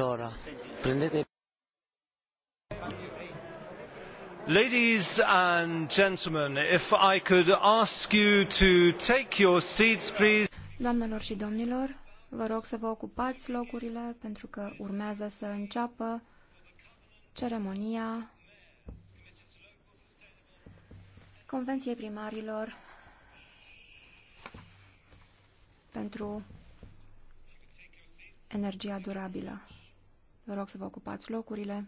Allora, prendete... Ladies and gentlemen, if I could ask you to take your seats, please. Doamnelor și domnilor, vă rog să vă ocupați locurile pentru că urmează să înceapă ceremonia Convenției primarilor pentru energia durabilă. Vă rog să vă ocupați locurile.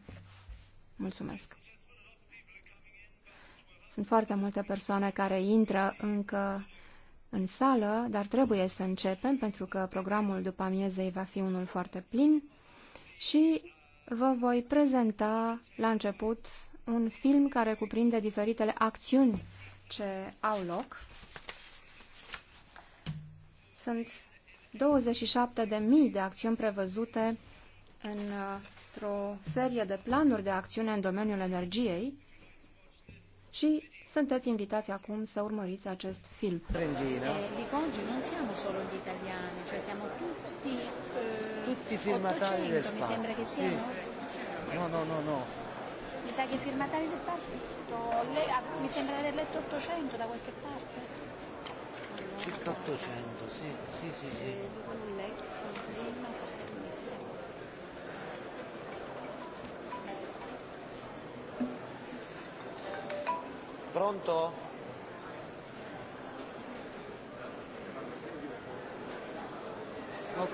Mulțumesc. Sunt foarte multe persoane care intră încă în sală, dar trebuie să începem pentru că programul după amiezei va fi unul foarte plin și vă voi prezenta la început un film care cuprinde diferitele acțiuni ce au loc. Sunt 27.000 de acțiuni prevăzute într-o serie de planuri de acțiune în domeniul energiei și sunteți invitați acum să urmăriți acest film. Dico, eh, oggi siamo solo gli italiani, cioè siamo tutti, eh, tutti firmatari del mi sembra che siano. No, no, no, no. Mi sa che firmatari del partito, ah, mi sembra di aver letto 800 da qualche parte. Circa 800, sì, sì, sì. sì. Eh, Pronto? Ok.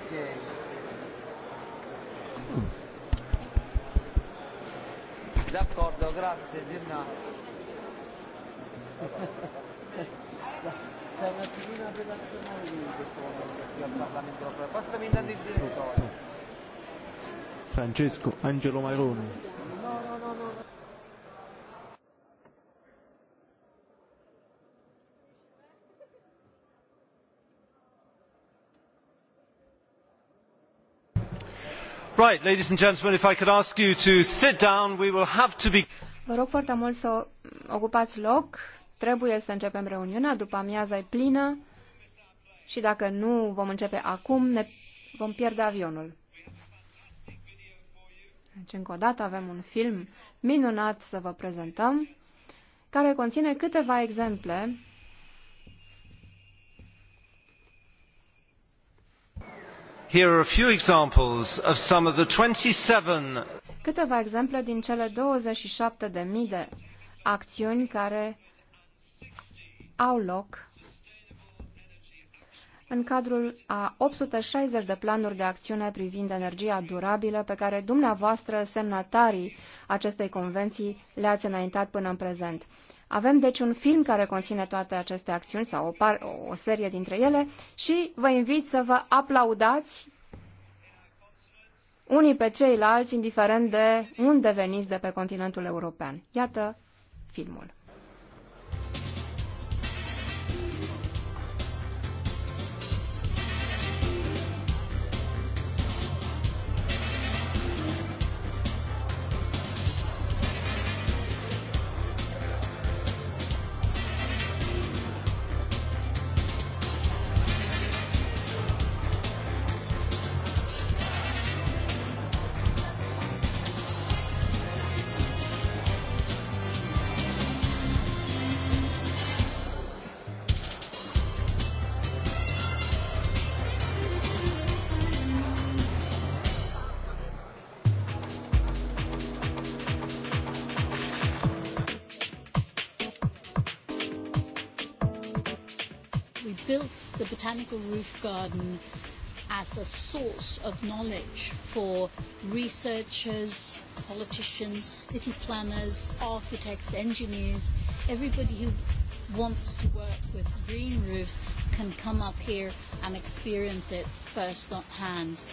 D'accordo, grazie Gennaro. C'è una figura della qui al Parlamento Europeo. Passami intanto da il direttore. Francesco Angelo Maroni. Right, ladies and gentlemen, if I could ask you to sit down, we will have to be... Vă rog foarte mult să ocupați loc. Trebuie să începem reuniunea, după amiaza e plină și dacă nu vom începe acum, ne vom pierde avionul. Deci, încă o dată, avem un film minunat să vă prezentăm, care conține câteva exemple Here are a few examples of some of the 27 Câteva exemple din cele 27.000 de acțiuni care au loc în cadrul a 860 de planuri de acțiune privind energia durabilă pe care dumneavoastră, semnatarii acestei convenții, le-ați înaintat până în prezent. Avem deci un film care conține toate aceste acțiuni sau o, par, o serie dintre ele și vă invit să vă aplaudați unii pe ceilalți, indiferent de unde veniți de pe continentul european. Iată filmul. Eagle Roof Garden as a source of knowledge for researchers, politicians, city planners, architects, engineers, everybody who wants to work with green roofs can come up here and experience it first hand.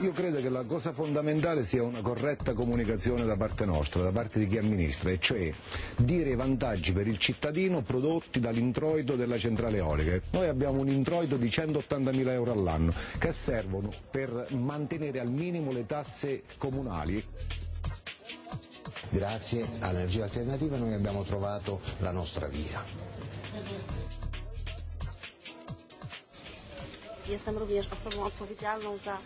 Io credo che la cosa fondamentale sia una corretta comunicazione da parte nostra, da parte di chi amministra, e cioè dire i vantaggi per il cittadino prodotti dall'introito della centrale eolica. Noi abbiamo un introito di 180.000 euro all'anno che servono per mantenere al minimo le tasse comunali. Grazie all'energia alternativa noi abbiamo trovato la nostra via. Jestem również osobą odpowiedzialną za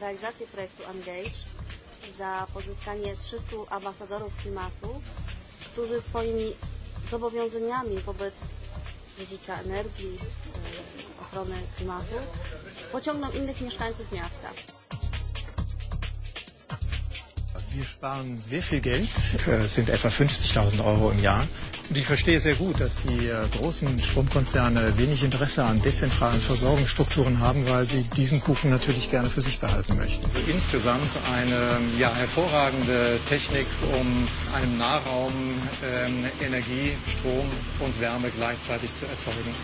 realizację projektu Engage, za pozyskanie 300 ambasadorów klimatu, którzy swoimi zobowiązaniami wobec zużycia energii, ochrony klimatu pociągną innych mieszkańców miasta. Sie sparen sehr viel Geld, es äh, sind etwa 50.000 Euro im Jahr. Und ich verstehe sehr gut, dass die äh, großen Stromkonzerne wenig Interesse an dezentralen Versorgungsstrukturen haben, weil sie diesen Kuchen natürlich gerne für sich behalten möchten. Also insgesamt eine ja, hervorragende Technik, um einem Nahraum ähm, Energie, Strom und Wärme gleichzeitig zu erzeugen.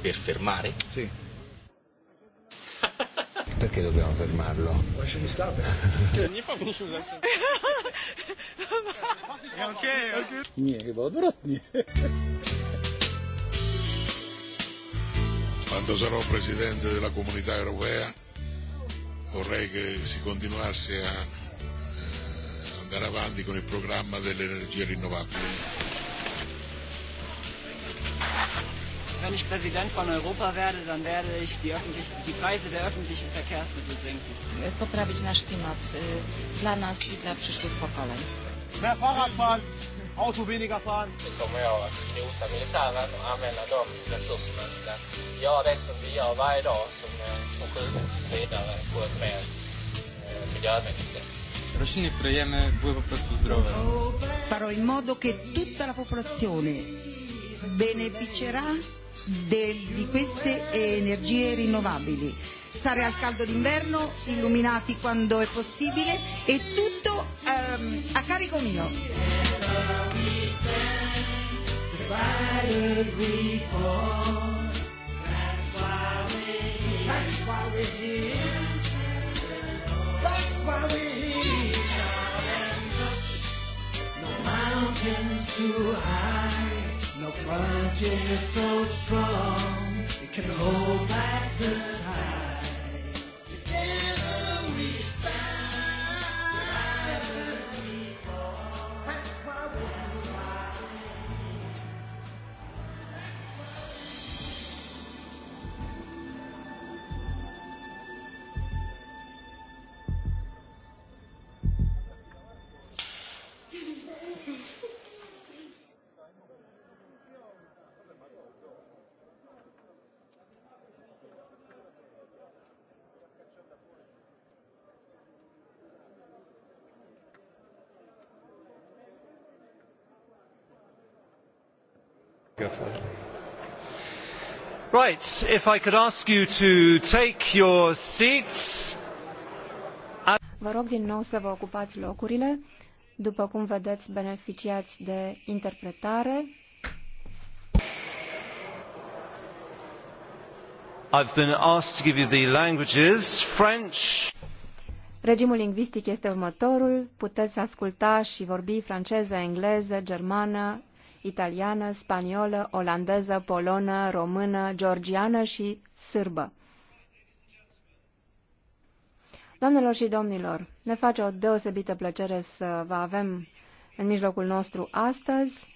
per fermare? Sì. Perché dobbiamo fermarlo? Lasciami stare. Nie, chyba odwrotnie. Quando sarò presidente della comunità europea vorrei che si continuasse a eh, andare avanti con il programma delle energie rinnovabili. wenn ich Präsident von Europa werde, dann werde ich die, öffentlich, die Preise der öffentlichen Verkehrsmittel senken. Äh, poprawić nasz klimat dla nas i dla przyszłych pokoleń. Mehr Fahrrad fahren, Auto weniger fahren. Vi kommer jag att skrota militären och använda de resurserna till att göra det som vi gör varje dag, som, eh, som sjukhus och så vidare, på ett mer eh, miljövänligt sätt. Rośliny, które jemy, były po prostu zdrowe. Farò in modo che tutta la popolazione beneficerà del, di queste eh, energie rinnovabili. Stare al caldo d'inverno, illuminati quando è possibile e tutto um, a carico mio. mountains too high. No mountain is so strong, it can hold back the tide. Together we stand. Right, if I could ask you to take your seats. Vă rog din nou să vă ocupați locurile. După cum vedeți, beneficiați de interpretare. I've been asked to give you the languages French. Regimul lingvistic este următorul. Puteți asculta și vorbi franceză, engleză, germană, italiană, spaniolă, olandeză, polonă, română, georgiană și sârbă. Doamnelor și domnilor, ne face o deosebită plăcere să vă avem în mijlocul nostru astăzi.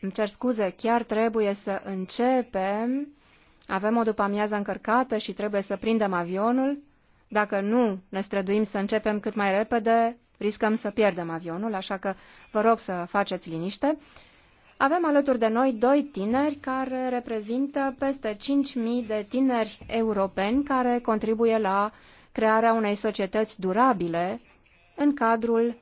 Îmi cer scuze, chiar trebuie să începem. Avem o după-amiază încărcată și trebuie să prindem avionul. Dacă nu ne străduim să începem cât mai repede, riscăm să pierdem avionul, așa că vă rog să faceți liniște. Avem alături de noi doi tineri care reprezintă peste 5.000 de tineri europeni care contribuie la crearea unei societăți durabile în cadrul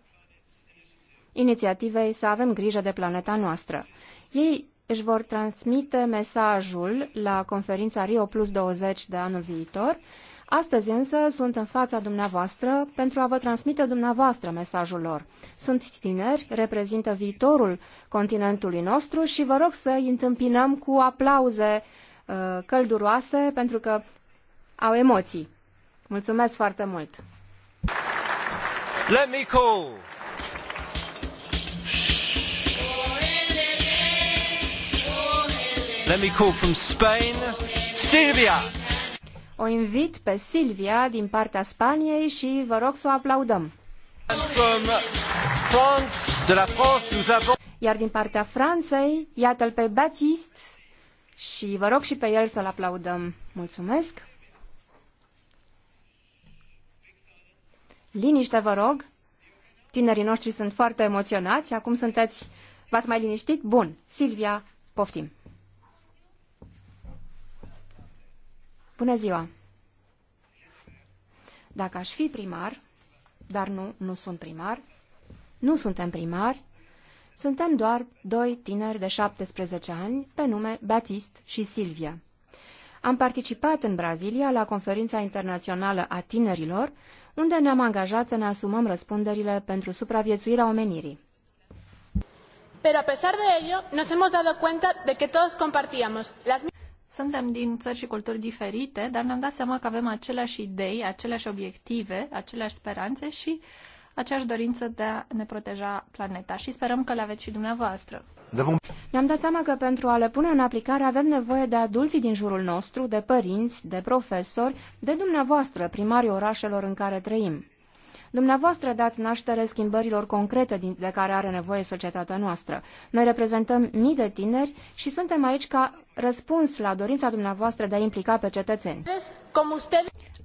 inițiativei să avem grijă de planeta noastră. Ei își vor transmite mesajul la conferința Rio Plus 20 de anul viitor Astăzi însă sunt în fața dumneavoastră pentru a vă transmite dumneavoastră mesajul lor. Sunt tineri, reprezintă viitorul continentului nostru și vă rog să îi întâmpinăm cu aplauze uh, călduroase pentru că au emoții. Mulțumesc foarte mult! Let me call. Let me call from Spain, Silvia. O invit pe Silvia din partea Spaniei și vă rog să o aplaudăm. Iar din partea Franței, iată-l pe Baptiste și vă rog și pe el să-l aplaudăm. Mulțumesc! Liniște, vă rog! Tinerii noștri sunt foarte emoționați, acum sunteți, v-ați mai liniștit? Bun, Silvia, poftim! Bună ziua! Dacă aș fi primar, dar nu, nu sunt primar, nu suntem primari, suntem doar doi tineri de 17 ani, pe nume Batist și Silvia. Am participat în Brazilia la conferința internațională a tinerilor, unde ne-am angajat să ne asumăm răspunderile pentru supraviețuirea omenirii. Pero a pesar de ello, nos hemos dado cuenta de que todos compartíamos las suntem din țări și culturi diferite, dar ne-am dat seama că avem aceleași idei, aceleași obiective, aceleași speranțe și aceeași dorință de a ne proteja planeta și sperăm că le aveți și dumneavoastră. Ne-am dat seama că pentru a le pune în aplicare avem nevoie de adulții din jurul nostru, de părinți, de profesori, de dumneavoastră, primarii orașelor în care trăim. Dumneavoastră dați naștere schimbărilor concrete din, de care are nevoie societatea noastră. Noi reprezentăm mii de tineri și suntem aici ca răspuns la dorința dumneavoastră de a implica pe cetățeni.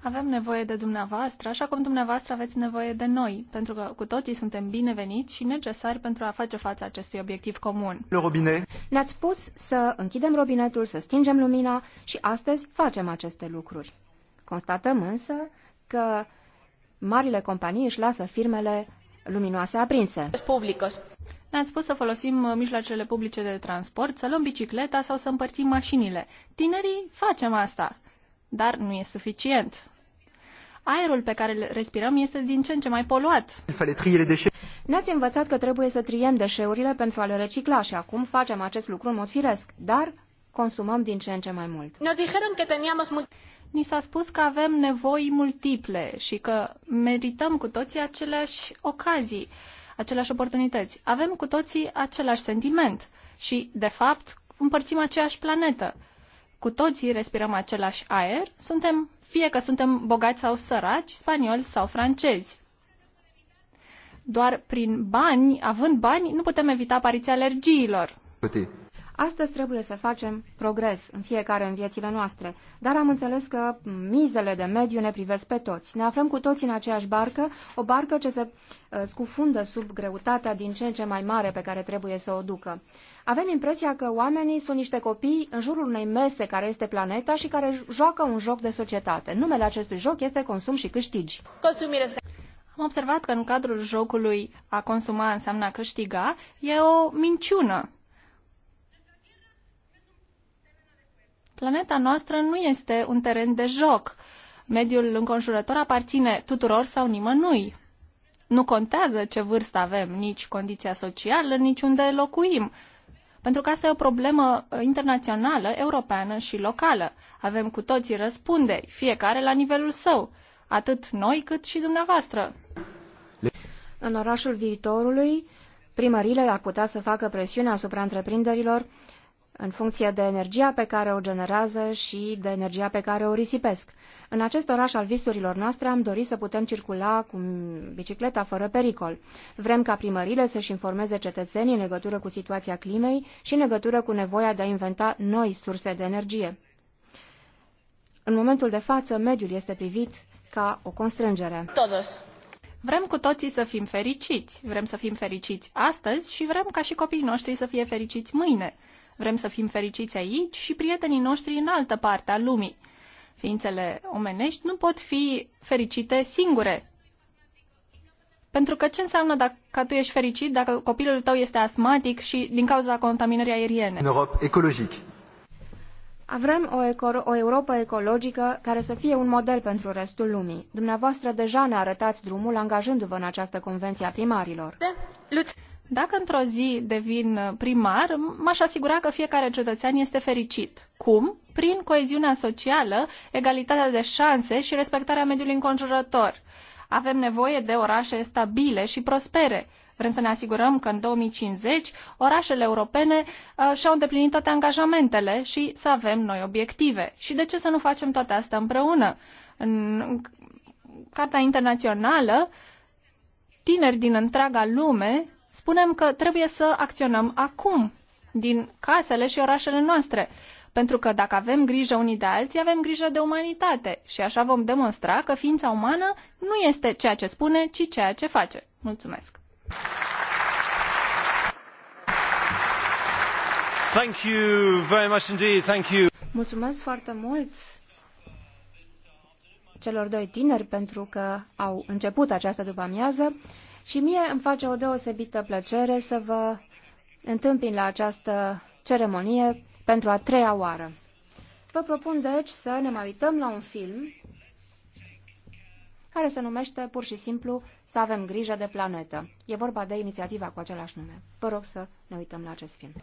Avem nevoie de dumneavoastră, așa cum dumneavoastră aveți nevoie de noi, pentru că cu toții suntem bineveniți și necesari pentru a face față acestui obiectiv comun. Ne-ați spus să închidem robinetul, să stingem lumina și astăzi facem aceste lucruri. Constatăm însă că marile companii își lasă firmele luminoase aprinse. Publicos. Ne-ați spus să folosim uh, mijloacele publice de transport, să luăm bicicleta sau să împărțim mașinile. Tinerii facem asta, dar nu e suficient. Aerul pe care îl respirăm este din ce în ce mai poluat. Ne-ați învățat că trebuie să triem deșeurile pentru a le recicla și acum facem acest lucru în mod firesc, dar consumăm din ce în ce mai mult ni s-a spus că avem nevoi multiple și că merităm cu toții aceleași ocazii, aceleași oportunități. Avem cu toții același sentiment și, de fapt, împărțim aceeași planetă. Cu toții respirăm același aer, suntem, fie că suntem bogați sau săraci, spanioli sau francezi. Doar prin bani, având bani, nu putem evita apariția alergiilor. Păi, Astăzi trebuie să facem progres în fiecare în viețile noastre, dar am înțeles că mizele de mediu ne privesc pe toți. Ne aflăm cu toți în aceeași barcă, o barcă ce se uh, scufundă sub greutatea din ce în ce mai mare pe care trebuie să o ducă. Avem impresia că oamenii sunt niște copii în jurul unei mese care este planeta și care joacă un joc de societate. Numele acestui joc este consum și câștigi. Consumire. Am observat că în cadrul jocului a consuma înseamnă a câștiga e o minciună Planeta noastră nu este un teren de joc. Mediul înconjurător aparține tuturor sau nimănui. Nu contează ce vârstă avem, nici condiția socială, nici unde locuim. Pentru că asta e o problemă ă, internațională, europeană și locală. Avem cu toții răspunderi, fiecare la nivelul său, atât noi cât și dumneavoastră. În orașul viitorului, primările ar putea să facă presiune asupra întreprinderilor în funcție de energia pe care o generează și de energia pe care o risipesc. În acest oraș al visurilor noastre am dorit să putem circula cu bicicleta fără pericol. Vrem ca primările să-și informeze cetățenii în legătură cu situația climei și în legătură cu nevoia de a inventa noi surse de energie. În momentul de față, mediul este privit ca o constrângere. Todos. Vrem cu toții să fim fericiți. Vrem să fim fericiți astăzi și vrem ca și copiii noștri să fie fericiți mâine. Vrem să fim fericiți aici și prietenii noștri în altă parte a lumii. Ființele omenești nu pot fi fericite singure. Pentru că ce înseamnă dacă tu ești fericit, dacă copilul tău este astmatic și din cauza contaminării aeriene? În Europa ecologic. Avrem o, o Europa ecologică care să fie un model pentru restul lumii. Dumneavoastră deja ne arătați drumul angajându-vă în această convenție a primarilor. De, da, dacă într-o zi devin uh, primar, m-aș asigura că fiecare cetățean este fericit. Cum? Prin coeziunea socială, egalitatea de șanse și respectarea mediului înconjurător. Avem nevoie de orașe stabile și prospere. Vrem să ne asigurăm că în 2050 orașele europene uh, și-au îndeplinit toate angajamentele și să avem noi obiective. Și de ce să nu facem toate astea împreună? În Carta Internațională, tineri din întreaga lume spunem că trebuie să acționăm acum, din casele și orașele noastre. Pentru că dacă avem grijă unii de alții, avem grijă de umanitate și așa vom demonstra că ființa umană nu este ceea ce spune, ci ceea ce face. Mulțumesc! Thank you very much indeed. Thank you. Mulțumesc foarte mult celor doi tineri pentru că au început această după amiază. Și mie îmi face o deosebită plăcere să vă întâmpin la această ceremonie pentru a treia oară. Vă propun deci să ne mai uităm la un film care se numește pur și simplu Să avem grijă de planetă. E vorba de inițiativa cu același nume. Vă rog să ne uităm la acest film.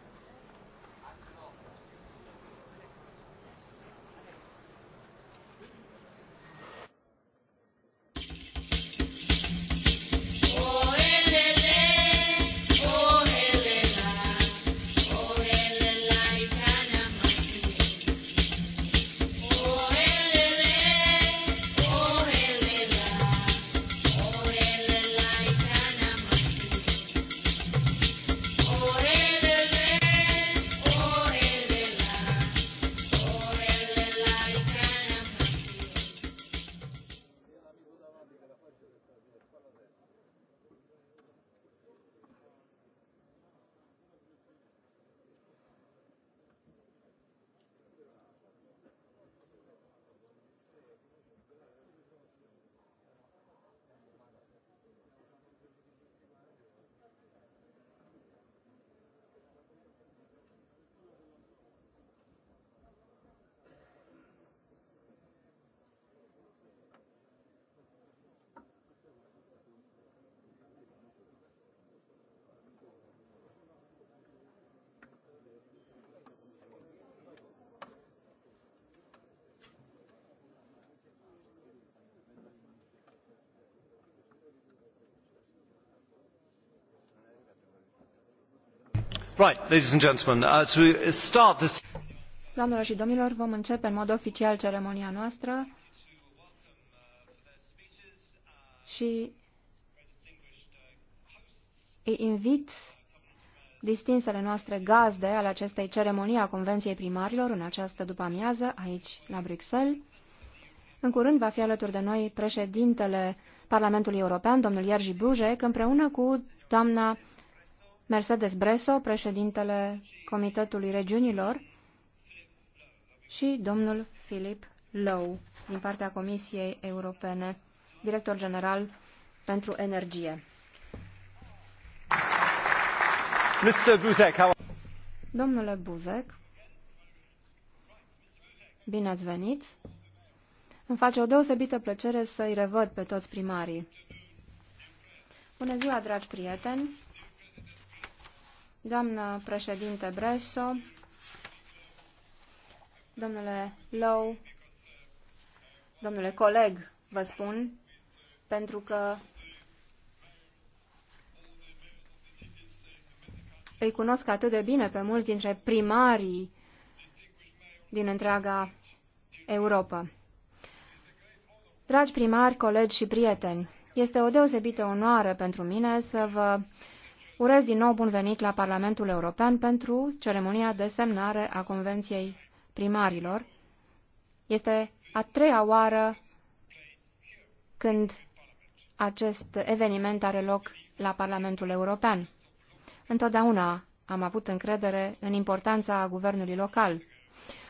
Uh, Doamnelor și domnilor, vom începe în mod oficial ceremonia noastră și îi invit distinsele noastre gazde ale acestei ceremonii a Convenției Primarilor în această după-amiază, aici, la Bruxelles. În curând va fi alături de noi președintele Parlamentului European, domnul Jerzy Buzek, împreună cu doamna Mercedes Breso, președintele Comitetului Regiunilor, și domnul Philip Lowe, din partea Comisiei Europene, director general pentru energie. Mr. Buzek, how... Domnule Buzek, bine ați venit. Îmi face o deosebită plăcere să-i revăd pe toți primarii. Bună ziua, dragi prieteni! doamnă președinte Bresso, domnule Low, domnule coleg, vă spun, pentru că îi cunosc atât de bine pe mulți dintre primarii din întreaga Europa. Dragi primari, colegi și prieteni, este o deosebită onoare pentru mine să vă Urez din nou bun venit la Parlamentul European pentru ceremonia de semnare a Convenției Primarilor. Este a treia oară când acest eveniment are loc la Parlamentul European. Întotdeauna am avut încredere în importanța guvernului local.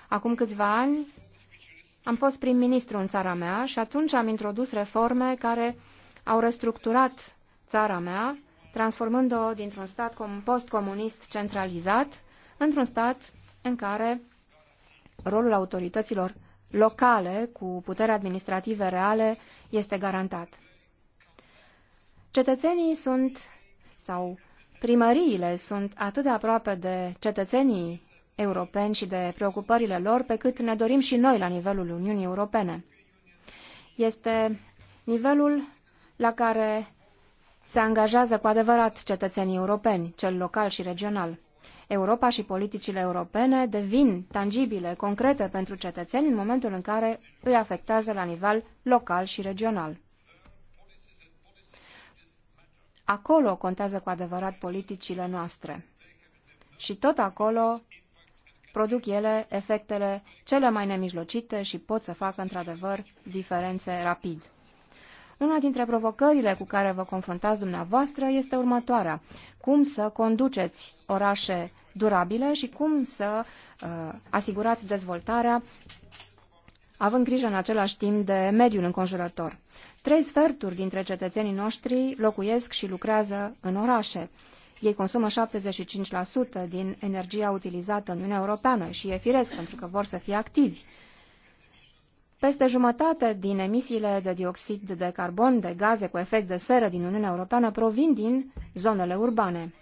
Acum câțiva ani am fost prim-ministru în țara mea și atunci am introdus reforme care au restructurat țara mea transformând-o dintr-un stat postcomunist centralizat într-un stat în care rolul autorităților locale cu putere administrative reale este garantat. Cetățenii sunt, sau primăriile sunt atât de aproape de cetățenii europeni și de preocupările lor, pe cât ne dorim și noi la nivelul Uniunii Europene. Este nivelul la care se angajează cu adevărat cetățenii europeni, cel local și regional. Europa și politicile europene devin tangibile, concrete pentru cetățeni în momentul în care îi afectează la nivel local și regional. Acolo contează cu adevărat politicile noastre. Și tot acolo produc ele efectele cele mai nemijlocite și pot să facă într-adevăr diferențe rapid. Una dintre provocările cu care vă confruntați dumneavoastră este următoarea. Cum să conduceți orașe durabile și cum să uh, asigurați dezvoltarea având grijă în același timp de mediul înconjurător. Trei sferturi dintre cetățenii noștri locuiesc și lucrează în orașe. Ei consumă 75% din energia utilizată în Uniunea Europeană și e firesc pentru că vor să fie activi. Peste jumătate din emisiile de dioxid de carbon, de gaze cu efect de seră din Uniunea Europeană provin din zonele urbane.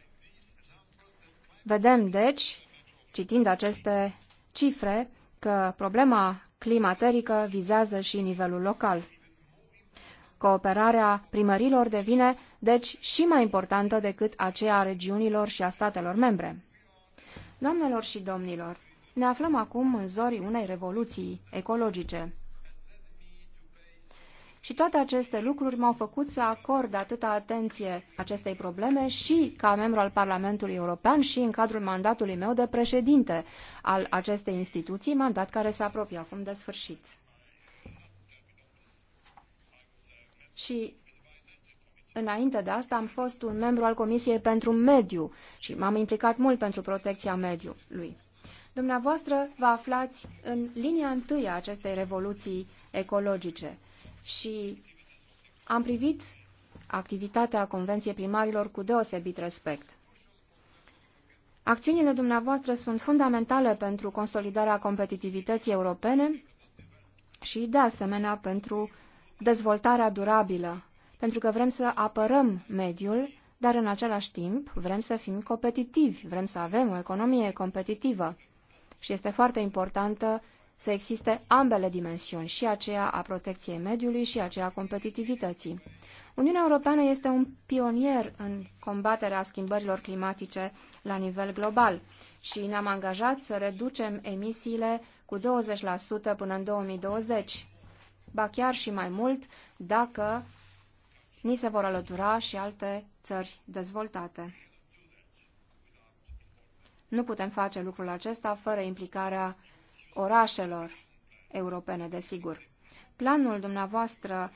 Vedem, deci, citind aceste cifre, că problema climaterică vizează și nivelul local. Cooperarea primărilor devine, deci, și mai importantă decât aceea a regiunilor și a statelor membre. Doamnelor și domnilor, ne aflăm acum în zorii unei revoluții ecologice. Și toate aceste lucruri m-au făcut să acord atâta atenție acestei probleme și ca membru al Parlamentului European și în cadrul mandatului meu de președinte al acestei instituții, mandat care se apropie acum de sfârșit. Și Înainte de asta am fost un membru al Comisiei pentru Mediu și m-am implicat mult pentru protecția mediului. Dumneavoastră vă aflați în linia întâi a acestei revoluții ecologice și am privit activitatea Convenției Primarilor cu deosebit respect. Acțiunile dumneavoastră sunt fundamentale pentru consolidarea competitivității europene și, de asemenea, pentru dezvoltarea durabilă, pentru că vrem să apărăm mediul, dar în același timp vrem să fim competitivi, vrem să avem o economie competitivă. Și este foarte importantă să existe ambele dimensiuni, și aceea a protecției mediului și aceea a competitivității. Uniunea Europeană este un pionier în combaterea schimbărilor climatice la nivel global și ne-am angajat să reducem emisiile cu 20% până în 2020, ba chiar și mai mult dacă ni se vor alătura și alte țări dezvoltate. Nu putem face lucrul acesta fără implicarea orașelor europene, desigur. Planul dumneavoastră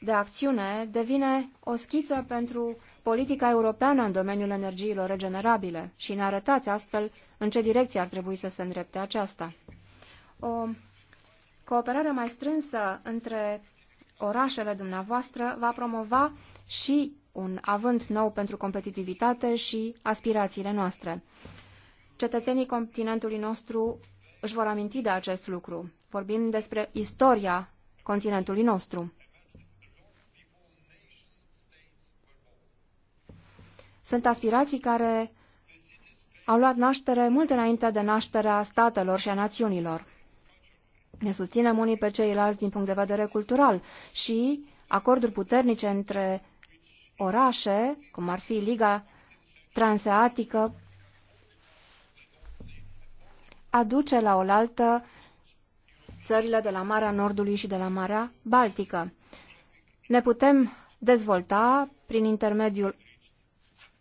de acțiune devine o schiță pentru politica europeană în domeniul energiilor regenerabile și ne arătați astfel în ce direcție ar trebui să se îndrepte aceasta. O cooperare mai strânsă între orașele dumneavoastră va promova și un avânt nou pentru competitivitate și aspirațiile noastre. Cetățenii continentului nostru își vor aminti de acest lucru. Vorbim despre istoria continentului nostru. Sunt aspirații care au luat naștere mult înainte de nașterea statelor și a națiunilor. Ne susținem unii pe ceilalți din punct de vedere cultural și acorduri puternice între orașe, cum ar fi Liga Transeatică, aduce la oaltă țările de la Marea Nordului și de la Marea Baltică. Ne putem dezvolta prin intermediul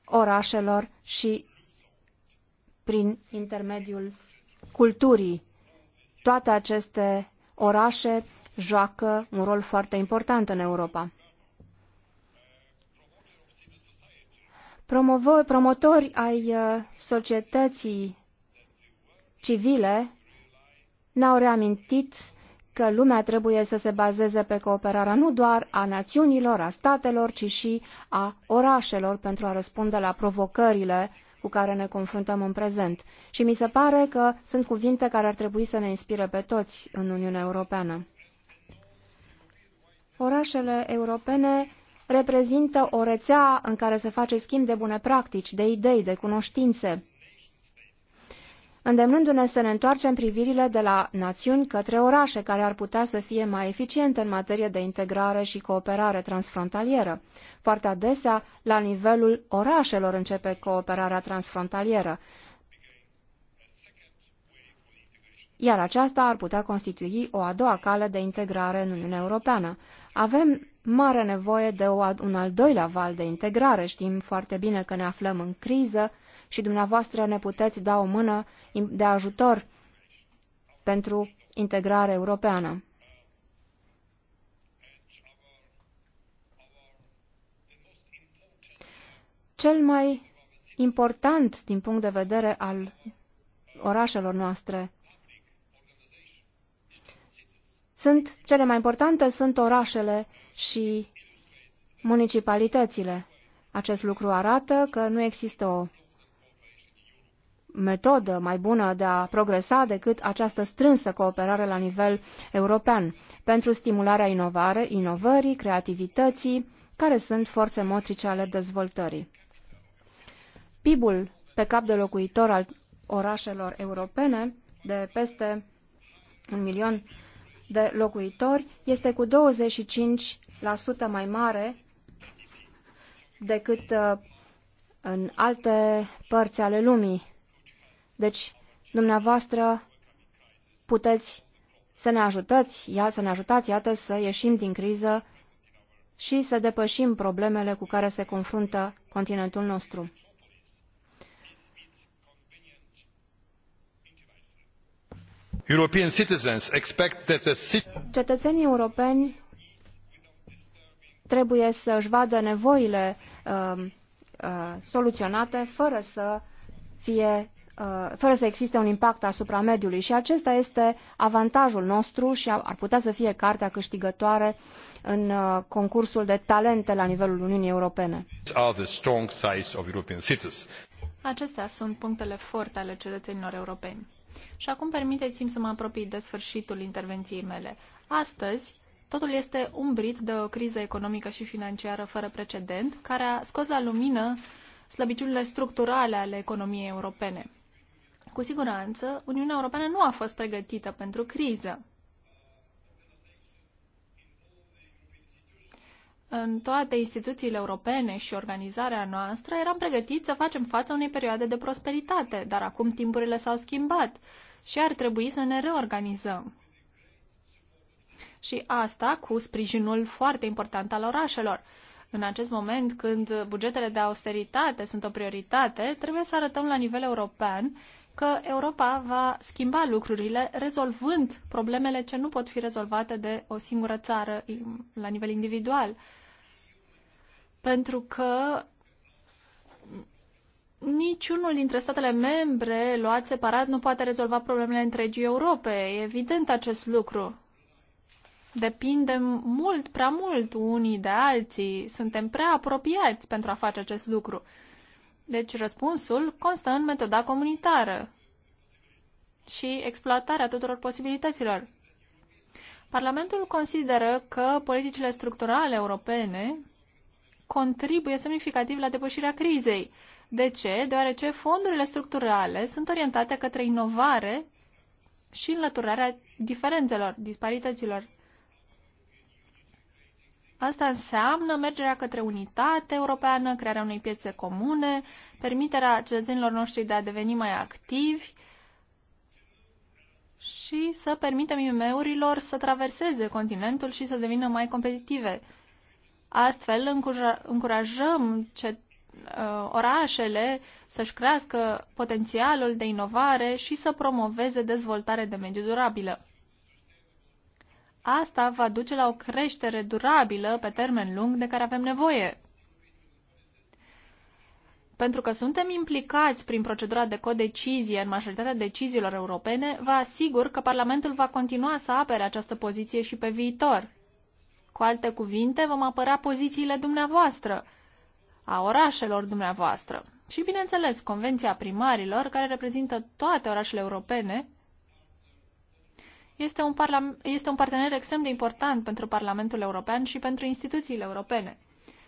orașelor și prin intermediul culturii. Toate aceste orașe joacă un rol foarte important în Europa. Promovă, promotori ai uh, societății civile ne-au reamintit că lumea trebuie să se bazeze pe cooperarea nu doar a națiunilor, a statelor, ci și a orașelor pentru a răspunde la provocările cu care ne confruntăm în prezent. Și mi se pare că sunt cuvinte care ar trebui să ne inspire pe toți în Uniunea Europeană. Orașele europene reprezintă o rețea în care se face schimb de bune practici, de idei, de cunoștințe îndemnându-ne să ne întoarcem privirile de la națiuni către orașe care ar putea să fie mai eficiente în materie de integrare și cooperare transfrontalieră. Foarte adesea, la nivelul orașelor începe cooperarea transfrontalieră, iar aceasta ar putea constitui o a doua cale de integrare în Uniunea Europeană. Avem mare nevoie de o, un al doilea val de integrare. Știm foarte bine că ne aflăm în criză și dumneavoastră ne puteți da o mână de ajutor pentru integrare europeană. Cel mai important din punct de vedere al orașelor noastre sunt cele mai importante sunt orașele și municipalitățile. Acest lucru arată că nu există o metodă mai bună de a progresa decât această strânsă cooperare la nivel european pentru stimularea inovare, inovării, creativității, care sunt forțe motrice ale dezvoltării. PIB-ul pe cap de locuitor al orașelor europene de peste un milion de locuitori este cu 25% mai mare decât uh, în alte părți ale lumii deci, dumneavoastră puteți să ne ajutați, ia, să ne ajutați, iată, să ieșim din criză și să depășim problemele cu care se confruntă continentul nostru. European citizens expect that the... Cetățenii europeni trebuie să își vadă nevoile uh, uh, soluționate fără să fie Uh, fără să existe un impact asupra mediului și acesta este avantajul nostru și ar putea să fie cartea câștigătoare în uh, concursul de talente la nivelul Uniunii Europene. Acestea sunt punctele forte ale cetățenilor europeni. Și acum permiteți-mi să mă apropii de sfârșitul intervenției mele. Astăzi, totul este umbrit de o criză economică și financiară fără precedent, care a scos la lumină slăbiciunile structurale ale economiei europene. Cu siguranță, Uniunea Europeană nu a fost pregătită pentru criză. În toate instituțiile europene și organizarea noastră eram pregătiți să facem față unei perioade de prosperitate, dar acum timpurile s-au schimbat și ar trebui să ne reorganizăm. Și asta cu sprijinul foarte important al orașelor. În acest moment, când bugetele de austeritate sunt o prioritate, trebuie să arătăm la nivel european că Europa va schimba lucrurile rezolvând problemele ce nu pot fi rezolvate de o singură țară la nivel individual. Pentru că niciunul dintre statele membre luat separat nu poate rezolva problemele întregii Europe. E evident acest lucru. Depindem mult prea mult unii de alții, suntem prea apropiați pentru a face acest lucru. Deci răspunsul constă în metoda comunitară și exploatarea tuturor posibilităților. Parlamentul consideră că politicile structurale europene contribuie semnificativ la depășirea crizei. De ce? Deoarece fondurile structurale sunt orientate către inovare și înlăturarea diferențelor, disparităților. Asta înseamnă mergerea către unitate europeană, crearea unei piețe comune, permiterea cetățenilor noștri de a deveni mai activi și să permitem IMM-urilor să traverseze continentul și să devină mai competitive. Astfel, încurajăm cetățenii uh, orașele să-și crească potențialul de inovare și să promoveze dezvoltare de mediu durabilă. Asta va duce la o creștere durabilă pe termen lung de care avem nevoie. Pentru că suntem implicați prin procedura de codecizie în majoritatea deciziilor europene, vă asigur că Parlamentul va continua să apere această poziție și pe viitor. Cu alte cuvinte, vom apăra pozițiile dumneavoastră, a orașelor dumneavoastră. Și, bineînțeles, Convenția Primarilor, care reprezintă toate orașele europene, este un, este un partener extrem de important pentru Parlamentul European și pentru instituțiile europene.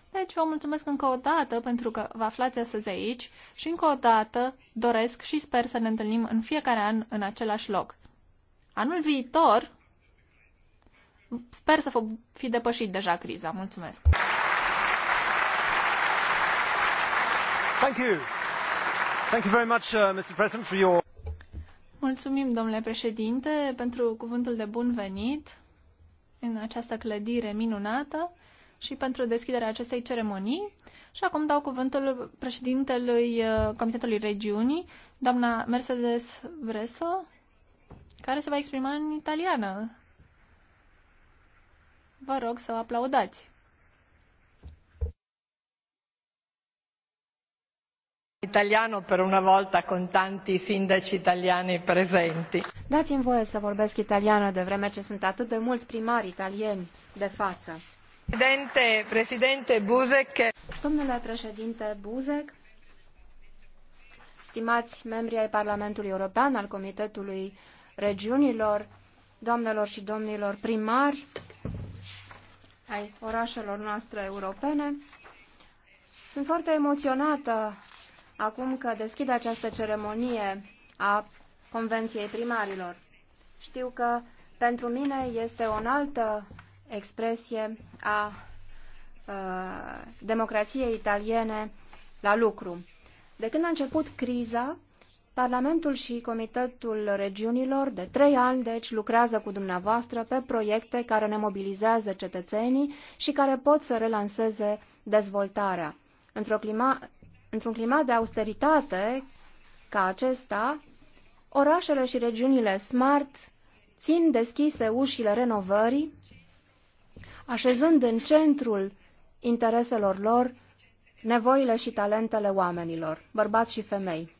Deci vă mulțumesc încă o dată pentru că vă aflați astăzi aici și încă o dată doresc și sper să ne întâlnim în fiecare an în același loc. Anul viitor sper să fi depășit deja criza. Mulțumesc! Thank you. Thank you very much, uh, Mr. President, for your... Mulțumim, domnule președinte, pentru cuvântul de bun venit în această clădire minunată și pentru deschiderea acestei ceremonii. Și acum dau cuvântul președintelui uh, Comitetului Regiunii, doamna Mercedes Vreso, care se va exprima în italiană. Vă rog să o aplaudați. italiano per una volta con tanti sindaci italiani presenti. Dați-mi voie să vorbesc italiană de vreme ce sunt atât de mulți primari italieni de față. Presidente, președinte Buzek. Domnule președinte Buzek, stimați membri ai Parlamentului European, al Comitetului Regiunilor, doamnelor și domnilor primari ai orașelor noastre europene, sunt foarte emoționată acum că deschid această ceremonie a Convenției Primarilor. Știu că pentru mine este o altă expresie a uh, democrației italiene la lucru. De când a început criza, Parlamentul și Comitetul Regiunilor, de trei ani, deci, lucrează cu dumneavoastră pe proiecte care ne mobilizează cetățenii și care pot să relanseze dezvoltarea. Într-o clima, într-un climat de austeritate ca acesta, orașele și regiunile smart țin deschise ușile renovării, așezând în centrul intereselor lor nevoile și talentele oamenilor, bărbați și femei.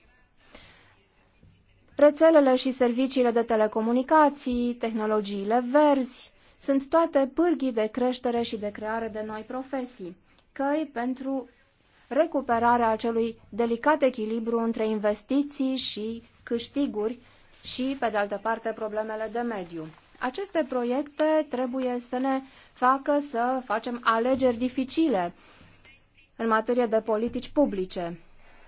Rețelele și serviciile de telecomunicații, tehnologiile verzi, sunt toate pârghii de creștere și de creare de noi profesii, căi pentru recuperarea acelui delicat echilibru între investiții și câștiguri și, pe de altă parte, problemele de mediu. Aceste proiecte trebuie să ne facă să facem alegeri dificile în materie de politici publice.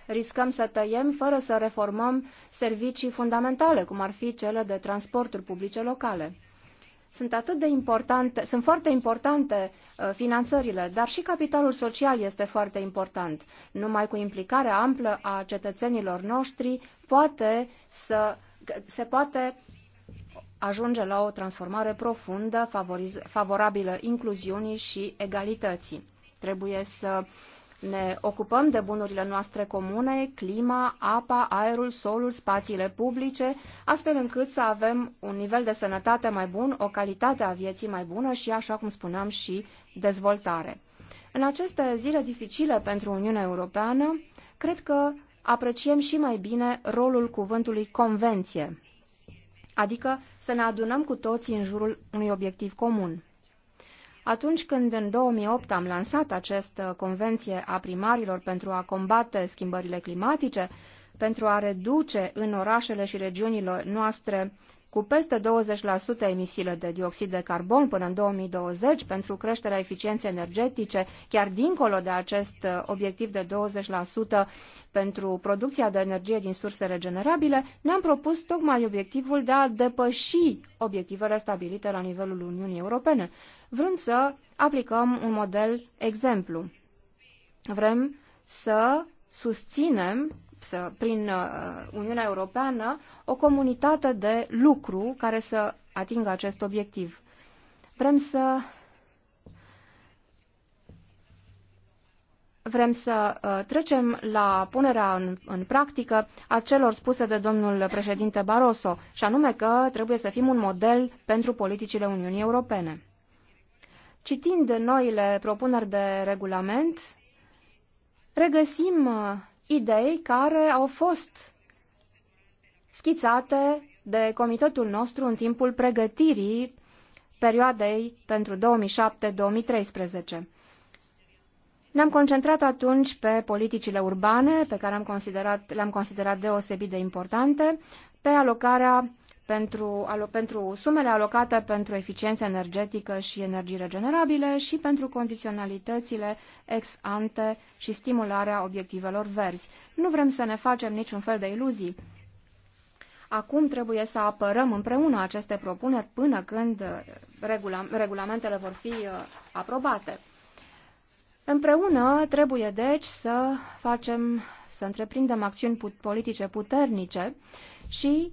Riscăm să tăiem fără să reformăm servicii fundamentale, cum ar fi cele de transporturi publice locale sunt atât de importante, sunt foarte importante uh, finanțările, dar și capitalul social este foarte important. Numai cu implicarea amplă a cetățenilor noștri poate să, se poate ajunge la o transformare profundă, favoriz, favorabilă incluziunii și egalității. Trebuie să ne ocupăm de bunurile noastre comune, clima, apa, aerul, solul, spațiile publice, astfel încât să avem un nivel de sănătate mai bun, o calitate a vieții mai bună și, așa cum spuneam, și dezvoltare. În aceste zile dificile pentru Uniunea Europeană, cred că apreciem și mai bine rolul cuvântului convenție, adică să ne adunăm cu toții în jurul unui obiectiv comun. Atunci când în 2008 am lansat această uh, convenție a primarilor pentru a combate schimbările climatice, pentru a reduce în orașele și regiunile noastre cu peste 20% emisiile de dioxid de carbon până în 2020 pentru creșterea eficienței energetice, chiar dincolo de acest uh, obiectiv de 20% pentru producția de energie din surse regenerabile, ne-am propus tocmai obiectivul de a depăși obiectivele stabilite la nivelul Uniunii Europene vrând să aplicăm un model exemplu. Vrem să susținem să, prin uh, Uniunea Europeană o comunitate de lucru care să atingă acest obiectiv. Vrem să vrem să uh, trecem la punerea în, în practică a celor spuse de domnul președinte Barroso, și anume că trebuie să fim un model pentru politicile Uniunii Europene. Citind noile propuneri de regulament, regăsim uh, idei care au fost schițate de comitetul nostru în timpul pregătirii perioadei pentru 2007-2013. Ne-am concentrat atunci pe politicile urbane, pe care am considerat, le-am considerat deosebit de importante, pe alocarea pentru, alo, pentru sumele alocate pentru eficiență energetică și energii regenerabile și pentru condiționalitățile ex ante și stimularea obiectivelor verzi. Nu vrem să ne facem niciun fel de iluzii. Acum trebuie să apărăm împreună aceste propuneri până când uh, regula, regulamentele vor fi uh, aprobate. Împreună trebuie deci să facem, să întreprindem acțiuni put politice puternice și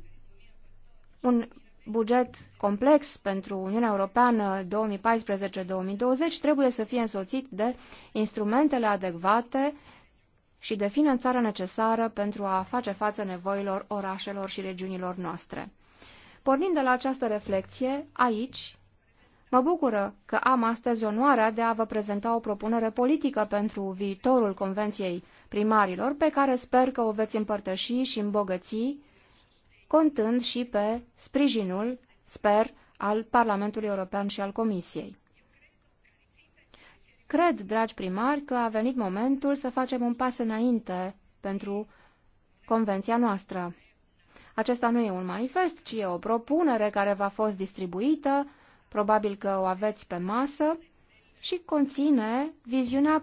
un buget complex pentru Uniunea Europeană 2014-2020 trebuie să fie însoțit de instrumentele adecvate și de finanțarea necesară pentru a face față nevoilor orașelor și regiunilor noastre. Pornind de la această reflexie, aici Mă bucură că am astăzi onoarea de a vă prezenta o propunere politică pentru viitorul Convenției Primarilor, pe care sper că o veți împărtăși și îmbogăți contând și pe sprijinul, sper, al Parlamentului European și al Comisiei. Cred, dragi primari, că a venit momentul să facem un pas înainte pentru convenția noastră. Acesta nu e un manifest, ci e o propunere care v-a fost distribuită, probabil că o aveți pe masă, și conține viziunea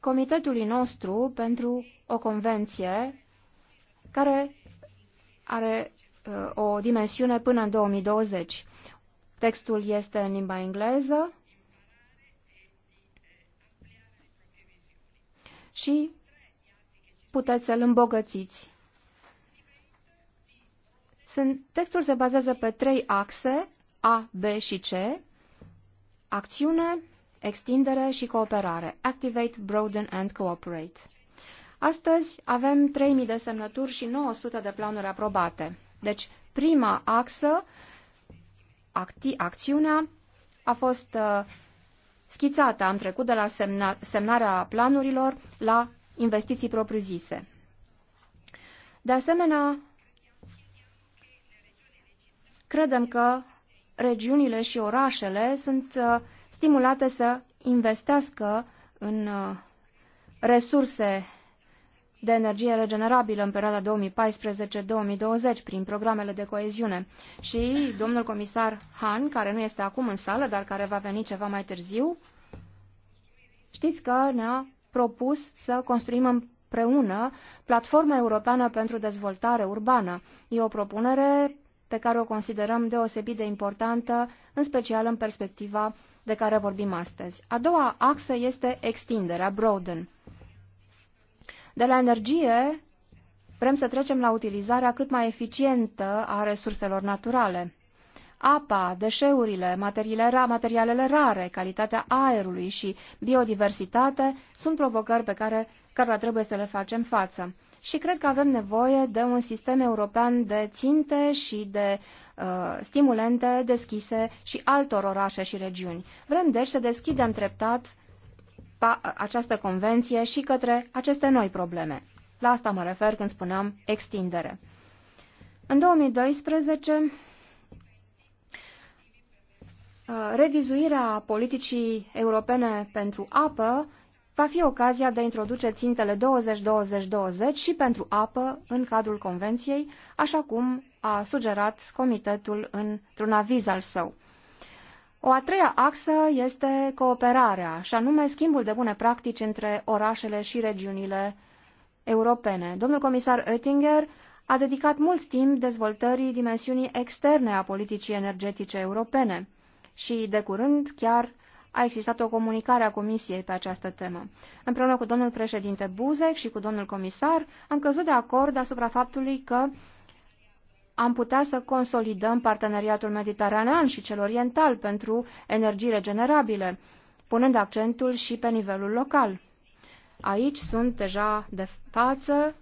comitetului nostru pentru o convenție care are uh, o dimensiune până în 2020. Textul este în limba engleză și puteți să-l îmbogățiți. Sunt, textul se bazează pe trei axe, A, B și C, acțiune, extindere și cooperare, activate, broaden and cooperate. Astăzi avem 3.000 de semnături și 900 de planuri aprobate. Deci, prima axă, acti, acțiunea, a fost uh, schițată. Am trecut de la semna, semnarea planurilor la investiții propriu-zise. De asemenea, credem că regiunile și orașele sunt uh, stimulate să investească în uh, resurse de energie regenerabilă în perioada 2014-2020 prin programele de coeziune. Și domnul comisar Han, care nu este acum în sală, dar care va veni ceva mai târziu, știți că ne-a propus să construim împreună Platforma Europeană pentru Dezvoltare Urbană. E o propunere pe care o considerăm deosebit de importantă, în special în perspectiva de care vorbim astăzi. A doua axă este extinderea, broaden. De la energie vrem să trecem la utilizarea cât mai eficientă a resurselor naturale. Apa, deșeurile, materialele rare, calitatea aerului și biodiversitate sunt provocări pe care cărora trebuie să le facem față. Și cred că avem nevoie de un sistem european de ținte și de uh, stimulente deschise și altor orașe și regiuni. Vrem deci să deschidem treptat această convenție și către aceste noi probleme. La asta mă refer când spuneam extindere. În 2012, uh, revizuirea politicii europene pentru apă va fi ocazia de a introduce țintele 20-20-20 și pentru apă în cadrul Convenției, așa cum a sugerat Comitetul într-un aviz al său. O a treia axă este cooperarea, și anume schimbul de bune practici între orașele și regiunile europene. Domnul comisar Oettinger a dedicat mult timp dezvoltării dimensiunii externe a politicii energetice europene și, de curând, chiar a existat o comunicare a Comisiei pe această temă. Împreună cu domnul președinte Buzek și cu domnul comisar, am căzut de acord asupra faptului că am putea să consolidăm parteneriatul mediteranean și cel oriental pentru energii regenerabile, punând accentul și pe nivelul local. Aici sunt deja de față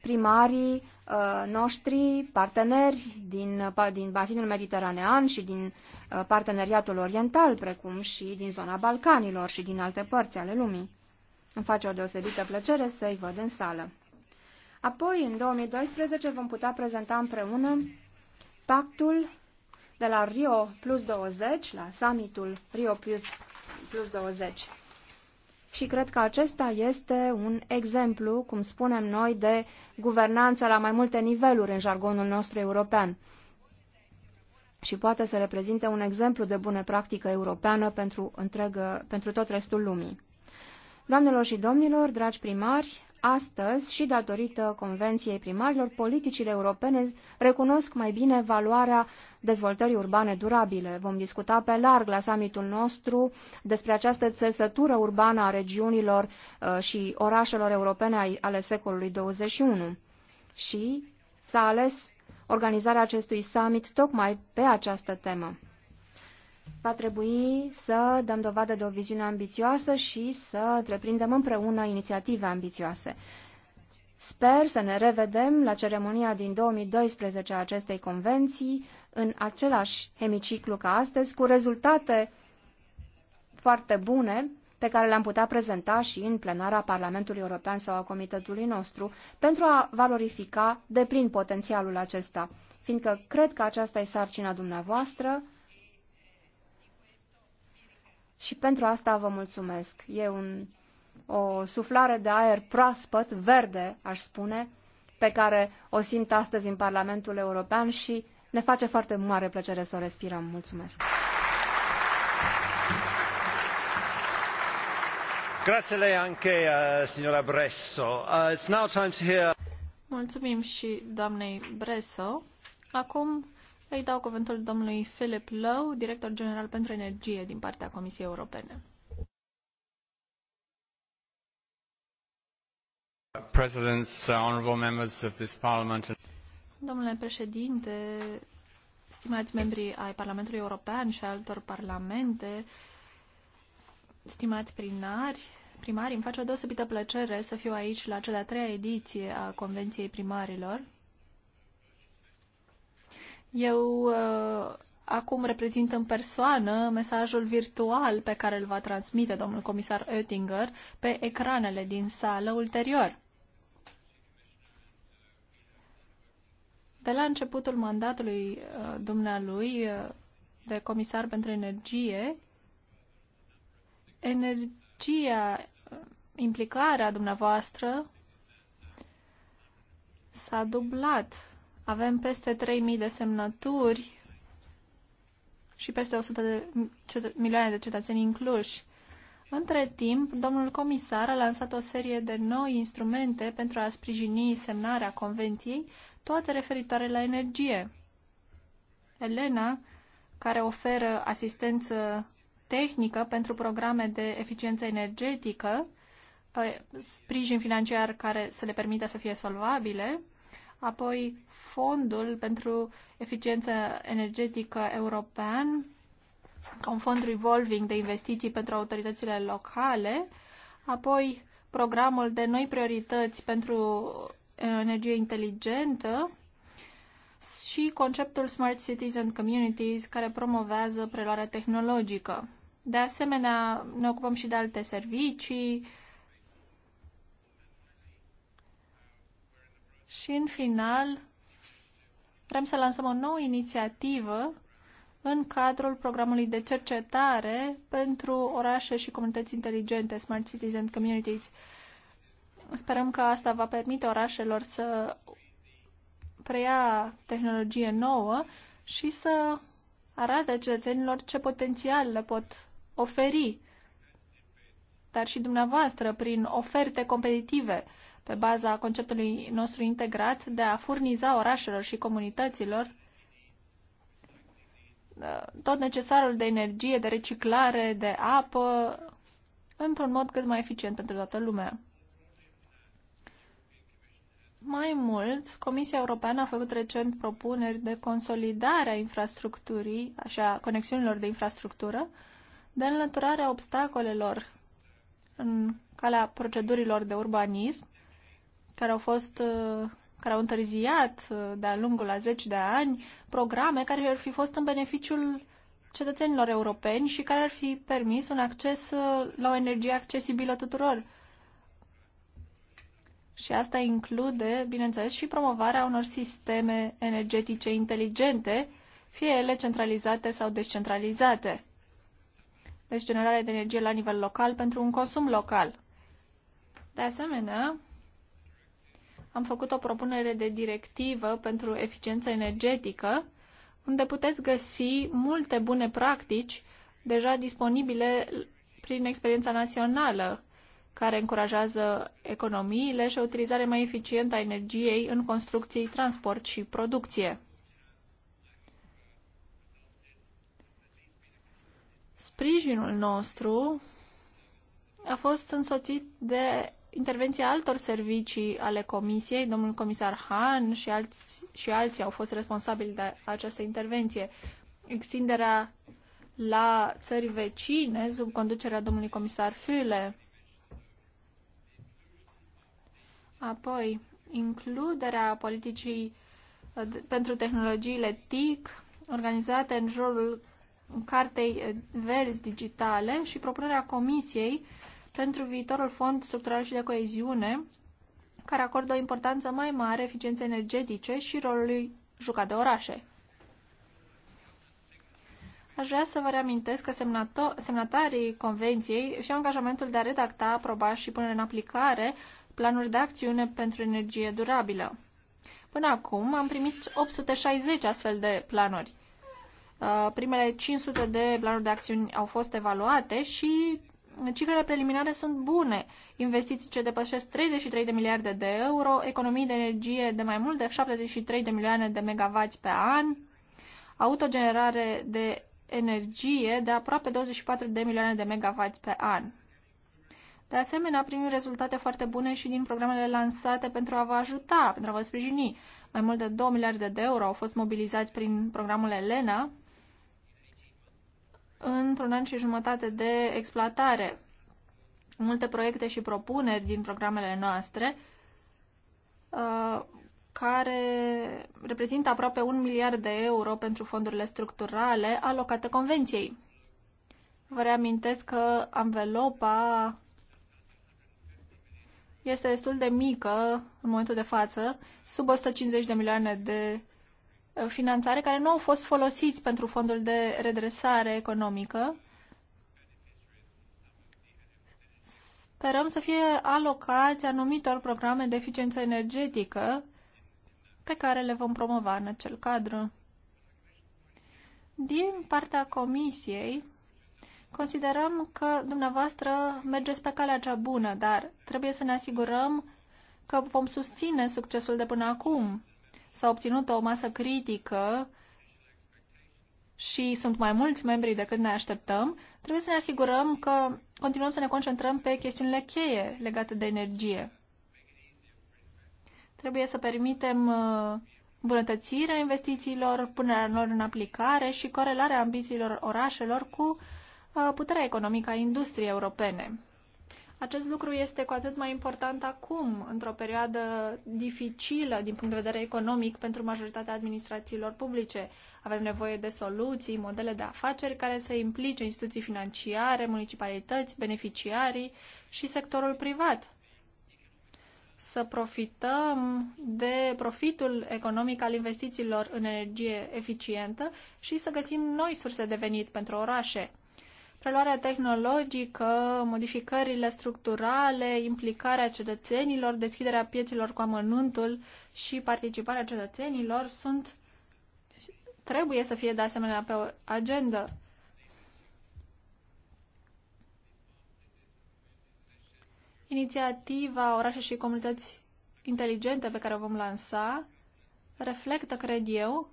primarii uh, noștri, parteneri din, din bazinul mediteranean și din uh, parteneriatul oriental, precum și din zona Balcanilor și din alte părți ale lumii. Îmi face o deosebită plăcere să-i văd în sală. Apoi, în 2012, vom putea prezenta împreună pactul de la Rio plus 20, la summitul Rio plus, plus 20. Și cred că acesta este un exemplu, cum spunem noi, de guvernanță la mai multe niveluri în jargonul nostru european. Și poate să reprezinte un exemplu de bună practică europeană pentru, întregă, pentru tot restul lumii. Doamnelor și domnilor, dragi primari, astăzi și datorită Convenției Primarilor, politicile europene recunosc mai bine valoarea dezvoltării urbane durabile. Vom discuta pe larg la summitul nostru despre această țesătură urbană a regiunilor uh, și orașelor europene ale secolului 21. Și s-a ales organizarea acestui summit tocmai pe această temă va trebui să dăm dovadă de o viziune ambițioasă și să întreprindem împreună inițiative ambițioase. Sper să ne revedem la ceremonia din 2012 a acestei convenții, în același hemiciclu ca astăzi, cu rezultate foarte bune pe care le-am putea prezenta și în plenara Parlamentului European sau a Comitetului nostru, pentru a valorifica deplin potențialul acesta, fiindcă cred că aceasta e sarcina dumneavoastră, și pentru asta vă mulțumesc. E un, o suflare de aer proaspăt, verde, aș spune, pe care o simt astăzi în Parlamentul European și ne face foarte mare plăcere să o respirăm. Mulțumesc! Eh, eh, Mulțumim și doamnei Bresso. Acum îi dau cuvântul domnului Philip Lowe, director general pentru energie din partea Comisiei Europene. Uh, honorable members of this parliament. Domnule președinte, stimați membri ai Parlamentului European și altor parlamente, stimați primari, primari, îmi face o deosebită plăcere să fiu aici la cea de-a treia ediție a Convenției Primarilor, eu uh, acum reprezint în persoană mesajul virtual pe care îl va transmite domnul comisar Oettinger pe ecranele din sală ulterior. De la începutul mandatului uh, dumnealui uh, de comisar pentru energie, energia, implicarea dumneavoastră s-a dublat avem peste 3.000 de semnături și peste 100 de milioane de cetățeni incluși. Între timp, domnul comisar a lansat o serie de noi instrumente pentru a sprijini semnarea convenției, toate referitoare la energie. Elena, care oferă asistență tehnică pentru programe de eficiență energetică, sprijin financiar care să le permită să fie solvabile, apoi Fondul pentru Eficiență Energetică European, un fond revolving de investiții pentru autoritățile locale, apoi programul de noi priorități pentru uh, energie inteligentă și conceptul Smart Cities and Communities care promovează preluarea tehnologică. De asemenea, ne ocupăm și de alte servicii, Și în final, vrem să lansăm o nouă inițiativă în cadrul programului de cercetare pentru orașe și comunități inteligente, Smart Cities and Communities. Sperăm că asta va permite orașelor să preia tehnologie nouă și să arate cetățenilor ce potențial le pot oferi, dar și dumneavoastră prin oferte competitive pe baza conceptului nostru integrat, de a furniza orașelor și comunităților uh, tot necesarul de energie, de reciclare, de apă, într-un mod cât mai eficient pentru toată lumea. Mai mult, Comisia Europeană a făcut recent propuneri de consolidare a infrastructurii, așa, conexiunilor de infrastructură, de înlăturarea obstacolelor în calea procedurilor de urbanism care au fost uh, care au întârziat uh, de-a lungul la zeci de ani programe care ar fi fost în beneficiul cetățenilor europeni și care ar fi permis un acces uh, la o energie accesibilă tuturor. Și asta include, bineînțeles, și promovarea unor sisteme energetice inteligente, fie ele centralizate sau descentralizate. Deci generarea de energie la nivel local pentru un consum local. De asemenea, am făcut o propunere de directivă pentru eficiență energetică, unde puteți găsi multe bune practici deja disponibile prin experiența națională, care încurajează economiile și o utilizare mai eficientă a energiei în construcții, transport și producție. Sprijinul nostru a fost însoțit de intervenția altor servicii ale comisiei, domnul comisar Han și, alți, și alții au fost responsabili de această intervenție. Extinderea la țări vecine, sub conducerea domnului comisar Füle. Apoi, includerea politicii uh, pentru tehnologiile TIC organizate în jurul Cartei uh, Verzi Digitale și propunerea Comisiei pentru viitorul fond structural și de coeziune, care acordă o importanță mai mare eficienței energetice și rolului jucat de orașe. Aș vrea să vă reamintesc că semnatarii Convenției și angajamentul de a redacta, aproba și pune în aplicare planuri de acțiune pentru energie durabilă. Până acum am primit 860 astfel de planuri. Uh, primele 500 de planuri de acțiuni au fost evaluate și cifrele preliminare sunt bune. Investiții ce depășesc 33 de miliarde de euro, economii de energie de mai mult de 73 de milioane de megawatți pe an, autogenerare de energie de aproape 24 de milioane de megawatți pe an. De asemenea, primim rezultate foarte bune și din programele lansate pentru a vă ajuta, pentru a vă sprijini. Mai mult de 2 miliarde de euro au fost mobilizați prin programul ELENA într-un an și jumătate de exploatare. Multe proiecte și propuneri din programele noastre uh, care reprezintă aproape un miliard de euro pentru fondurile structurale alocate convenției. Vă reamintesc că anvelopa este destul de mică în momentul de față, sub 150 de milioane de Uh, finanțare care nu au fost folosiți pentru fondul de redresare economică. Sperăm să fie alocați anumitor programe de eficiență energetică pe care le vom promova în acel cadru. Din partea Comisiei, considerăm că dumneavoastră mergeți pe calea cea bună, dar trebuie să ne asigurăm că vom susține succesul de până acum S-a obținut o masă critică și sunt mai mulți membri decât ne așteptăm, trebuie să ne asigurăm că continuăm să ne concentrăm pe chestiunile cheie legate de energie. Trebuie să permitem uh, îmbunătățirea investițiilor, punerea lor în aplicare și corelarea ambițiilor orașelor cu uh, puterea economică a industriei europene. Acest lucru este cu atât mai important acum, într-o perioadă dificilă din punct de vedere economic pentru majoritatea administrațiilor publice. Avem nevoie de soluții, modele de afaceri care să implice instituții financiare, municipalități, beneficiarii și sectorul privat. Să profităm de profitul economic al investițiilor în energie eficientă și să găsim noi surse de venit pentru orașe preluarea tehnologică, modificările structurale, implicarea cetățenilor, deschiderea piețelor cu amănuntul și participarea cetățenilor sunt trebuie să fie de asemenea pe o agenda. Inițiativa Orașe și Comunități Inteligente pe care o vom lansa reflectă, cred eu,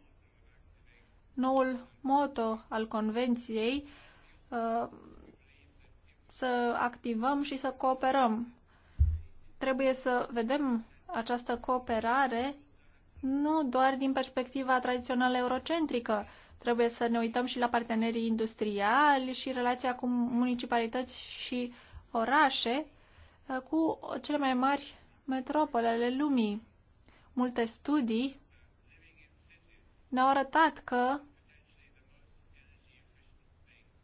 noul moto al Convenției Uh, să activăm și să cooperăm. Trebuie să vedem această cooperare nu doar din perspectiva tradițională eurocentrică. Trebuie să ne uităm și la partenerii industriali și relația cu municipalități și orașe uh, cu cele mai mari metropole ale lumii. Multe studii ne-au arătat că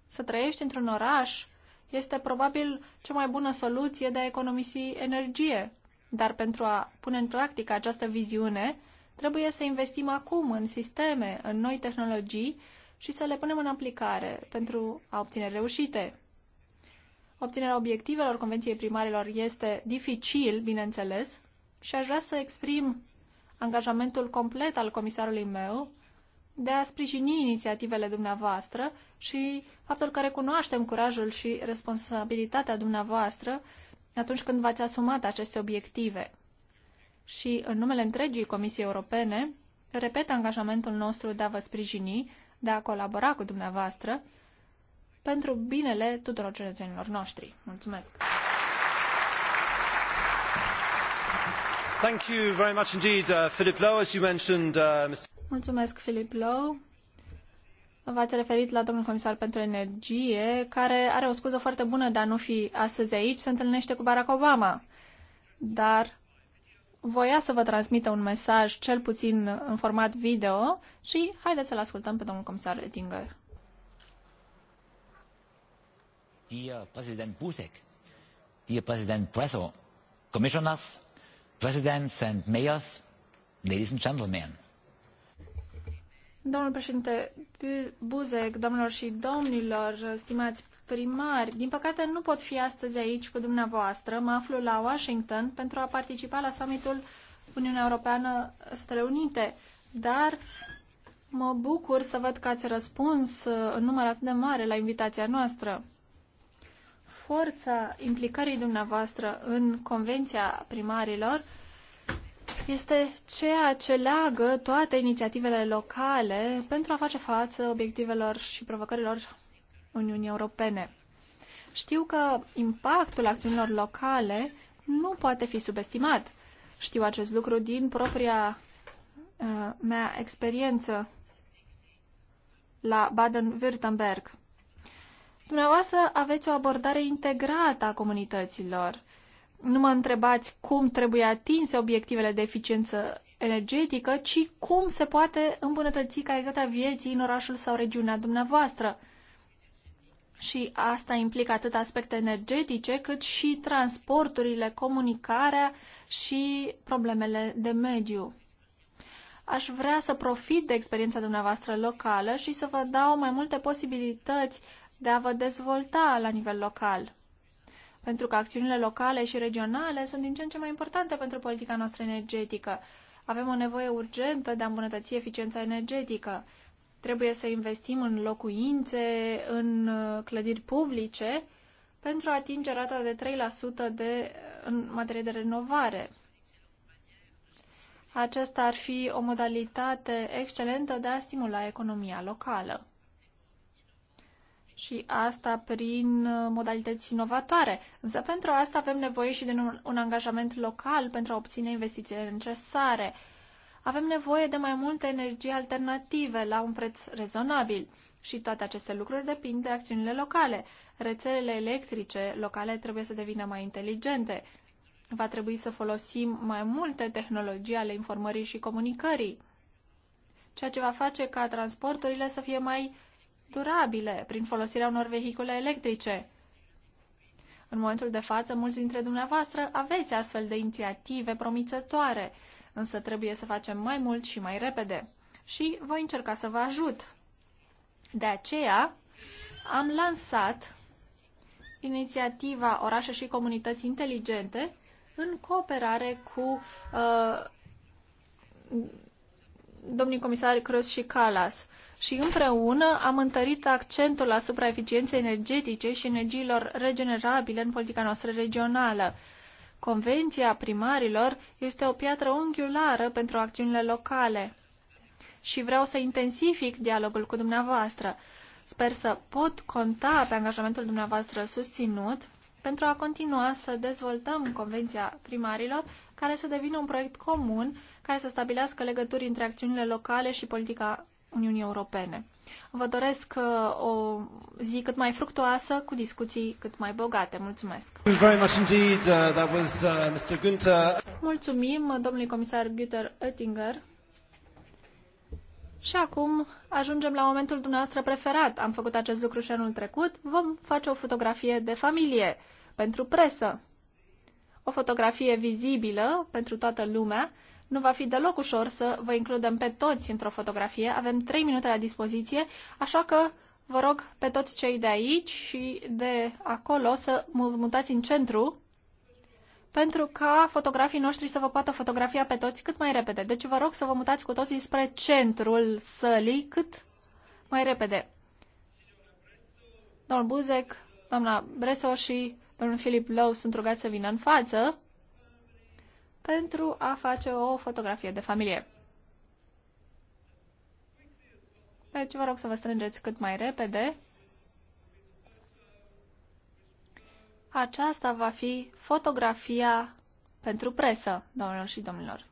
să trăiești într-un oraș este probabil cea mai bună soluție de a economisi energie. Dar pentru a pune în practică această viziune, trebuie să investim acum în sisteme, în noi tehnologii și să le punem în aplicare pentru a obține reușite. Obținerea obiectivelor Convenției Primarilor este dificil, bineînțeles, și aș vrea să exprim angajamentul complet al comisarului meu de a sprijini inițiativele dumneavoastră și faptul că recunoaștem curajul și responsabilitatea dumneavoastră atunci când v-ați asumat aceste obiective. Și în numele întregii Comisii Europene, repet angajamentul nostru de a vă sprijini, de a colabora cu dumneavoastră, pentru binele tuturor cetățenilor noștri. Mulțumesc! Thank you very much indeed, uh, Philip Lowe, as you mentioned, uh, Mr. Mulțumesc, Filip Lou. V-ați referit la domnul comisar pentru energie, care are o scuză foarte bună de a nu fi astăzi aici, se întâlnește cu Barack Obama. Dar voia să vă transmită un mesaj, cel puțin în format video, și haideți să-l ascultăm pe domnul comisar Ettinger. Dear President Busek, dear President Presso, commissioners, presidents and mayors, ladies and gentlemen, Domnul președinte Buzek, domnilor și domnilor, stimați primari, din păcate nu pot fi astăzi aici cu dumneavoastră. Mă aflu la Washington pentru a participa la summitul Uniunea Europeană Statele Unite, dar mă bucur să văd că ați răspuns uh, în număr atât de mare la invitația noastră. Forța implicării dumneavoastră în Convenția Primarilor este ceea ce leagă toate inițiativele locale pentru a face față obiectivelor și provocărilor Uniunii Europene. Știu că impactul acțiunilor locale nu poate fi subestimat. Știu acest lucru din propria uh, mea experiență la Baden-Württemberg. Dumneavoastră aveți o abordare integrată a comunităților nu mă întrebați cum trebuie atinse obiectivele de eficiență energetică, ci cum se poate îmbunătăți calitatea vieții în orașul sau regiunea dumneavoastră. Și asta implică atât aspecte energetice, cât și transporturile, comunicarea și problemele de mediu. Aș vrea să profit de experiența dumneavoastră locală și să vă dau mai multe posibilități de a vă dezvolta la nivel local pentru că acțiunile locale și regionale sunt din ce în ce mai importante pentru politica noastră energetică. Avem o nevoie urgentă de a îmbunătăți eficiența energetică. Trebuie să investim în locuințe, în uh, clădiri publice, pentru a atinge rata de 3% de, uh, în materie de renovare. Aceasta ar fi o modalitate excelentă de a stimula economia locală și asta prin uh, modalități inovatoare. Însă pentru asta avem nevoie și de un, un angajament local pentru a obține investițiile necesare. Avem nevoie de mai multe energii alternative la un preț rezonabil și toate aceste lucruri depind de acțiunile locale. Rețelele electrice locale trebuie să devină mai inteligente. Va trebui să folosim mai multe tehnologii ale informării și comunicării, ceea ce va face ca transporturile să fie mai durabile prin folosirea unor vehicule electrice. În momentul de față, mulți dintre dumneavoastră aveți astfel de inițiative promițătoare, însă trebuie să facem mai mult și mai repede. Și voi încerca să vă ajut. De aceea, am lansat inițiativa Orașe și Comunități Inteligente în cooperare cu uh, domnii comisari Cruz și Calas și împreună am întărit accentul asupra eficienței energetice și energiilor regenerabile în politica noastră regională. Convenția primarilor este o piatră unghiulară pentru acțiunile locale și vreau să intensific dialogul cu dumneavoastră. Sper să pot conta pe angajamentul dumneavoastră susținut pentru a continua să dezvoltăm Convenția Primarilor, care să devină un proiect comun, care să stabilească legături între acțiunile locale și politica Uniunii Europene. Vă doresc uh, o zi cât mai fructuoasă, cu discuții cât mai bogate. Mulțumesc! Mulțumim, domnului comisar Günther Oettinger. Și acum ajungem la momentul dumneavoastră preferat. Am făcut acest lucru și anul trecut. Vom face o fotografie de familie pentru presă. O fotografie vizibilă pentru toată lumea nu va fi deloc ușor să vă includem pe toți într-o fotografie. Avem 3 minute la dispoziție, așa că vă rog pe toți cei de aici și de acolo să vă mutați în centru pentru ca fotografii noștri să vă poată fotografia pe toți cât mai repede. Deci vă rog să vă mutați cu toții spre centrul sălii cât mai repede. Domnul Buzek, doamna Breso și domnul Filip Lou sunt rugați să vină în față pentru a face o fotografie de familie. Deci vă rog să vă strângeți cât mai repede. Aceasta va fi fotografia pentru presă, domnilor și domnilor.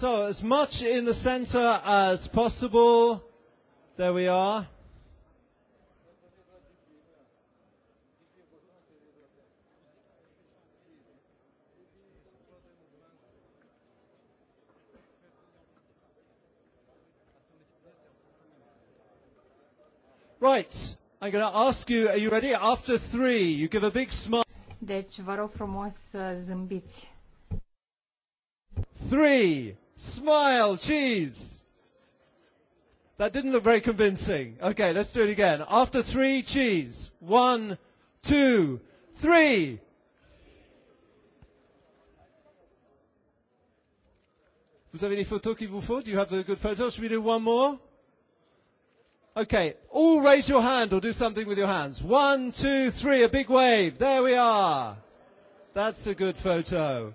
So as much in the center as possible. There we are. Right. I'm going to ask you, are you ready? After three, you give a big smile. Deci, vă rog frumos să zâmbiți. Three, Smile, cheese. That didn't look very convincing. Okay, let's do it again. After three, cheese. One, two, three. Vous avez les photos qu'il vous faut? Do you have the good photos? Should we do one more? Okay, all raise your hand or do something with your hands. One, two, three, a big wave. There we are. That's a good photo.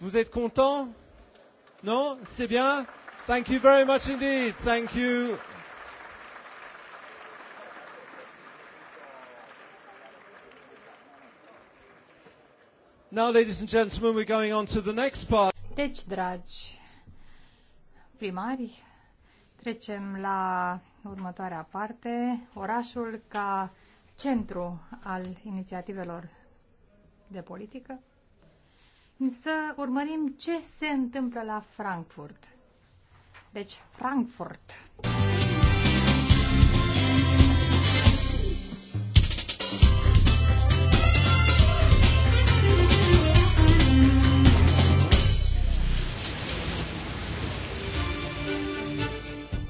Vous êtes content Non C'est bien Thank you very much indeed. Thank you. Now, ladies and gentlemen, we're going on to the next part. Deci, dragi primari, trecem la următoarea parte, orașul ca centru al inițiativelor de politică să urmărim ce se întâmplă la Frankfurt. Deci, Frankfurt.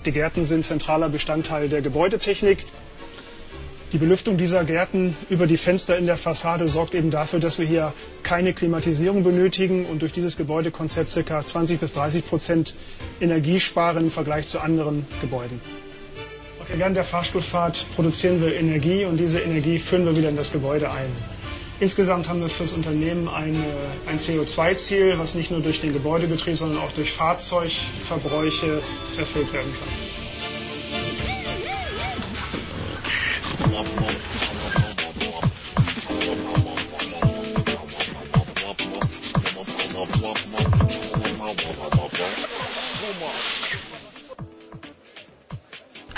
Die Gärten sind zentraler Bestandteil der Gebäudetechnik. Die Belüftung dieser Gärten über die Fenster in der Fassade sorgt eben dafür, dass wir hier keine Klimatisierung benötigen und durch dieses Gebäudekonzept ca. 20 bis 30 Prozent Energie sparen im Vergleich zu anderen Gebäuden. Okay, während der Fahrstuhlfahrt produzieren wir Energie und diese Energie führen wir wieder in das Gebäude ein. Insgesamt haben wir fürs Unternehmen eine, ein CO2-Ziel, was nicht nur durch den Gebäudebetrieb, sondern auch durch Fahrzeugverbräuche erfüllt werden kann.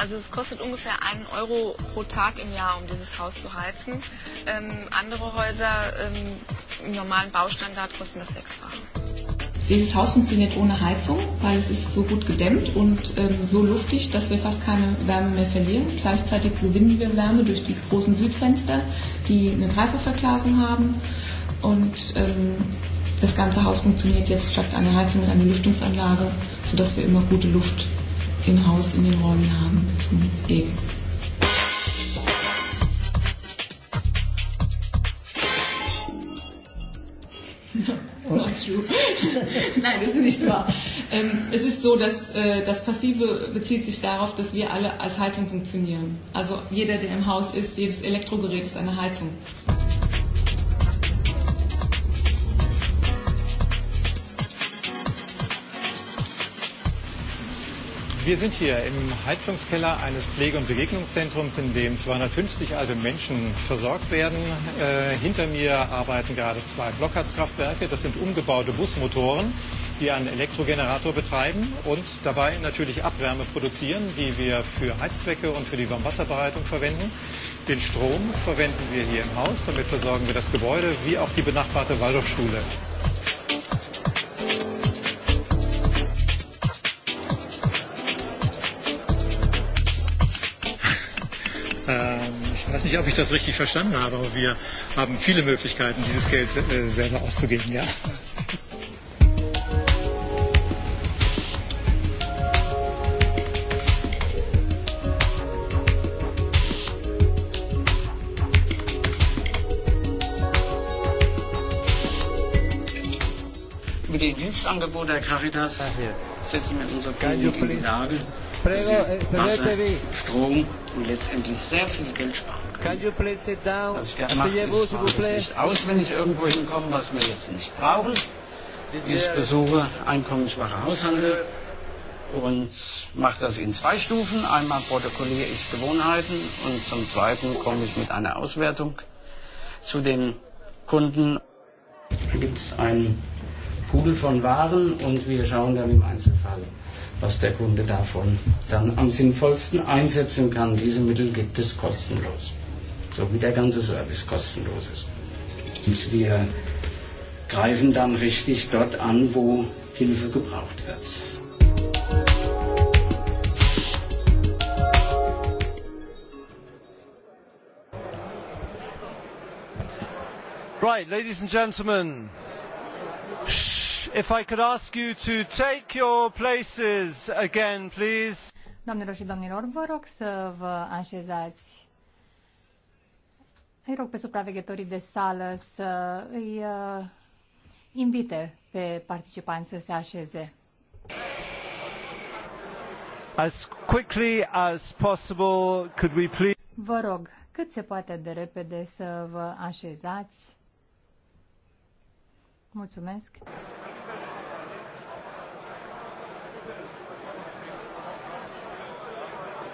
Also es kostet ungefähr einen Euro pro Tag im Jahr, um dieses Haus zu heizen. Ähm, andere Häuser ähm, im normalen Baustandard kosten das sechsfache. Dieses Haus funktioniert ohne Heizung, weil es ist so gut gedämmt und ähm, so luftig, dass wir fast keine Wärme mehr verlieren. Gleichzeitig gewinnen wir Wärme durch die großen Südfenster, die eine Dreifachverglasung haben. Und ähm, das ganze Haus funktioniert jetzt statt einer Heizung mit einer Lüftungsanlage, sodass wir immer gute Luft im Haus in den Räumen haben Eben. Nein, das ist nicht wahr. Ähm, es ist so, dass äh, das Passive bezieht sich darauf, dass wir alle als Heizung funktionieren. Also jeder, der im Haus ist, jedes Elektrogerät ist eine Heizung. Wir sind hier im Heizungskeller eines Pflege- und Begegnungszentrums, in dem 250 alte Menschen versorgt werden. Äh, hinter mir arbeiten gerade zwei Blockheizkraftwerke. Das sind umgebaute Busmotoren, die einen Elektrogenerator betreiben und dabei natürlich Abwärme produzieren, die wir für Heizzwecke und für die Warmwasserbereitung verwenden. Den Strom verwenden wir hier im Haus, damit versorgen wir das Gebäude wie auch die benachbarte Waldorfschule. Ich weiß nicht, ob ich das richtig verstanden habe, aber wir haben viele Möglichkeiten, dieses Geld äh, selber auszugeben, ja. Mit dem Hilfsangebot der Caritas setzen wir unserer Kommunen in die Lage, Prego, eh, sedetevi. Strom und letztendlich sehr viel Geld sparen können. Can you please sit down? Was ich gerne mache, ist, aus, wenn ich irgendwo hinkomme, was wir jetzt nicht brauchen. Ich besuche einkommensschwache Haushalte und mache das in zwei Stufen. Einmal protokolliere ich Gewohnheiten und zum Zweiten komme ich mit einer Auswertung zu den Kunden. Da gibt es einen Pudel von Waren und wir schauen dann im Einzelfall was der Kunde davon dann am sinnvollsten einsetzen kann. Diese Mittel gibt es kostenlos, so wie der ganze Service kostenlos ist. Und wir greifen dann richtig dort an, wo Hilfe gebraucht wird. Right, ladies and gentlemen, If I could ask you to take your places again, please. Doamnelor și domnilor, vă rog să vă așezați. Îi rog pe supraveghetorii de sală să îi uh, invite pe participanți să se așeze. As quickly as possible, could we please... Vă rog, cât se poate de repede să vă așezați. Mulțumesc.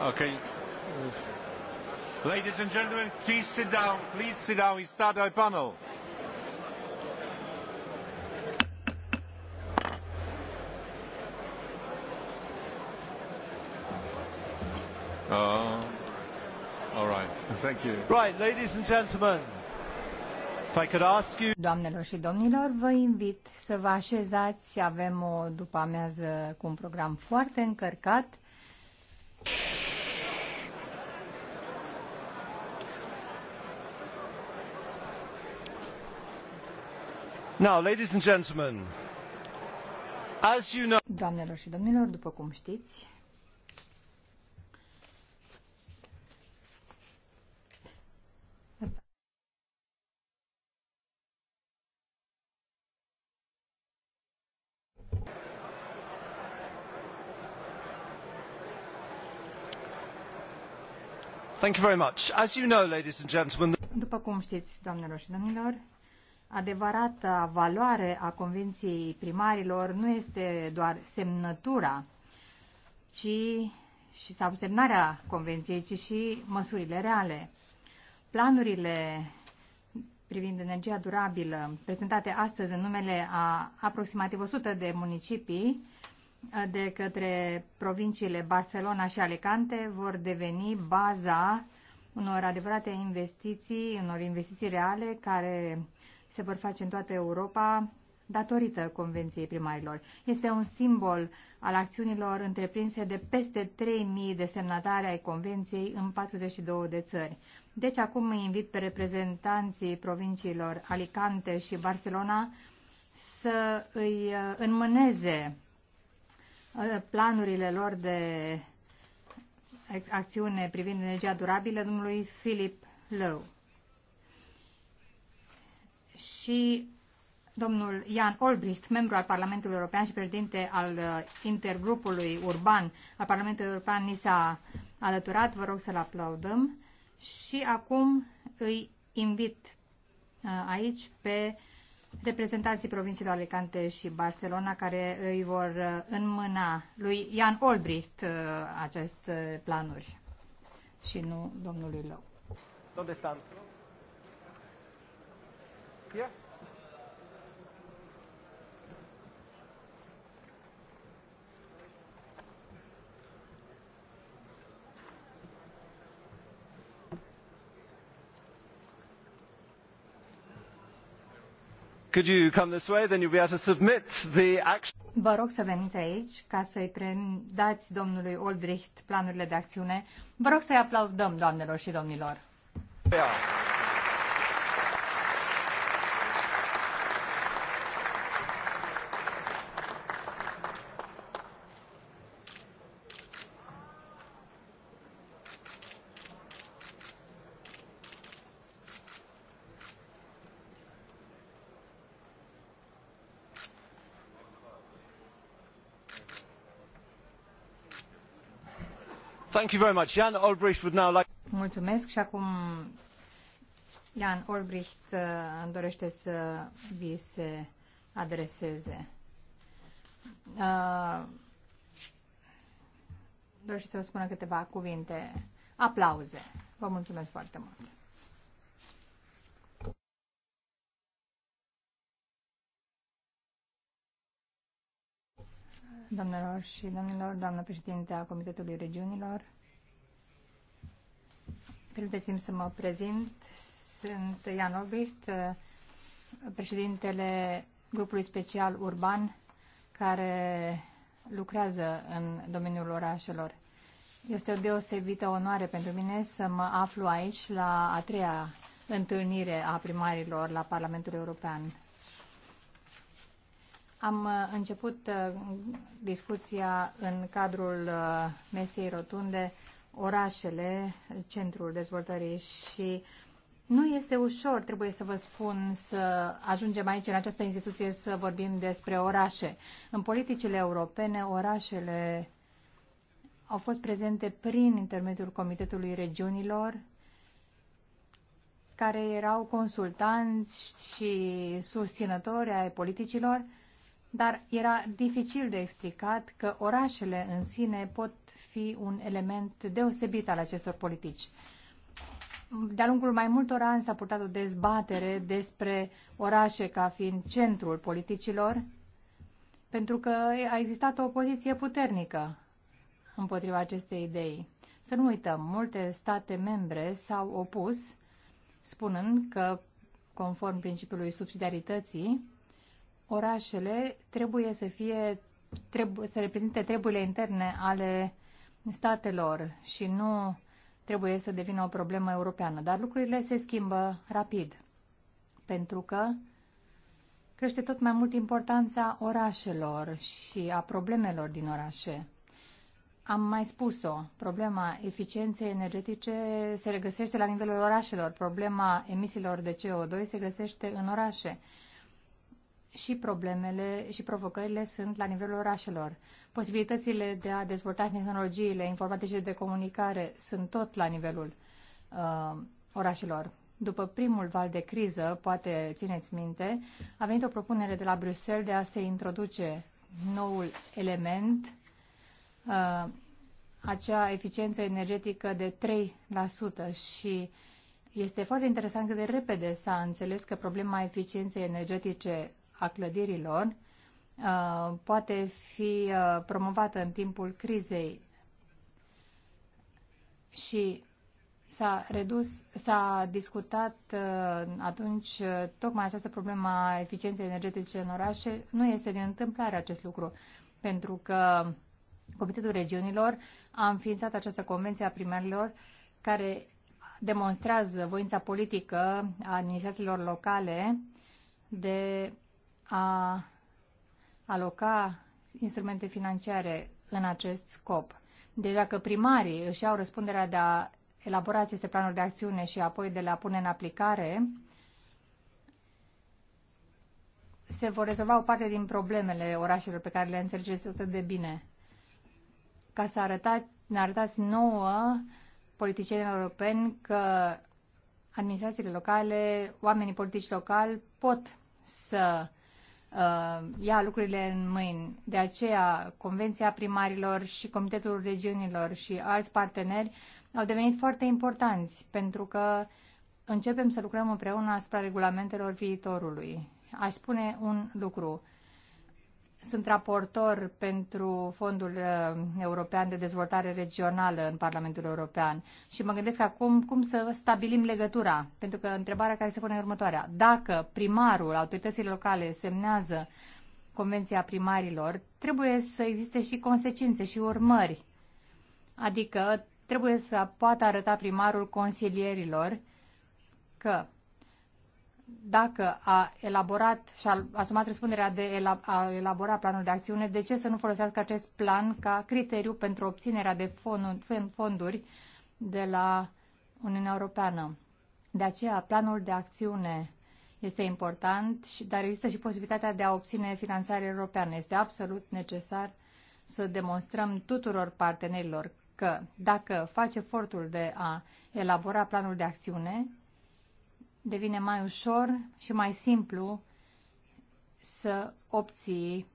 Okay. Ladies and gentlemen, please sit down. Please sit down. We start our panel. Uh, all right. Thank you. Right, ladies and gentlemen. If I could ask you... Doamnelor și domnilor, vă invit să vă așezați. Avem o după amiază cu un program foarte încărcat. Now, ladies and gentlemen, as you know... Doamnelor și domnilor, după cum știți, După cum știți, doamnelor și domnilor, adevărata valoare a Convenției Primarilor nu este doar semnătura, ci și sau semnarea Convenției, ci și măsurile reale. Planurile privind energia durabilă, prezentate astăzi în numele a aproximativ 100 de municipii, de către provinciile Barcelona și Alicante vor deveni baza unor adevărate investiții, unor investiții reale care se vor face în toată Europa datorită Convenției Primarilor. Este un simbol al acțiunilor întreprinse de peste 3.000 de semnatari ai Convenției în 42 de țări. Deci acum îi invit pe reprezentanții provinciilor Alicante și Barcelona să îi uh, înmâneze Uh, planurile lor de acțiune privind energia durabilă domnului Philip Lowe. Și domnul Jan Olbricht, membru al Parlamentului European și președinte al uh, intergrupului urban al Parlamentului European, ni s-a alăturat. Vă rog să-l aplaudăm. Și acum îi invit uh, aici pe reprezentanții provinciilor Alicante și Barcelona care îi vor uh, înmâna lui Ian Olbricht uh, aceste uh, planuri și nu domnului Lău. Unde stăm? Here? Could you come this way, then you'll be able to submit the action. Vă rog să veniți aici ca să-i predați domnului Olbricht planurile de acțiune. Vă rog să-i aplaudăm, doamnelor și domnilor. Yeah. Thank you very Jan Olbricht would now Mulțumesc și acum Jan Olbricht uh, dorește să vi se adreseze. Uh, dorește să vă spună câteva cuvinte. Aplauze. Vă mulțumesc foarte mult. doamnelor și domnilor, doamnă președinte a Comitetului Regiunilor. Permiteți-mi să mă prezint. Sunt Ian Obricht, președintele grupului special urban care lucrează în domeniul orașelor. Este o deosebită onoare pentru mine să mă aflu aici la a treia întâlnire a primarilor la Parlamentul European. Am uh, început uh, discuția în cadrul uh, mesei rotunde orașele, centrul dezvoltării și nu este ușor, trebuie să vă spun, să ajungem aici în această instituție să vorbim despre orașe. În politicile europene, orașele au fost prezente prin intermediul Comitetului Regiunilor, care erau consultanți și susținători ai politicilor, dar era dificil de explicat că orașele în sine pot fi un element deosebit al acestor politici. De-a lungul mai multor ani s-a purtat o dezbatere despre orașe ca fiind centrul politicilor, pentru că a existat o opoziție puternică împotriva acestei idei. Să nu uităm, multe state membre s-au opus, spunând că, conform principiului subsidiarității, orașele trebuie să fie trebuie să reprezinte treburile interne ale statelor și nu trebuie să devină o problemă europeană. Dar lucrurile se schimbă rapid, pentru că crește tot mai mult importanța orașelor și a problemelor din orașe. Am mai spus-o, problema eficienței energetice se regăsește la nivelul orașelor, problema emisiilor de CO2 se găsește în orașe și problemele și provocările sunt la nivelul orașelor. Posibilitățile de a dezvolta tehnologiile informatice de comunicare sunt tot la nivelul uh, orașelor. După primul val de criză, poate țineți minte, a venit o propunere de la Bruxelles de a se introduce noul element, uh, acea eficiență energetică de 3% și este foarte interesant că de repede s-a înțeles că problema eficienței energetice a clădirilor uh, poate fi uh, promovată în timpul crizei și s-a redus, s-a discutat uh, atunci tocmai această problemă a eficienței energetice în orașe. Nu este din întâmplare acest lucru, pentru că Comitetul Regiunilor a înființat această convenție a primarilor care demonstrează voința politică a administrațiilor locale de a aloca instrumente financiare în acest scop. Deci dacă primarii își au răspunderea de a elabora aceste planuri de acțiune și apoi de la pune în aplicare, se vor rezolva o parte din problemele orașelor pe care le înțelegeți atât de bine. Ca să arătați, ne arătați nouă politicienilor europeni că administrațiile locale, oamenii politici locali pot să Uh, ia lucrurile în mâini. De aceea, Convenția Primarilor și Comitetul Regiunilor și alți parteneri au devenit foarte importanți pentru că începem să lucrăm împreună asupra regulamentelor viitorului. Aș spune un lucru. Sunt raportor pentru Fondul uh, European de Dezvoltare Regională în Parlamentul European și mă gândesc acum cum să stabilim legătura, pentru că întrebarea care se pune următoarea. Dacă primarul autorității locale semnează Convenția Primarilor, trebuie să existe și consecințe și urmări. Adică trebuie să poată arăta primarul consilierilor că dacă a elaborat și a asumat răspunderea de a elabora planul de acțiune, de ce să nu folosească acest plan ca criteriu pentru obținerea de fonduri de la Uniunea Europeană? De aceea, planul de acțiune este important, dar există și posibilitatea de a obține finanțare europeană. Este absolut necesar să demonstrăm tuturor partenerilor că dacă face efortul de a elabora planul de acțiune, devine mai ușor și mai simplu să obții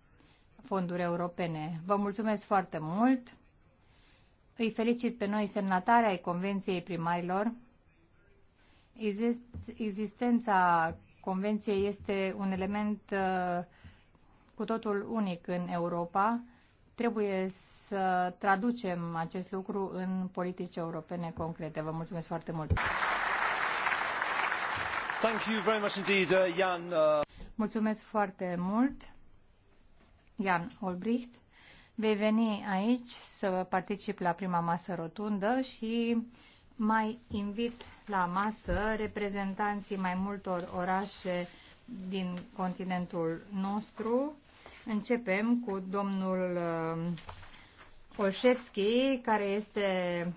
fonduri europene. Vă mulțumesc foarte mult! Îi felicit pe noi semnatarea ai Convenției Primarilor. Existența Convenției este un element uh, cu totul unic în Europa. Trebuie să traducem acest lucru în politici europene concrete. Vă mulțumesc foarte mult! Thank you very much indeed, uh, Jan. Uh... Mulțumesc foarte mult, Jan Olbricht. Vei veni aici să particip la prima masă rotundă și mai invit la masă reprezentanții mai multor orașe din continentul nostru. Începem cu domnul uh, Olșevski, care este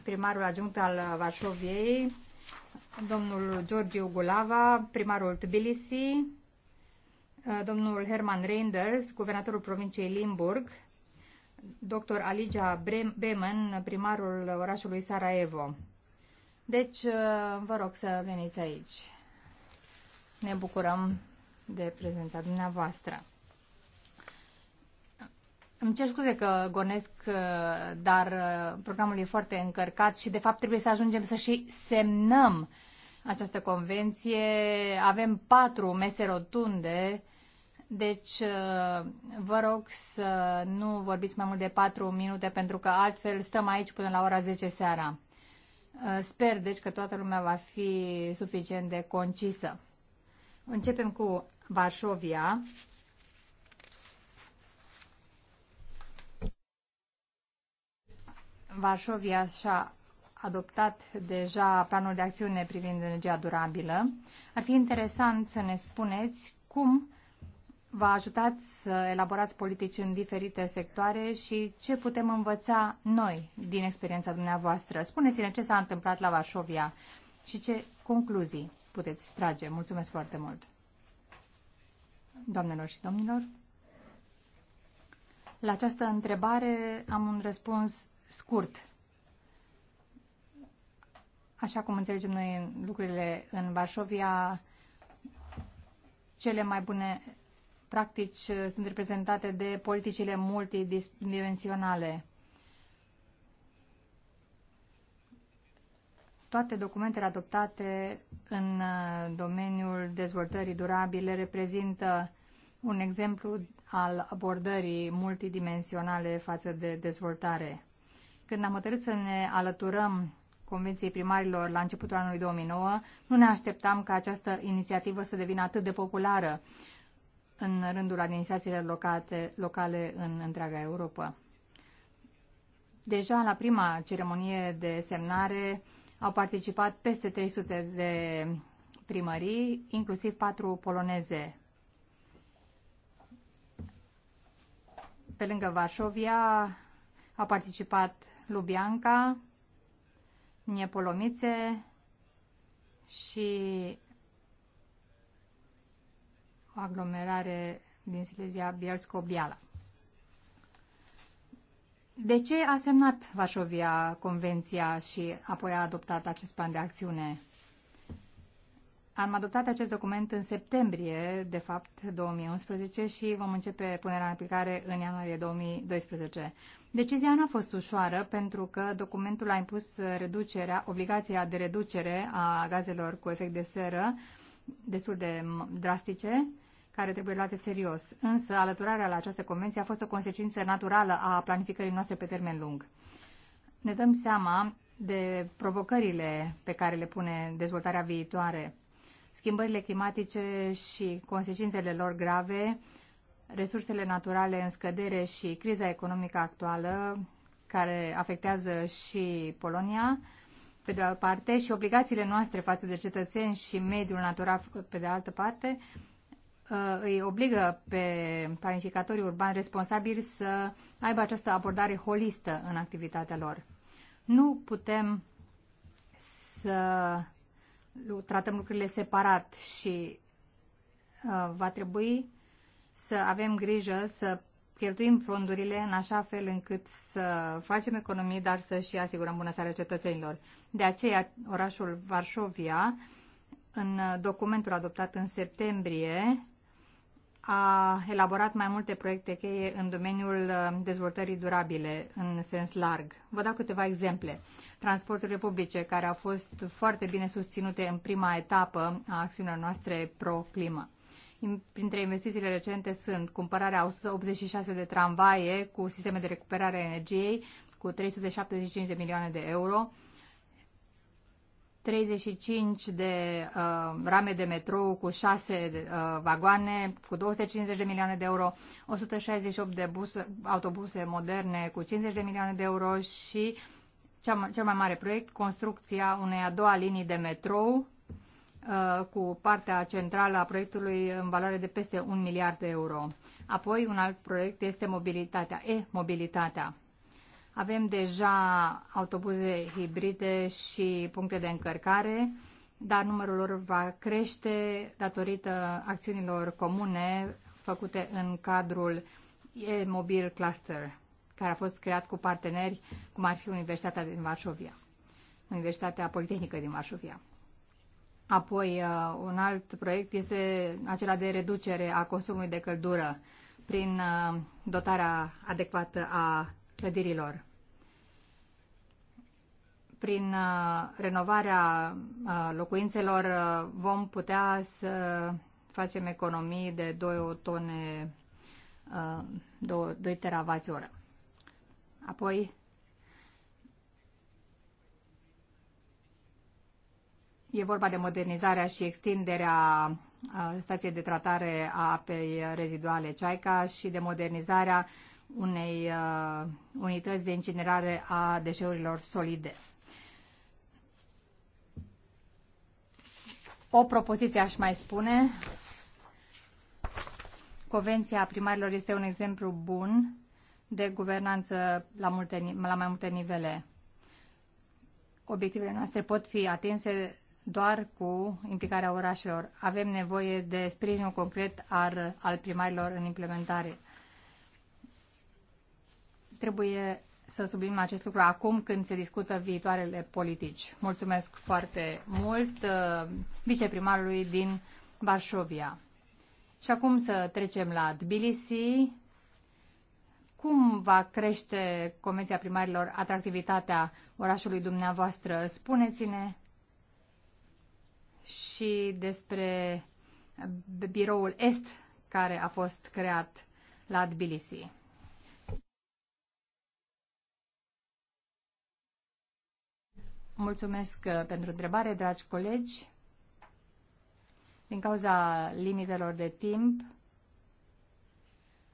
primarul adjunct al Varșoviei, domnul Georgiu Gulava, primarul Tbilisi, uh, domnul Herman Reinders, guvernatorul provinciei Limburg, dr. Aligia Bemen, primarul orașului Sarajevo. Deci, uh, vă rog să veniți aici. Ne bucurăm de prezența dumneavoastră. Îmi cer scuze că gonesc, uh, dar programul e foarte încărcat și, de fapt, trebuie să ajungem să și semnăm această convenție. Avem patru mese rotunde, deci uh, vă rog să nu vorbiți mai mult de patru minute, pentru că altfel stăm aici până la ora 10 seara. Uh, sper, deci, că toată lumea va fi suficient de concisă. Începem cu Varșovia. Varșovia și-a adoptat deja planul de acțiune privind energia durabilă. Ar fi interesant să ne spuneți cum v-a ajutat să elaborați politici în diferite sectoare și ce putem învăța noi din experiența dumneavoastră. Spuneți-ne ce s-a întâmplat la Varșovia și ce concluzii puteți trage. Mulțumesc foarte mult! Doamnelor și domnilor, la această întrebare am un răspuns scurt Așa cum înțelegem noi lucrurile în Varșovia, cele mai bune practici sunt reprezentate de politicile multidimensionale. Toate documentele adoptate în uh, domeniul dezvoltării durabile reprezintă un exemplu al abordării multidimensionale față de dezvoltare. Când am hotărât să ne alăturăm Convenției Primarilor la începutul anului 2009, nu ne așteptam ca această inițiativă să devină atât de populară în rândul administrațiilor locate, locale în întreaga Europa. Deja la prima ceremonie de semnare au participat peste 300 de primării, inclusiv patru poloneze. Pe lângă Varșovia a participat Lubianca, Nepolomițe și o aglomerare din Silesia Bielsko-Biala. De ce a semnat Vașovia convenția și apoi a adoptat acest plan de acțiune? Am adoptat acest document în septembrie, de fapt, 2011 și vom începe punerea în aplicare în ianuarie 2012. Decizia nu a fost ușoară pentru că documentul a impus reducerea, obligația de reducere a gazelor cu efect de seră destul de drastice, care trebuie luate serios. Însă, alăturarea la această convenție a fost o consecință naturală a planificării noastre pe termen lung. Ne dăm seama de provocările pe care le pune dezvoltarea viitoare. Schimbările climatice și consecințele lor grave resursele naturale în scădere și criza economică actuală care afectează și Polonia, pe de o parte, și obligațiile noastre față de cetățeni și mediul natural, pe de altă parte, uh, îi obligă pe planificatorii urbani responsabili să aibă această abordare holistă în activitatea lor. Nu putem să tratăm lucrurile separat și uh, va trebui să avem grijă să cheltuim fondurile în așa fel încât să facem economii, dar să și asigurăm bunăstarea cetățenilor. De aceea, orașul Varșovia, în documentul adoptat în septembrie, a elaborat mai multe proiecte cheie în domeniul uh, dezvoltării durabile, în sens larg. Vă dau câteva exemple. Transporturile publice, care au fost foarte bine susținute în prima etapă a acțiunilor noastre pro-climă. Printre investițiile recente sunt cumpărarea 186 de tramvaie cu sisteme de recuperare a energiei cu 375 de milioane de euro, 35 de uh, rame de metrou cu 6 uh, vagoane cu 250 de milioane de euro, 168 de bus, autobuse moderne cu 50 de milioane de euro și cea, cel mai mare proiect, construcția unei a doua linii de metrou Uh, cu partea centrală a proiectului în valoare de peste un miliard de euro. Apoi, un alt proiect este mobilitatea, e-mobilitatea. Avem deja autobuze hibride și puncte de încărcare, dar numărul lor va crește datorită acțiunilor comune făcute în cadrul e-mobil cluster, care a fost creat cu parteneri, cum ar fi Universitatea din Varșovia, Universitatea Politehnică din Varșovia. Apoi, uh, un alt proiect este acela de reducere a consumului de căldură prin uh, dotarea adecvată a clădirilor. Prin uh, renovarea locuințelor vom putea să facem economii de 2 tone, 2 teravați oră. Apoi, E vorba de modernizarea și extinderea stației de tratare a apei reziduale Ceaica și de modernizarea unei unități de incinerare a deșeurilor solide. O propoziție aș mai spune. Convenția primarilor este un exemplu bun de guvernanță la, multe, la mai multe nivele. Obiectivele noastre pot fi atinse doar cu implicarea orașelor. Avem nevoie de sprijinul concret al, al primarilor în implementare. Trebuie să subliniem acest lucru acum când se discută viitoarele politici. Mulțumesc foarte mult uh, viceprimarului din Varșovia. Și acum să trecem la Tbilisi. Cum va crește Convenția Primarilor atractivitatea orașului dumneavoastră? Spuneți-ne și despre biroul Est care a fost creat la Tbilisi. Mulțumesc uh, pentru întrebare, dragi colegi. Din cauza limitelor de timp,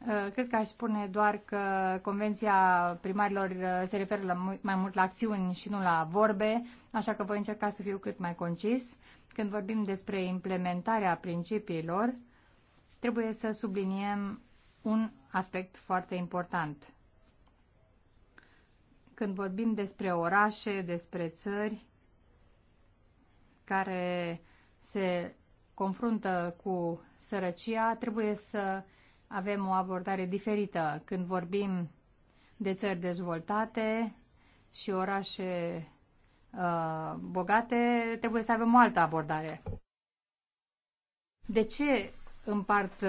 uh, cred că aș spune doar că Convenția Primarilor uh, se referă la mai mult la acțiuni și nu la vorbe, așa că voi încerca să fiu cât mai concis când vorbim despre implementarea principiilor, trebuie să subliniem un aspect foarte important. Când vorbim despre orașe, despre țări care se confruntă cu sărăcia, trebuie să avem o abordare diferită. Când vorbim de țări dezvoltate și orașe Uh, bogate, trebuie să avem o altă abordare. De ce împart uh,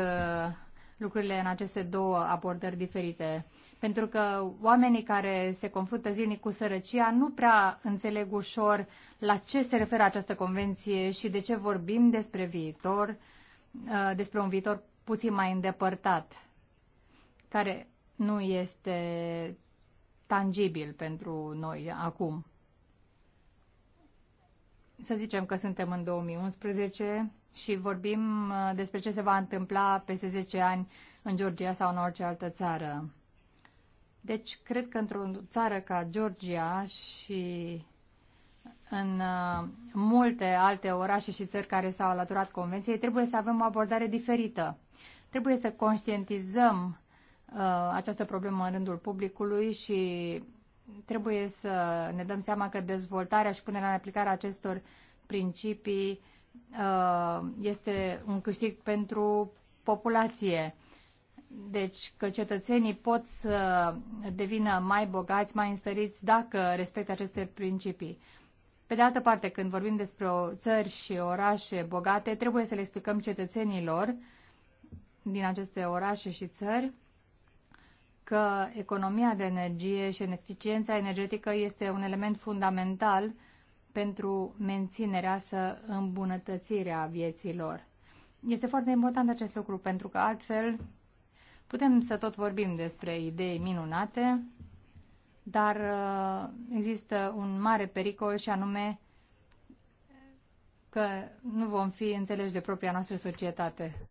lucrurile în aceste două abordări diferite? Pentru că oamenii care se confruntă zilnic cu sărăcia nu prea înțeleg ușor la ce se referă această convenție și de ce vorbim despre viitor, uh, despre un viitor puțin mai îndepărtat, care nu este tangibil pentru noi acum să zicem că suntem în 2011 și vorbim uh, despre ce se va întâmpla peste 10 ani în Georgia sau în orice altă țară. Deci, cred că într-o țară ca Georgia și în uh, multe alte orașe și țări care s-au alăturat convenției, trebuie să avem o abordare diferită. Trebuie să conștientizăm uh, această problemă în rândul publicului și trebuie să ne dăm seama că dezvoltarea și punerea în aplicare a acestor principii uh, este un câștig pentru populație. Deci că cetățenii pot să devină mai bogați, mai înstăriți dacă respectă aceste principii. Pe de altă parte, când vorbim despre țări și orașe bogate, trebuie să le explicăm cetățenilor din aceste orașe și țări că economia de energie și eficiența energetică este un element fundamental pentru menținerea să îmbunătățirea vieților. Este foarte important acest lucru pentru că altfel putem să tot vorbim despre idei minunate, dar uh, există un mare pericol și anume că nu vom fi înțeleși de propria noastră societate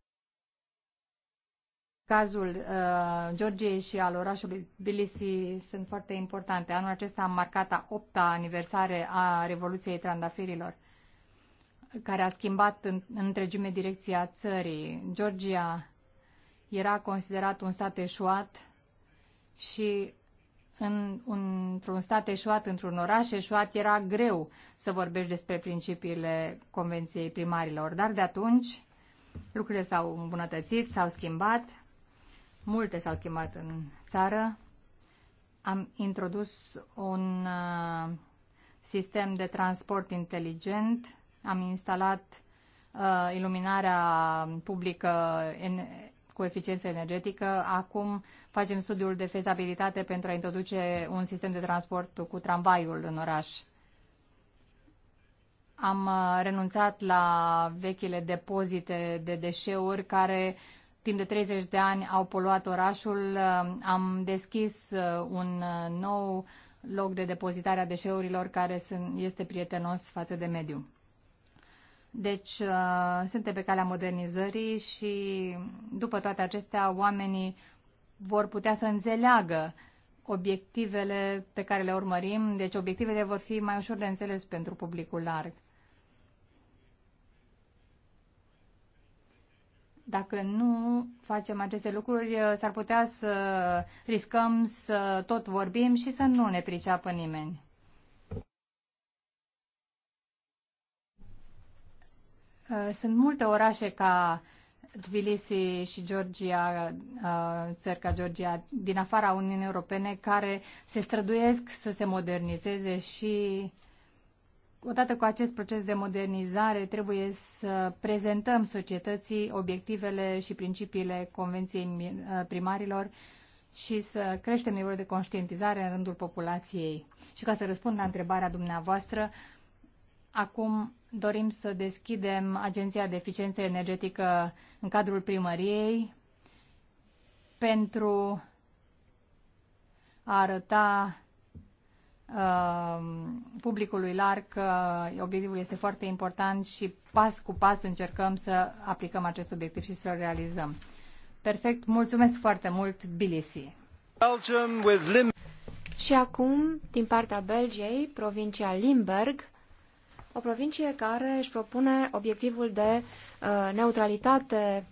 cazul uh, Georgiei și al orașului Tbilisi sunt foarte importante. Anul acesta am marcat a opta aniversare a Revoluției Trandafirilor, care a schimbat în întregime direcția țării. Georgia era considerat un stat eșuat și în, un, într-un stat eșuat, într-un oraș eșuat, era greu să vorbești despre principiile Convenției Primarilor. Dar de atunci lucrurile s-au îmbunătățit, s-au schimbat Multe s-au schimbat în țară. Am introdus un uh, sistem de transport inteligent, am instalat uh, iluminarea publică în, cu eficiență energetică. Acum facem studiul de fezabilitate pentru a introduce un sistem de transport cu tramvaiul în oraș. Am uh, renunțat la vechile depozite de deșeuri care timp de 30 de ani au poluat orașul. Uh, am deschis uh, un uh, nou loc de depozitare a deșeurilor care este prietenos față de mediu. Deci suntem pe calea modernizării și după toate acestea oamenii vor putea să înțeleagă obiectivele pe care le urmărim, deci obiectivele vor fi mai ușor de înțeles pentru publicul larg. Dacă nu facem aceste lucruri, uh, s-ar putea să riscăm să tot vorbim și să nu ne priceapă nimeni. Uh, sunt multe orașe ca Tbilisi și Georgia, uh, țări ca Georgia, din afara Uniunii Europene, care se străduiesc să se modernizeze și odată cu acest proces de modernizare, trebuie să prezentăm societății obiectivele și principiile Convenției uh, Primarilor și să creștem nivelul de conștientizare în rândul populației. Și ca să răspund la întrebarea dumneavoastră, acum dorim să deschidem Agenția de Eficiență Energetică în cadrul primăriei pentru a arăta Uh, publicului larg uh, obiectivul este foarte important și pas cu pas încercăm să aplicăm acest obiectiv și să-l realizăm. Perfect, mulțumesc foarte mult, Bilisi. Și acum, din partea Belgiei, provincia Limburg, o provincie care își propune obiectivul de uh, neutralitate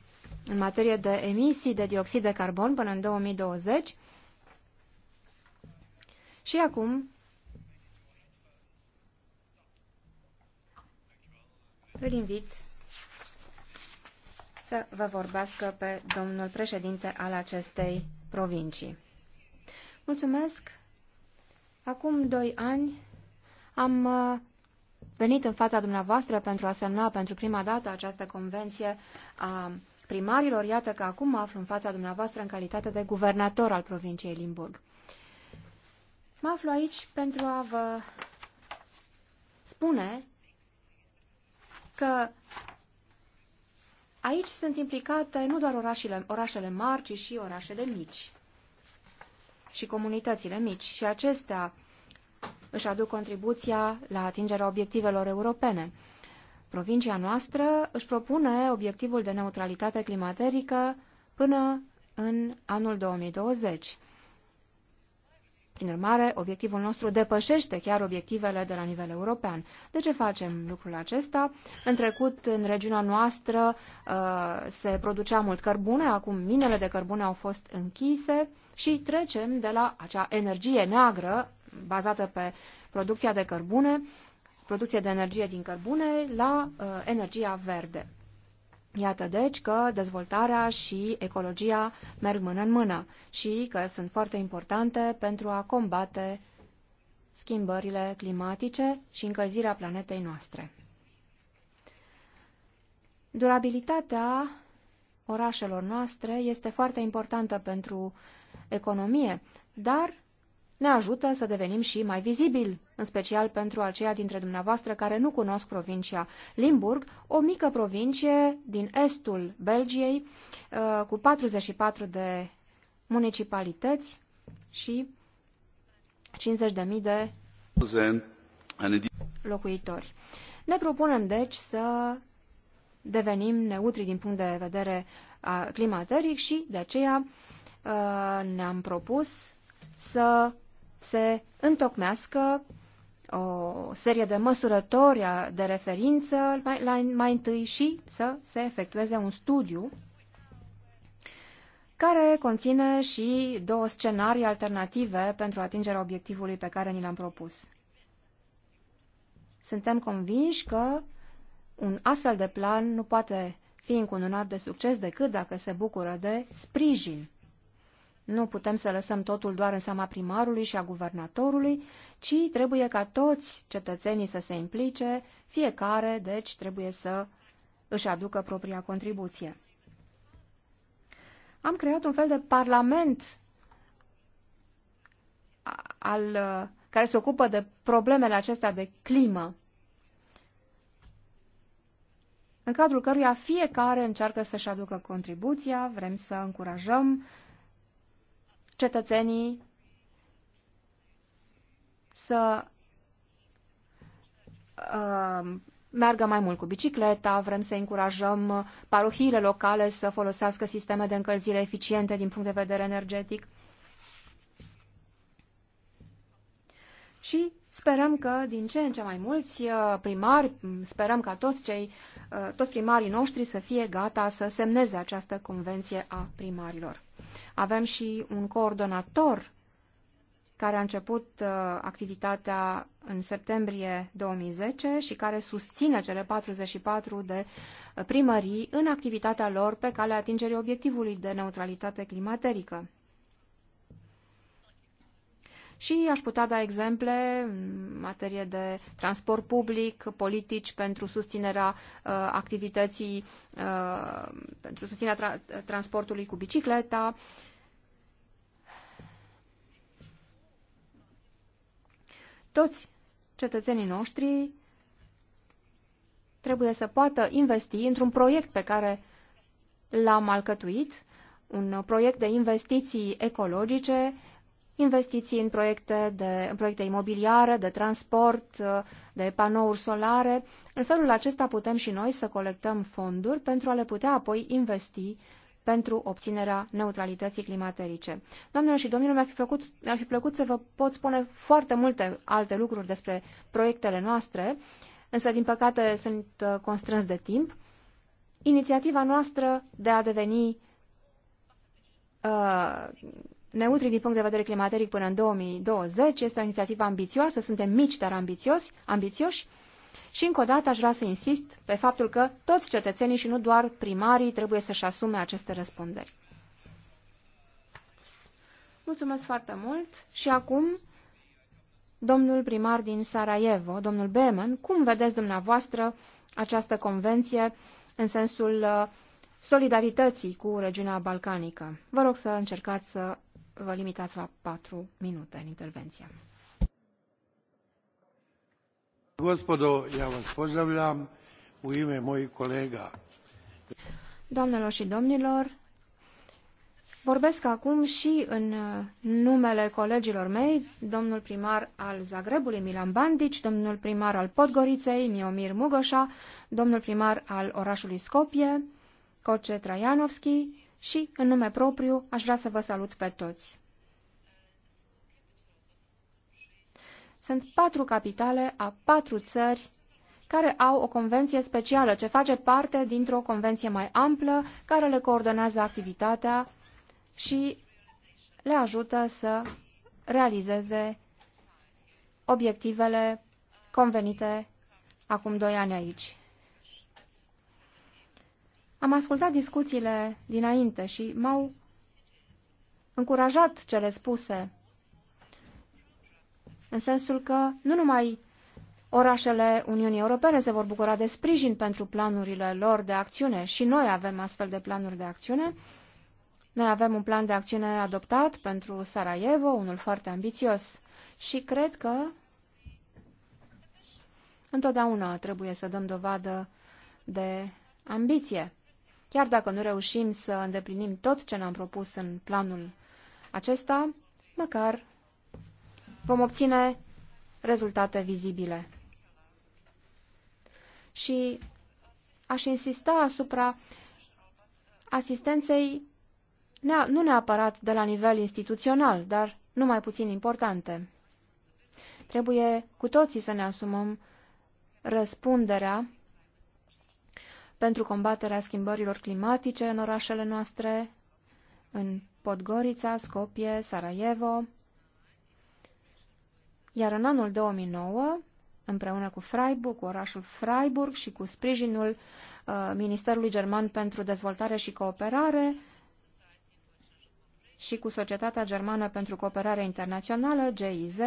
în materie de emisii de dioxid de carbon până în 2020. Și acum Îl invit să vă vorbească pe domnul președinte al acestei provincii. Mulțumesc! Acum doi ani am uh, venit în fața dumneavoastră pentru a semna pentru prima dată această convenție a primarilor. Iată că acum mă aflu în fața dumneavoastră în calitate de guvernator al provinciei Limburg. Mă aflu aici pentru a vă spune că aici sunt implicate nu doar orașele, orașele mari, ci și orașele mici și comunitățile mici și acestea își aduc contribuția la atingerea obiectivelor europene. Provincia noastră își propune obiectivul de neutralitate climaterică până în anul 2020. Prin urmare, obiectivul nostru depășește chiar obiectivele de la nivel european. De ce facem lucrul acesta? În trecut, în regiunea noastră uh, se producea mult cărbune, acum minele de cărbune au fost închise și trecem de la acea energie neagră bazată pe producția de cărbune, producție de energie din cărbune, la uh, energia verde. Iată deci că dezvoltarea și ecologia merg mână în mână și că sunt foarte importante pentru a combate schimbările climatice și încălzirea planetei noastre. Durabilitatea orașelor noastre este foarte importantă pentru economie, dar ne ajută să devenim și mai vizibili în special pentru aceia dintre dumneavoastră care nu cunosc provincia Limburg, o mică provincie din estul Belgiei, uh, cu 44 de municipalități și 50.000 de locuitori. Ne propunem, deci, să devenim neutri din punct de vedere uh, climateric și, de aceea, uh, ne-am propus să se întocmească o serie de măsurători de referință mai, la, mai întâi și să se efectueze un studiu care conține și două scenarii alternative pentru atingerea obiectivului pe care ni l-am propus. Suntem convinși că un astfel de plan nu poate fi încununat de succes decât dacă se bucură de sprijin nu putem să lăsăm totul doar în seama primarului și a guvernatorului, ci trebuie ca toți cetățenii să se implice, fiecare, deci, trebuie să își aducă propria contribuție. Am creat un fel de parlament al, care se ocupă de problemele acestea de climă, în cadrul căruia fiecare încearcă să-și aducă contribuția, vrem să încurajăm cetățenii să uh, meargă mai mult cu bicicleta, vrem să încurajăm parohiile locale să folosească sisteme de încălzire eficiente din punct de vedere energetic. Și sperăm că din ce în ce mai mulți uh, primari, sperăm ca toți, cei, uh, toți primarii noștri să fie gata să semneze această convenție a primarilor. Avem și un coordonator care a început uh, activitatea în septembrie 2010 și care susține cele 44 de uh, primării în activitatea lor pe calea atingerii obiectivului de neutralitate climaterică. Și aș putea da exemple în materie de transport public, politici pentru susținerea uh, activității, uh, pentru susținerea tra- transportului cu bicicleta. Toți cetățenii noștri trebuie să poată investi într-un proiect pe care l-am alcătuit, un proiect de investiții ecologice investiții în proiecte, de, în proiecte imobiliare, de transport, de panouri solare. În felul acesta putem și noi să colectăm fonduri pentru a le putea apoi investi pentru obținerea neutralității climaterice. Doamnelor și domnilor, mi-ar fi plăcut, mi-ar fi plăcut să vă pot spune foarte multe alte lucruri despre proiectele noastre, însă, din păcate, sunt uh, constrâns de timp. Inițiativa noastră de a deveni uh, neutri din punct de vedere climateric până în 2020. Este o inițiativă ambițioasă, suntem mici, dar ambițioși, ambițioși. Și încă o dată aș vrea să insist pe faptul că toți cetățenii și nu doar primarii trebuie să-și asume aceste răspunderi. Mulțumesc foarte mult și acum domnul primar din Sarajevo, domnul Beman, cum vedeți dumneavoastră această convenție în sensul uh, solidarității cu regiunea balcanică? Vă rog să încercați să vă limitați la 4 minute în intervenție. Gospodo, ja vas pozdravljam u ime mojih kolega. Doamnelor și domnilor, vorbesc acum și în uh, numele colegilor mei, domnul primar al Zagrebului Milan Bandici, domnul primar al Podgoriței Miomir Mugoșa, domnul primar al orașului Scopie, Coce Traianovski, și, în nume propriu, aș vrea să vă salut pe toți. Sunt patru capitale a patru țări care au o convenție specială, ce face parte dintr-o convenție mai amplă, care le coordonează activitatea și le ajută să realizeze obiectivele convenite acum doi ani aici. Am ascultat discuțiile dinainte și m-au încurajat cele spuse, în sensul că nu numai orașele Uniunii Europene se vor bucura de sprijin pentru planurile lor de acțiune și noi avem astfel de planuri de acțiune. Noi avem un plan de acțiune adoptat pentru Sarajevo, unul foarte ambițios și cred că întotdeauna trebuie să dăm dovadă de ambiție. Chiar dacă nu reușim să îndeplinim tot ce ne-am propus în planul acesta, măcar vom obține rezultate vizibile. Și aș insista asupra asistenței nu neapărat de la nivel instituțional, dar nu mai puțin importante. Trebuie cu toții să ne asumăm răspunderea pentru combaterea schimbărilor climatice în orașele noastre, în Podgorița, Skopje, Sarajevo. Iar în anul 2009, împreună cu Freiburg, cu orașul Freiburg și cu sprijinul uh, Ministerului German pentru Dezvoltare și Cooperare și cu Societatea Germană pentru Cooperare Internațională, GIZ,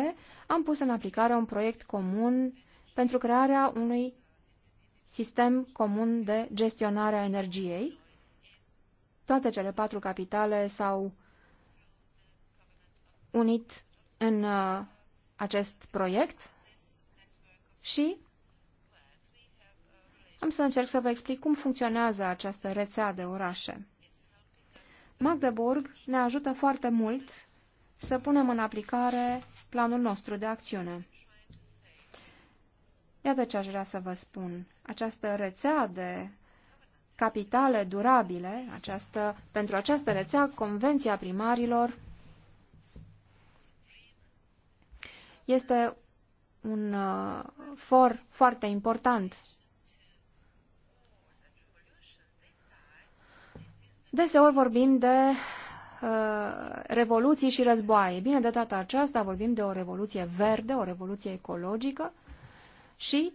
am pus în aplicare un proiect comun pentru crearea unui sistem comun de gestionare a energiei. Toate cele patru capitale s-au unit în uh, acest proiect și am să încerc să vă explic cum funcționează această rețea de orașe. Magdeburg ne ajută foarte mult să punem în aplicare planul nostru de acțiune. Iată ce aș vrea să vă spun această rețea de capitale durabile, această, pentru această rețea, Convenția Primarilor este un uh, for foarte important. Deseori vorbim de uh, revoluții și războaie. Bine, de data aceasta vorbim de o revoluție verde, o revoluție ecologică și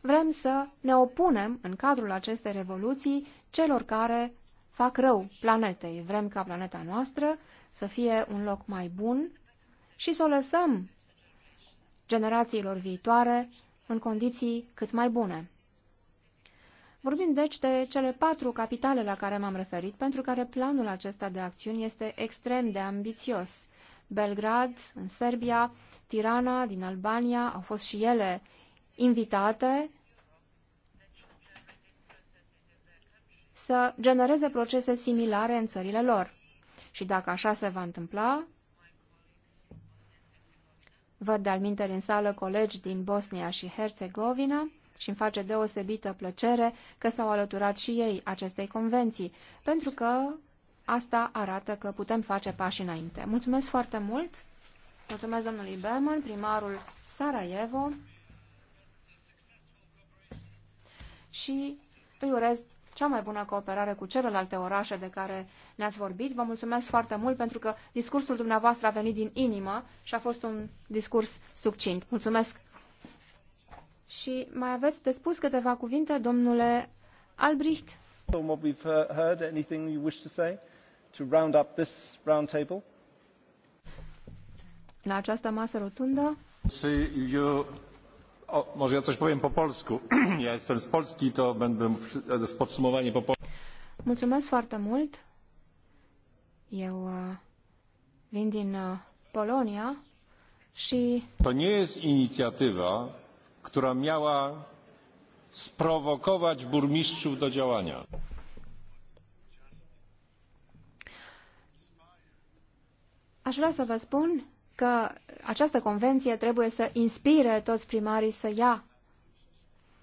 vrem să ne opunem în cadrul acestei revoluții celor care fac rău planetei. Vrem ca planeta noastră să fie un loc mai bun și să o lăsăm generațiilor viitoare în condiții cât mai bune. Vorbim deci de cele patru capitale la care m-am referit, pentru care planul acesta de acțiuni este extrem de ambițios. Belgrad, în Serbia, Tirana, din Albania, au fost și ele invitate să genereze procese similare în țările lor. Și dacă așa se va întâmpla, văd de-al în sală colegi din Bosnia și Herțegovina și îmi face deosebită plăcere că s-au alăturat și ei acestei convenții, pentru că asta arată că putem face pași înainte. Mulțumesc foarte mult! Mulțumesc domnului Berman, primarul Sarajevo. și îi urez cea mai bună cooperare cu celelalte orașe de care ne-ați vorbit. Vă mulțumesc foarte mult pentru că discursul dumneavoastră a venit din inimă și a fost un discurs succint. Mulțumesc! Și mai aveți de spus câteva cuvinte, domnule Albrecht? On what we've heard, anything you wish to say to round up this round table? La această masă rotundă. Eu może ja coś powiem po polsku. Ja jestem z Polski, to będę podsumowanie po polsku. Mulțumesc foarte mult. Eu vin din Polonia și... To nie jest inicjatywa, która miała sprowokować burmistrzów do działania. Aș vrea să vă spun că această convenție trebuie să inspire toți primarii să ia,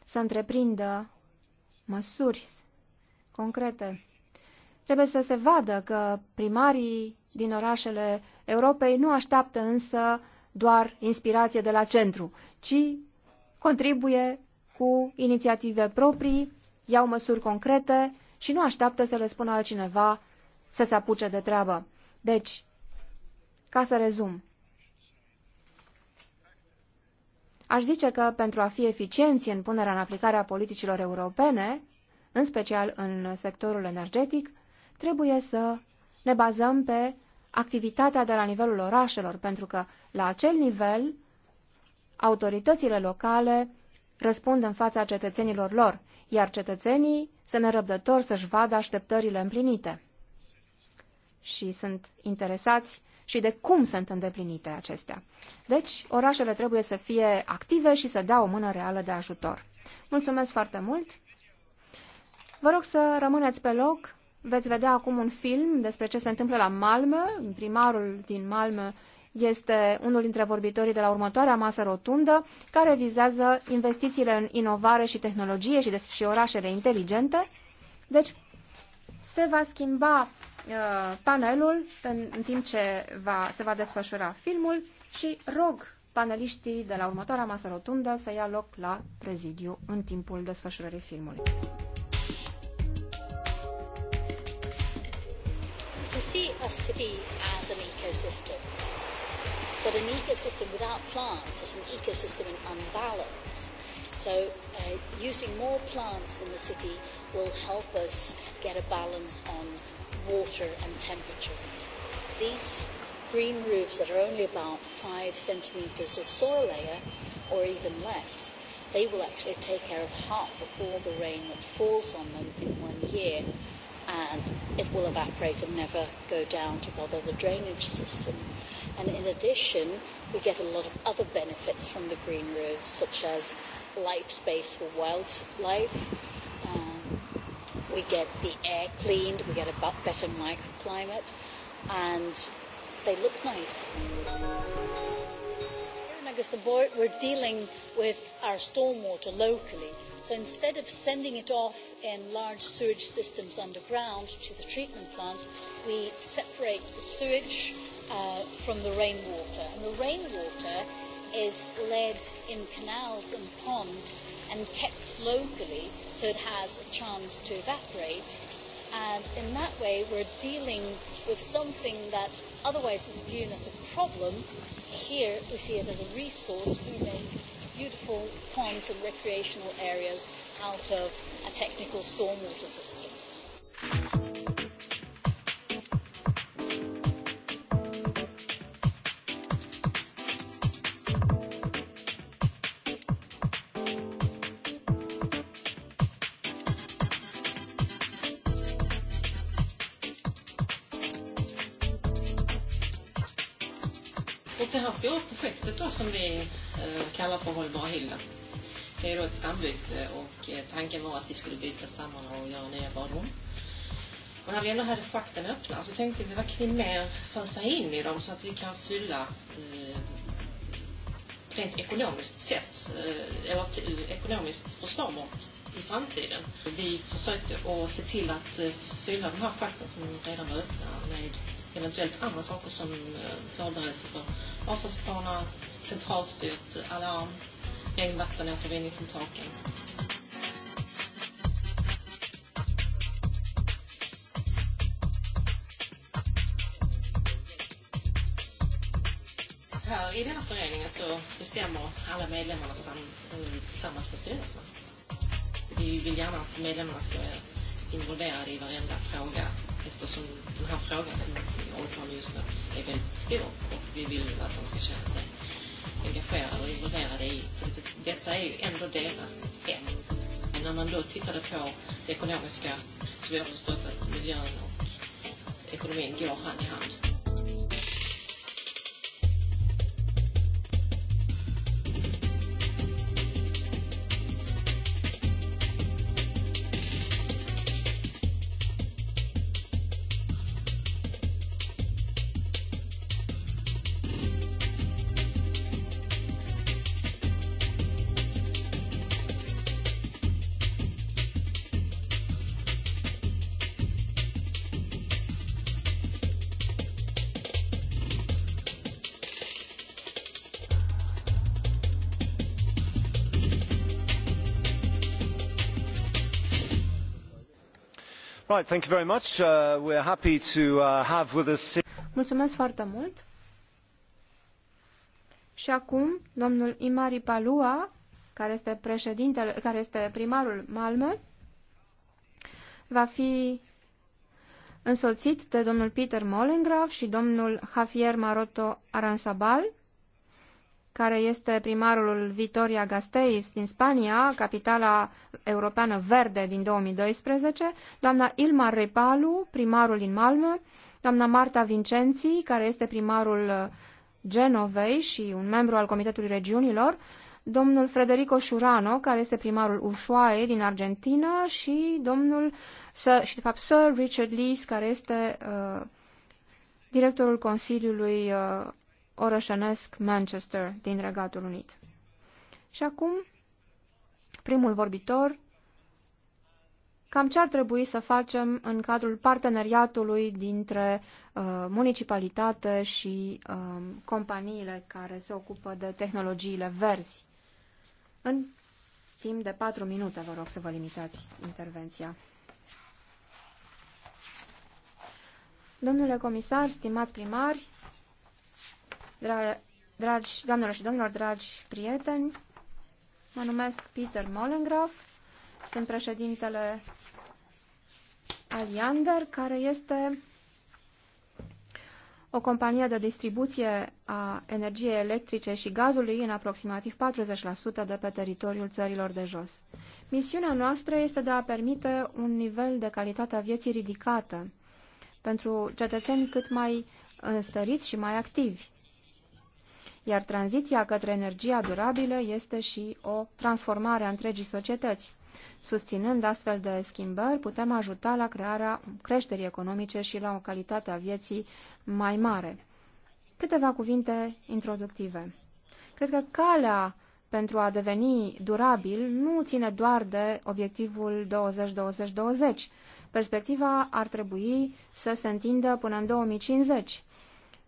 să întreprindă măsuri concrete. Trebuie să se vadă că primarii din orașele Europei nu așteaptă însă doar inspirație de la centru, ci contribuie cu inițiative proprii, iau măsuri concrete și nu așteaptă să le spună altcineva să se apuce de treabă. Deci, ca să rezum, Aș zice că pentru a fi eficienți în punerea în aplicare a politicilor europene, în special în sectorul energetic, trebuie să ne bazăm pe activitatea de la nivelul orașelor, pentru că la acel nivel autoritățile locale răspund în fața cetățenilor lor, iar cetățenii sunt nerăbdători să-și vadă așteptările împlinite. Și sunt interesați și de cum sunt îndeplinite acestea. Deci, orașele trebuie să fie active și să dea o mână reală de ajutor. Mulțumesc foarte mult! Vă rog să rămâneți pe loc. Veți vedea acum un film despre ce se întâmplă la Malmö. Primarul din Malmö este unul dintre vorbitorii de la următoarea masă rotundă, care vizează investițiile în inovare și tehnologie și, deci, și orașele inteligente. Deci, se va schimba Uh, panelul în timp ce va, se va desfășura filmul și rog paneliștii de la următoarea masă rotundă să ia loc la prezidiu în timpul desfășurării filmului. To see a city as an ecosystem, but an ecosystem without plants is an ecosystem in unbalance. So uh, using more plants in the city will help us get a balance on water and temperature. These green roofs that are only about five centimetres of soil layer or even less, they will actually take care of half of all the rain that falls on them in one year and it will evaporate and never go down to bother the drainage system. And in addition, we get a lot of other benefits from the green roofs, such as life space for wildlife, we get the air cleaned, we get a better microclimate, and they look nice. Here in Augusta we're dealing with our stormwater locally. So instead of sending it off in large sewage systems underground to the treatment plant, we separate the sewage uh, from the rainwater. And the rainwater is led in canals and ponds and kept locally so it has a chance to evaporate. And in that way, we're dealing with something that otherwise is viewed as a problem. Here, we see it as a resource. We make beautiful ponds and recreational areas out of a technical stormwater system. som vi eh, kallar för Hållbara hyllan. Det är då ett stambyte och eh, tanken var att vi skulle byta stammarna och göra nya badrum. Och när vi ändå hade schakten öppna så tänkte vi vad kan vi mer fösa in i dem så att vi kan fylla eh, rent ekonomiskt sett, eh, eller ekonomiskt försvarbart i framtiden. Vi försökte att se till att eh, fylla de här schakten som redan var öppna med eventuellt andra saker som eh, förberedelse för avfallsplaner, centralstyrt alarm, regnvatten, återvinning från taken. Här i den här föreningen så bestämmer alla medlemmarna eh, tillsammans med styrelsen. Vi vill gärna att medlemmarna ska vara involverade i varenda fråga eftersom den här frågan som vi håller på med just nu är väldigt stor och vi vill att de ska känna sig engagerade och involverade i. För det, detta är ju ändå deras hem. Men när man då tittade på det ekonomiska så vi har förstått att miljön och ekonomin går hand i hand. Mulțumesc foarte mult. Și acum, domnul Imari Palua, care este, președintele, care este primarul Malmö, va fi însoțit de domnul Peter Mollengrav și domnul Javier Maroto Aransabal, care este primarul Vitoria Gasteiz din Spania, capitala europeană verde din 2012, doamna Ilma Repalu, primarul din Malmö, doamna Marta Vincenzi, care este primarul Genovei și un membru al Comitetului Regiunilor, domnul Frederico Șurano, care este primarul Ushuaie din Argentina și domnul, și de fapt Sir Richard Lees, care este uh, directorul Consiliului uh, orășănesc Manchester din Regatul Unit. Și acum, primul vorbitor, cam ce ar trebui să facem în cadrul parteneriatului dintre uh, municipalitate și uh, companiile care se ocupă de tehnologiile verzi. În timp de patru minute, vă rog să vă limitați intervenția. Domnule comisar, stimați primari, dragi, doamnelor și domnilor, dragi prieteni, mă numesc Peter Mollengraf, sunt președintele Aliander, care este o companie de distribuție a energiei electrice și gazului în aproximativ 40% de pe teritoriul țărilor de jos. Misiunea noastră este de a permite un nivel de calitate a vieții ridicată pentru cetățeni cât mai înstăriți și mai activi iar tranziția către energia durabilă este și o transformare a întregii societăți. Susținând astfel de schimbări, putem ajuta la crearea creșterii economice și la o calitate a vieții mai mare. Câteva cuvinte introductive. Cred că calea pentru a deveni durabil nu ține doar de obiectivul 20-20-20. Perspectiva ar trebui să se întindă până în 2050.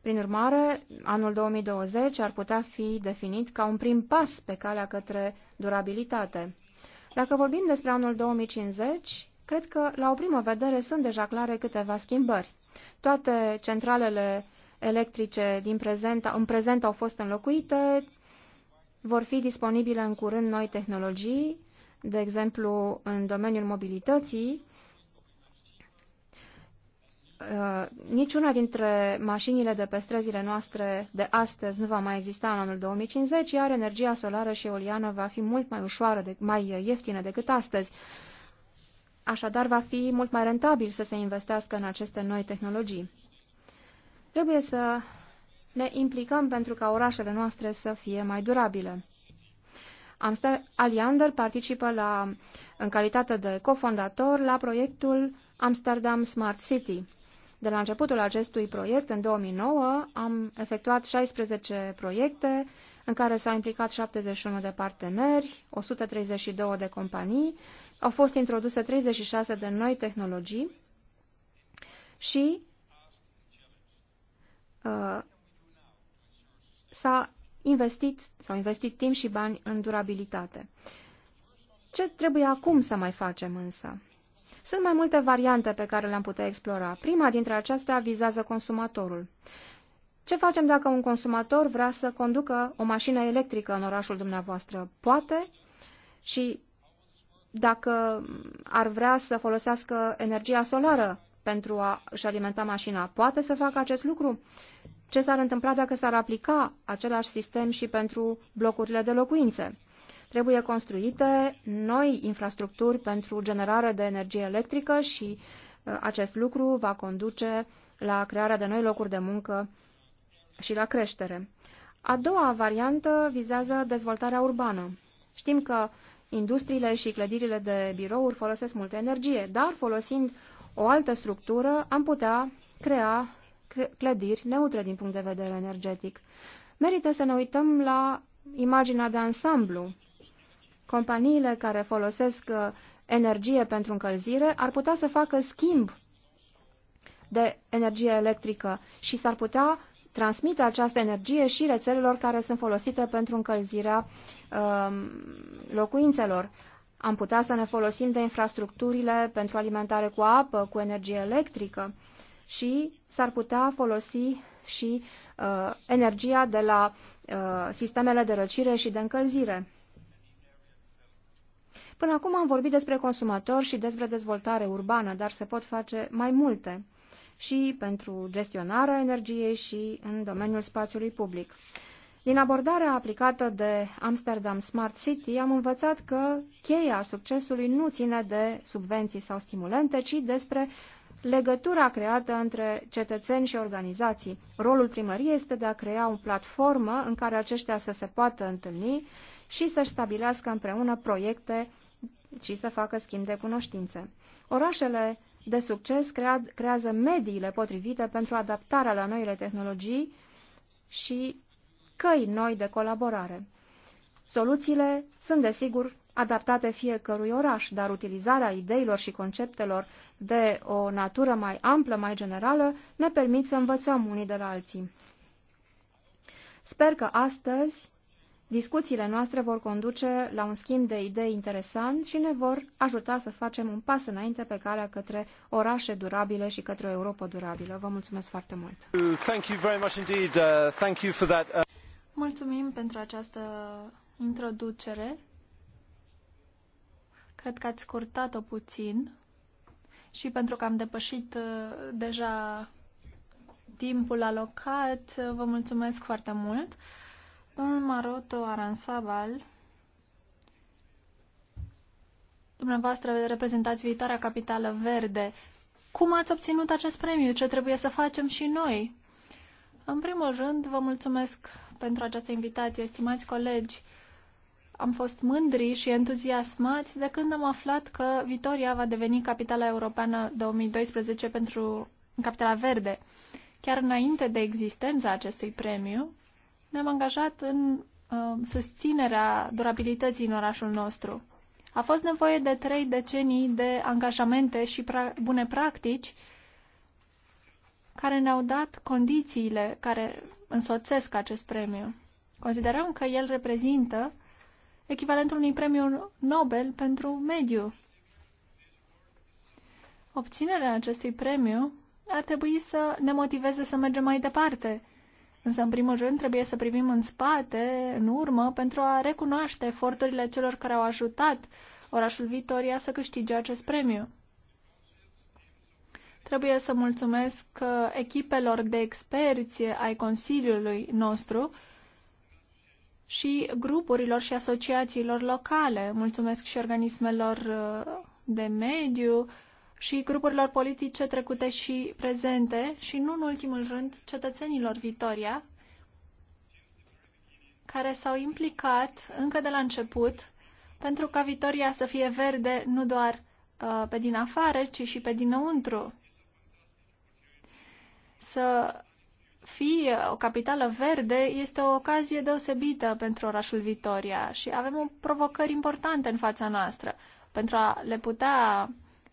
Prin urmare, anul 2020 ar putea fi definit ca un prim pas pe calea către durabilitate. Dacă vorbim despre anul 2050, cred că la o primă vedere sunt deja clare câteva schimbări. Toate centralele electrice din prezent, în prezent au fost înlocuite, vor fi disponibile în curând noi tehnologii, de exemplu în domeniul mobilității, Uh, niciuna dintre mașinile de pe străzile noastre de astăzi nu va mai exista în anul 2050, iar energia solară și eoliană va fi mult mai ușoară, de, mai ieftină decât astăzi. Așadar, va fi mult mai rentabil să se investească în aceste noi tehnologii. Trebuie să ne implicăm pentru ca orașele noastre să fie mai durabile. Amster Aliander participă la, în calitate de cofondator la proiectul Amsterdam Smart City. De la începutul acestui proiect, în 2009, am efectuat 16 proiecte în care s-au implicat 71 de parteneri, 132 de companii, au fost introduse 36 de noi tehnologii și uh, s-a investit, s-au investit timp și bani în durabilitate. Ce trebuie acum să mai facem însă? Sunt mai multe variante pe care le-am putea explora. Prima dintre acestea vizează consumatorul. Ce facem dacă un consumator vrea să conducă o mașină electrică în orașul dumneavoastră? Poate și dacă ar vrea să folosească energia solară pentru a-și alimenta mașina, poate să facă acest lucru? Ce s-ar întâmpla dacă s-ar aplica același sistem și pentru blocurile de locuințe? Trebuie construite noi infrastructuri pentru generare de energie electrică și uh, acest lucru va conduce la crearea de noi locuri de muncă și la creștere. A doua variantă vizează dezvoltarea urbană. Știm că industriile și clădirile de birouri folosesc multă energie, dar folosind o altă structură am putea crea clădiri neutre din punct de vedere energetic. Merită să ne uităm la imaginea de ansamblu companiile care folosesc uh, energie pentru încălzire ar putea să facă schimb de energie electrică și s-ar putea transmite această energie și rețelelor care sunt folosite pentru încălzirea um, locuințelor. Am putea să ne folosim de infrastructurile pentru alimentare cu apă, cu energie electrică și s-ar putea folosi și uh, energia de la uh, sistemele de răcire și de încălzire. Până acum am vorbit despre consumatori și despre dezvoltare urbană, dar se pot face mai multe și pentru gestionarea energiei și în domeniul spațiului public. Din abordarea aplicată de Amsterdam Smart City am învățat că cheia succesului nu ține de subvenții sau stimulente, ci despre legătura creată între cetățeni și organizații. Rolul primăriei este de a crea o platformă în care aceștia să se poată întâlni și să-și stabilească împreună proiecte și să facă schimb de cunoștințe. Orașele de succes creează mediile potrivite pentru adaptarea la noile tehnologii și căi noi de colaborare. Soluțiile sunt, desigur, adaptate fiecărui oraș, dar utilizarea ideilor și conceptelor de o natură mai amplă, mai generală, ne permit să învățăm unii de la alții. Sper că astăzi Discuțiile noastre vor conduce la un schimb de idei interesant și ne vor ajuta să facem un pas înainte pe calea către orașe durabile și către o Europa durabilă. Vă mulțumesc foarte mult! Uh, uh, Mulțumim pentru această introducere. Cred că ați scurtat-o puțin și pentru că am depășit uh, deja timpul alocat, vă mulțumesc foarte mult. Domnul Maroto Aransabal, dumneavoastră reprezentați viitoarea capitală verde. Cum ați obținut acest premiu? Ce trebuie să facem și noi? În primul rând, vă mulțumesc pentru această invitație, stimați colegi. Am fost mândri și entuziasmați de când am aflat că Vitoria va deveni capitala europeană 2012 pentru capitala verde. Chiar înainte de existența acestui premiu, ne-am angajat în uh, susținerea durabilității în orașul nostru. A fost nevoie de trei decenii de angajamente și pra- bune practici care ne-au dat condițiile care însoțesc acest premiu. Considerăm că el reprezintă echivalentul unui premiu Nobel pentru mediu. Obținerea acestui premiu ar trebui să ne motiveze să mergem mai departe Însă, în primul rând, trebuie să privim în spate, în urmă, pentru a recunoaște eforturile celor care au ajutat orașul Vitoria să câștige acest premiu. Trebuie să mulțumesc uh, echipelor de experți ai Consiliului nostru și grupurilor și asociațiilor locale. Mulțumesc și organismelor uh, de mediu, și grupurilor politice trecute și prezente și nu în ultimul rând cetățenilor Vitoria, care s-au implicat încă de la început pentru ca Vitoria să fie verde nu doar uh, pe din afară, ci și pe dinăuntru. Să fie o capitală verde este o ocazie deosebită pentru orașul Vitoria și avem o provocări importante în fața noastră pentru a le putea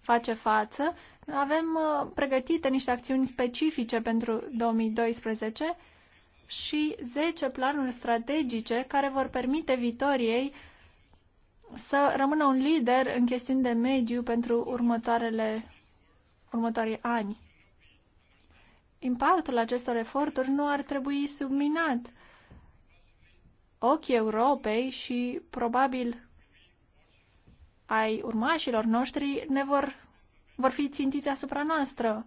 face față. Avem uh, pregătite niște acțiuni specifice pentru 2012 și 10 planuri strategice care vor permite Vitoriei să rămână un lider în chestiuni de mediu pentru următoarele următorii ani. Impactul acestor eforturi nu ar trebui subminat. Ochii Europei și probabil ai urmașilor noștri ne vor, vor fi țintiți asupra noastră.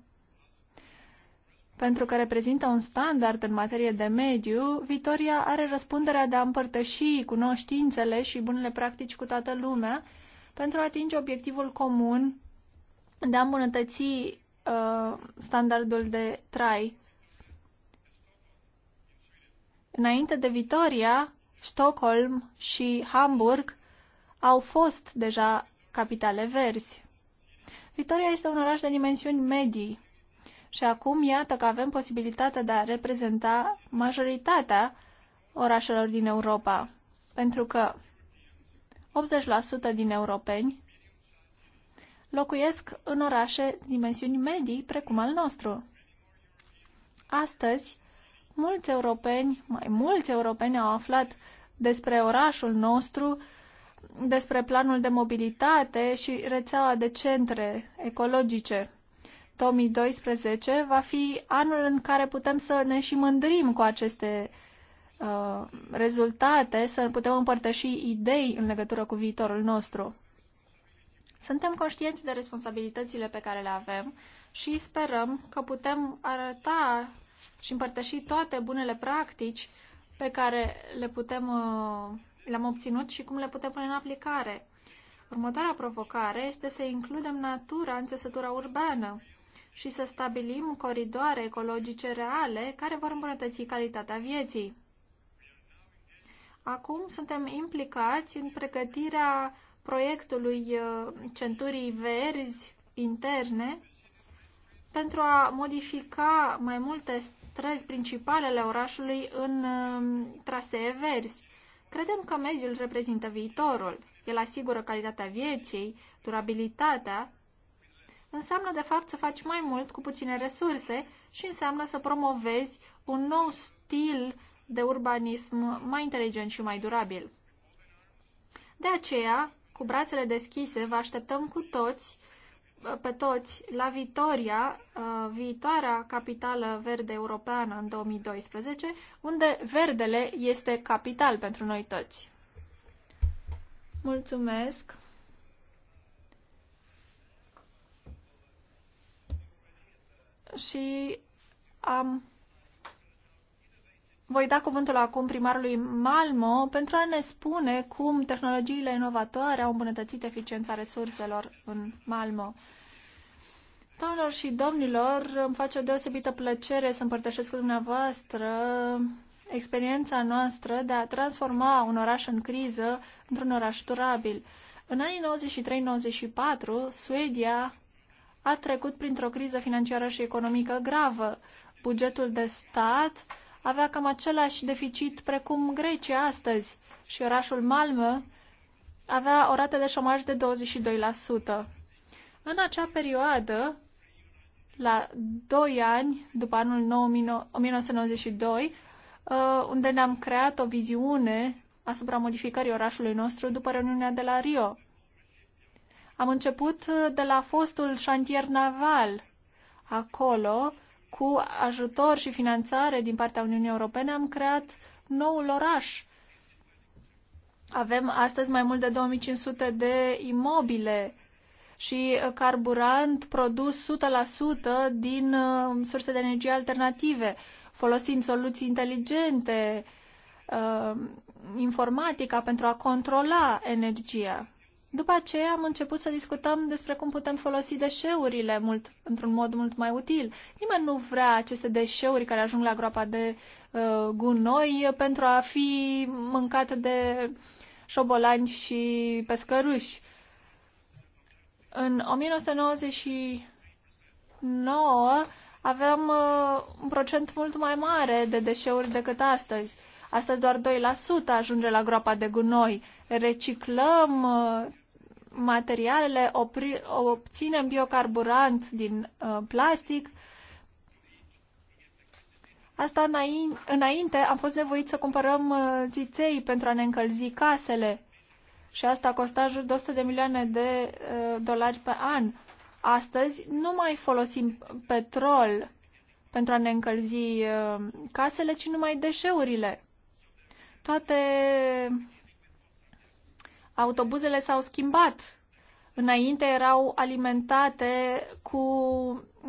Pentru că reprezintă un standard în materie de mediu, Vitoria are răspunderea de a împărtăși cunoștințele și bunele practici cu toată lumea pentru a atinge obiectivul comun de a îmbunătăți uh, standardul de trai. Înainte de Vitoria, Stockholm și Hamburg au fost deja capitale verzi. Victoria este un oraș de dimensiuni medii și acum iată că avem posibilitatea de a reprezenta majoritatea orașelor din Europa, pentru că 80% din europeni locuiesc în orașe dimensiuni medii, precum al nostru. Astăzi, mulți europeni, mai mulți europeni au aflat despre orașul nostru despre planul de mobilitate și rețeaua de centre ecologice. 2012 va fi anul în care putem să ne și mândrim cu aceste uh, rezultate, să putem împărtăși idei în legătură cu viitorul nostru. Suntem conștienți de responsabilitățile pe care le avem și sperăm că putem arăta și împărtăși toate bunele practici pe care le putem uh, le-am obținut și cum le putem pune în aplicare. Următoarea provocare este să includem natura în țesătura urbană și să stabilim coridoare ecologice reale care vor îmbunătăți calitatea vieții. Acum suntem implicați în pregătirea proiectului uh, Centurii Verzi interne pentru a modifica mai multe străzi principale ale orașului în uh, trasee verzi. Credem că mediul reprezintă viitorul. El asigură calitatea vieții, durabilitatea. Înseamnă, de fapt, să faci mai mult cu puține resurse și înseamnă să promovezi un nou stil de urbanism mai inteligent și mai durabil. De aceea, cu brațele deschise, vă așteptăm cu toți pe toți la Vitoria, uh, viitoarea capitală verde europeană în 2012, unde verdele este capital pentru noi toți. Mulțumesc! Și am voi da cuvântul acum primarului Malmo pentru a ne spune cum tehnologiile inovatoare au îmbunătățit eficiența resurselor în Malmo. Domnilor și domnilor, îmi face o deosebită plăcere să împărtășesc cu dumneavoastră experiența noastră de a transforma un oraș în criză într-un oraș durabil. În anii 93-94, Suedia a trecut printr-o criză financiară și economică gravă. Bugetul de stat avea cam același deficit precum Grecia astăzi și orașul Malmö avea o rată de șomaj de 22%. În acea perioadă, la 2 ani după anul 1992, uh, unde ne-am creat o viziune asupra modificării orașului nostru după reuniunea de la Rio. Am început uh, de la fostul șantier naval. Acolo cu ajutor și finanțare din partea Uniunii Europene am creat noul oraș. Avem astăzi mai mult de 2500 de imobile și carburant produs 100% din uh, surse de energie alternative, folosind soluții inteligente, uh, informatica pentru a controla energia. După aceea am început să discutăm despre cum putem folosi deșeurile mult, într-un mod mult mai util. Nimeni nu vrea aceste deșeuri care ajung la groapa de uh, gunoi pentru a fi mâncate de șobolani și pescăruși. În 1999 aveam uh, un procent mult mai mare de deșeuri decât astăzi. Astăzi doar 2% ajunge la groapa de gunoi. Reciclăm uh, materialele, opri, obținem biocarburant din uh, plastic. Asta înainte, înainte am fost nevoit să cumpărăm uh, țiței pentru a ne încălzi casele și asta costat jur de 100 de milioane de uh, dolari pe an. Astăzi nu mai folosim petrol pentru a ne încălzi uh, casele, ci numai deșeurile. Toate Autobuzele s-au schimbat. Înainte erau alimentate cu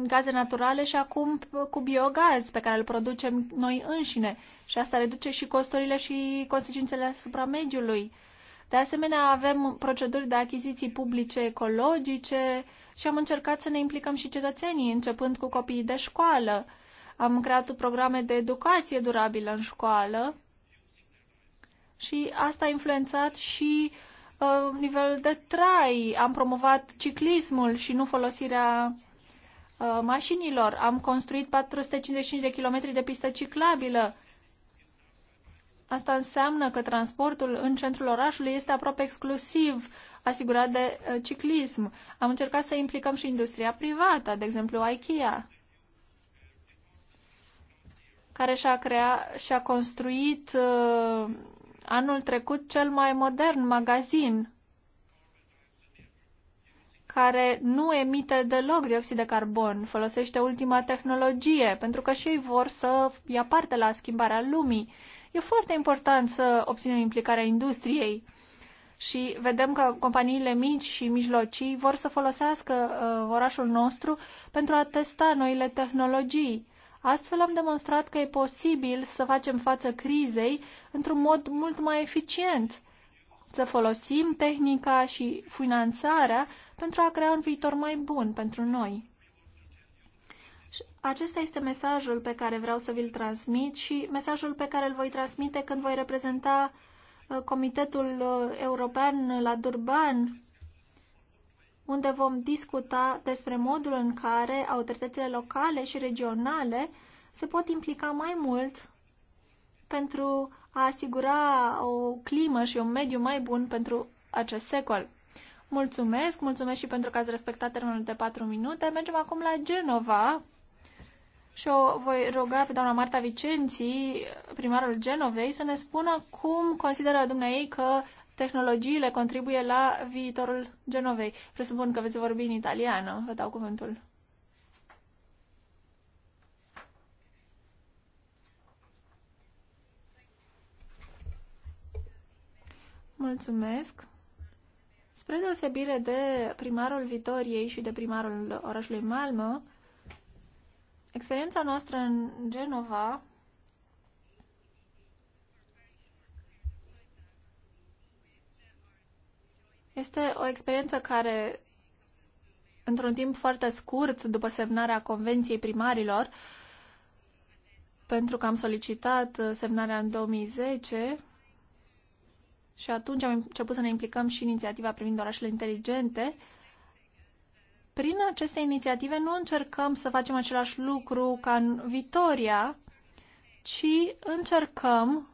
gaze naturale și acum cu biogaz pe care îl producem noi înșine. Și asta reduce și costurile și consecințele asupra mediului. De asemenea, avem proceduri de achiziții publice ecologice și am încercat să ne implicăm și cetățenii, începând cu copiii de școală. Am creat programe de educație durabilă în școală și asta a influențat și Uh, nivel de trai, am promovat ciclismul și nu folosirea uh, mașinilor, am construit 455 de kilometri de pistă ciclabilă. Asta înseamnă că transportul în centrul orașului este aproape exclusiv asigurat de uh, ciclism. Am încercat să implicăm și industria privată, de exemplu IKEA, care și-a, crea, și-a construit uh, anul trecut cel mai modern magazin care nu emite deloc dioxid de carbon, folosește ultima tehnologie, pentru că și ei vor să ia parte la schimbarea lumii. E foarte important să obținem implicarea industriei și vedem că companiile mici și mijlocii vor să folosească uh, orașul nostru pentru a testa noile tehnologii. Astfel am demonstrat că e posibil să facem față crizei într-un mod mult mai eficient, să folosim tehnica și finanțarea pentru a crea un viitor mai bun pentru noi. Acesta este mesajul pe care vreau să vi-l transmit și mesajul pe care îl voi transmite când voi reprezenta uh, Comitetul uh, European la Durban unde vom discuta despre modul în care autoritățile locale și regionale se pot implica mai mult pentru a asigura o climă și un mediu mai bun pentru acest secol. Mulțumesc, mulțumesc și pentru că ați respectat termenul de 4 minute. Mergem acum la Genova și o voi ruga pe doamna Marta Vicenții, primarul Genovei, să ne spună cum consideră ei că tehnologiile contribuie la viitorul Genovei. Presupun că veți vorbi în italiană, vă dau cuvântul. Mulțumesc. Spre deosebire de primarul Vitoriei și de primarul orașului Malmă, experiența noastră în Genova Este o experiență care, într-un timp foarte scurt după semnarea Convenției Primarilor, pentru că am solicitat uh, semnarea în 2010 și atunci am început să ne implicăm și inițiativa privind orașele inteligente, prin aceste inițiative nu încercăm să facem același lucru ca în Vitoria, ci încercăm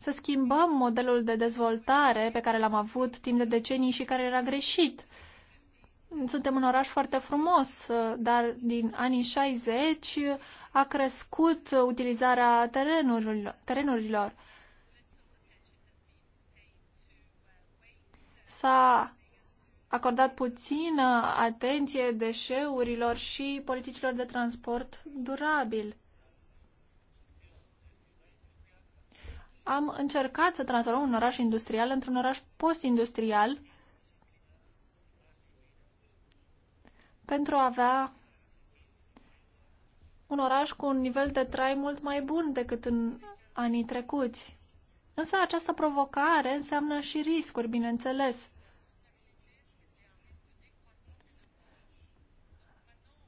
să schimbăm modelul de dezvoltare pe care l-am avut timp de decenii și care era greșit. Suntem un oraș foarte frumos, dar din anii 60 a crescut utilizarea terenurilor. terenurilor. S-a acordat puțină atenție deșeurilor și politicilor de transport durabil. am încercat să transformăm un oraș industrial într-un oraș post-industrial pentru a avea un oraș cu un nivel de trai mult mai bun decât în anii trecuți. Însă această provocare înseamnă și riscuri, bineînțeles.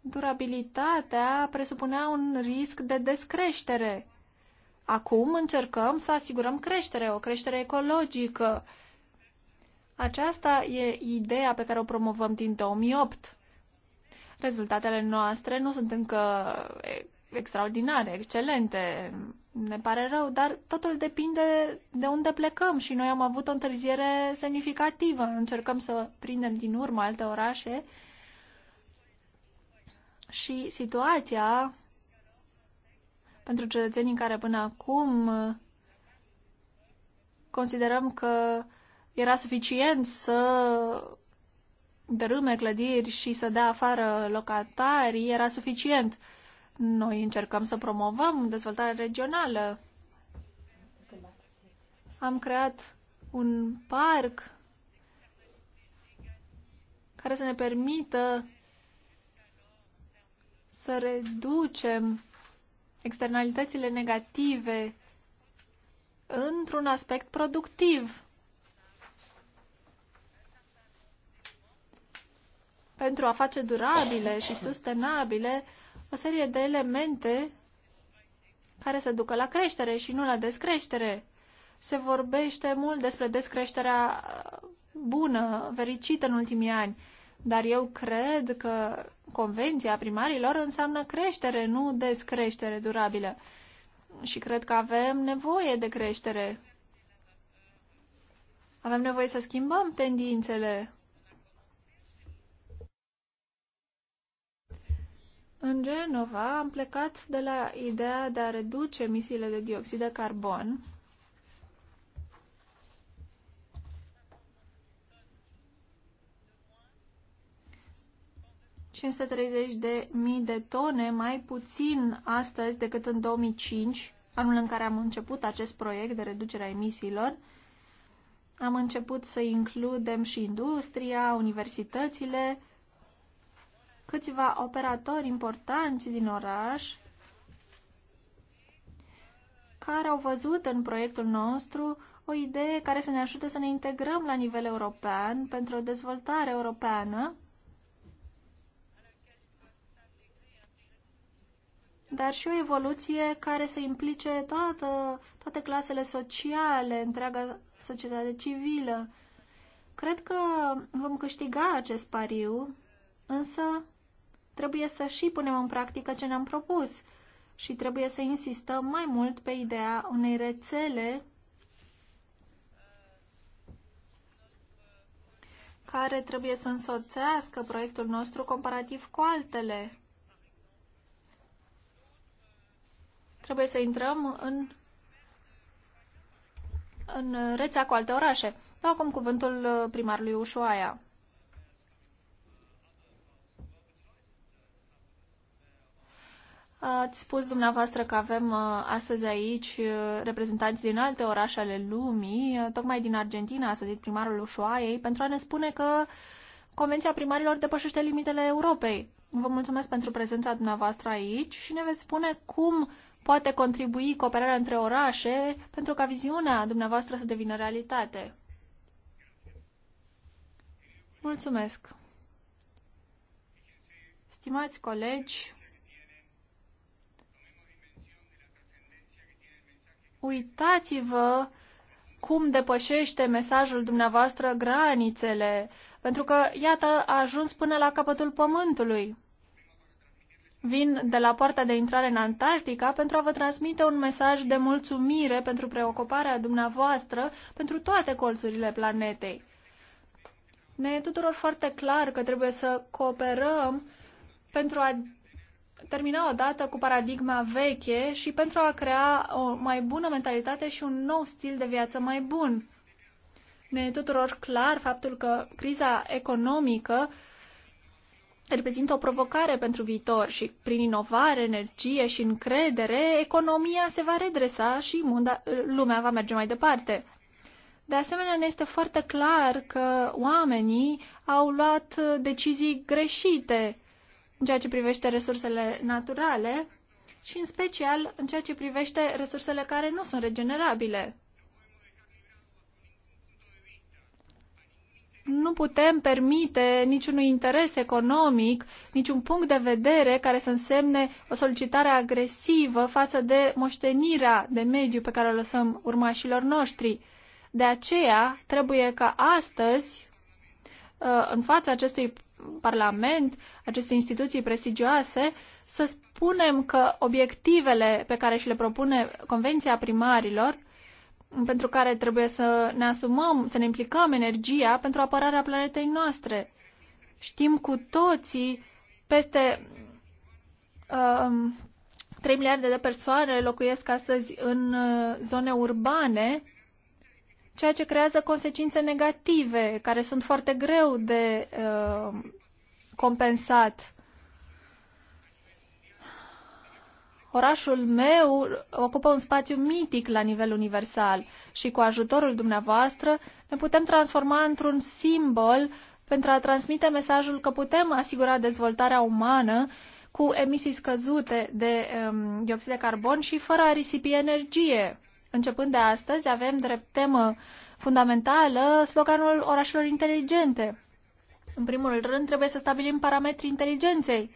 Durabilitatea presupunea un risc de descreștere Acum încercăm să asigurăm creștere, o creștere ecologică. Aceasta e ideea pe care o promovăm din 2008. Rezultatele noastre nu sunt încă extraordinare, excelente. Ne pare rău, dar totul depinde de unde plecăm și noi am avut o întârziere semnificativă. Încercăm să prindem din urmă alte orașe și situația pentru cetățenii care până acum uh, considerăm că era suficient să dărâme clădiri și să dea afară locatarii, era suficient. Noi încercăm să promovăm dezvoltarea regională. Am creat un parc care să ne permită să reducem externalitățile negative într-un aspect productiv. Pentru a face durabile și sustenabile o serie de elemente care se ducă la creștere și nu la descreștere. Se vorbește mult despre descreșterea bună, fericită în ultimii ani. Dar eu cred că convenția primarilor înseamnă creștere, nu descreștere durabilă. Și cred că avem nevoie de creștere. Avem nevoie să schimbăm tendințele. În Genova am plecat de la ideea de a reduce emisiile de dioxid de carbon 530 de mii de tone, mai puțin astăzi decât în 2005, anul în care am început acest proiect de reducere a emisiilor. Am început să includem și industria, universitățile, câțiva operatori importanți din oraș care au văzut în proiectul nostru o idee care să ne ajute să ne integrăm la nivel european pentru o dezvoltare europeană dar și o evoluție care să implice toată, toate clasele sociale, întreaga societate civilă. Cred că vom câștiga acest pariu, însă trebuie să și punem în practică ce ne-am propus și trebuie să insistăm mai mult pe ideea unei rețele care trebuie să însoțească proiectul nostru comparativ cu altele. trebuie să intrăm în, în rețea cu alte orașe. Dau acum cuvântul uh, primarului Ușoaia. Ați spus dumneavoastră că avem uh, astăzi aici uh, reprezentanți din alte orașe ale lumii. Tocmai din Argentina a sosit primarul Ușoaiei pentru a ne spune că Convenția primarilor depășește limitele Europei. Vă mulțumesc pentru prezența dumneavoastră aici și ne veți spune cum poate contribui cooperarea între orașe pentru ca viziunea dumneavoastră să devină realitate. Mulțumesc! Stimați colegi, uitați-vă cum depășește mesajul dumneavoastră granițele, pentru că, iată, a ajuns până la capătul pământului vin de la poarta de intrare în Antarctica pentru a vă transmite un mesaj de mulțumire pentru preocuparea dumneavoastră pentru toate colțurile planetei. Ne e tuturor foarte clar că trebuie să cooperăm pentru a termina odată cu paradigma veche și pentru a crea o mai bună mentalitate și un nou stil de viață mai bun. Ne e tuturor clar faptul că criza economică reprezintă o provocare pentru viitor și prin inovare, energie și încredere, economia se va redresa și munda, lumea va merge mai departe. De asemenea, ne este foarte clar că oamenii au luat decizii greșite în ceea ce privește resursele naturale și în special în ceea ce privește resursele care nu sunt regenerabile. nu putem permite niciunui interes economic, niciun punct de vedere care să însemne o solicitare agresivă față de moștenirea de mediu pe care o lăsăm urmașilor noștri. De aceea, trebuie ca astăzi, uh, în fața acestui Parlament, aceste instituții prestigioase, să spunem că obiectivele pe care și le propune Convenția Primarilor pentru care trebuie să ne asumăm, să ne implicăm energia pentru apărarea planetei noastre. Știm cu toții peste um, 3 miliarde de persoane locuiesc astăzi în uh, zone urbane, ceea ce creează consecințe negative, care sunt foarte greu de uh, compensat. Orașul meu ocupă un spațiu mitic la nivel universal și cu ajutorul dumneavoastră ne putem transforma într-un simbol pentru a transmite mesajul că putem asigura dezvoltarea umană cu emisii scăzute de um, dioxid de carbon și fără a risipi energie. Începând de astăzi, avem drept temă fundamentală sloganul orașelor inteligente. În primul rând, trebuie să stabilim parametrii inteligenței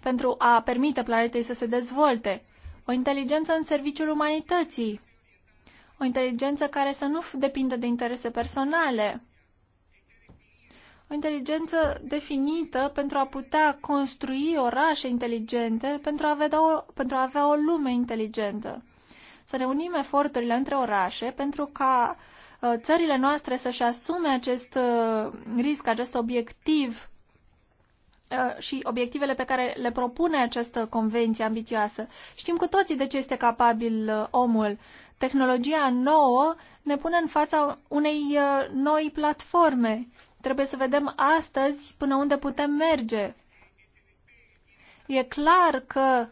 pentru a permite planetei să se dezvolte, o inteligență în serviciul umanității, o inteligență care să nu depindă de interese personale, o inteligență definită pentru a putea construi orașe inteligente, pentru a, vedea o, pentru a avea o lume inteligentă. Să ne unim eforturile între orașe pentru ca uh, țările noastre să-și asume acest uh, risc, acest obiectiv Uh, și obiectivele pe care le propune această convenție ambițioasă. Știm cu toții de ce este capabil uh, omul. Tehnologia nouă ne pune în fața unei uh, noi platforme. Trebuie să vedem astăzi până unde putem merge. E clar că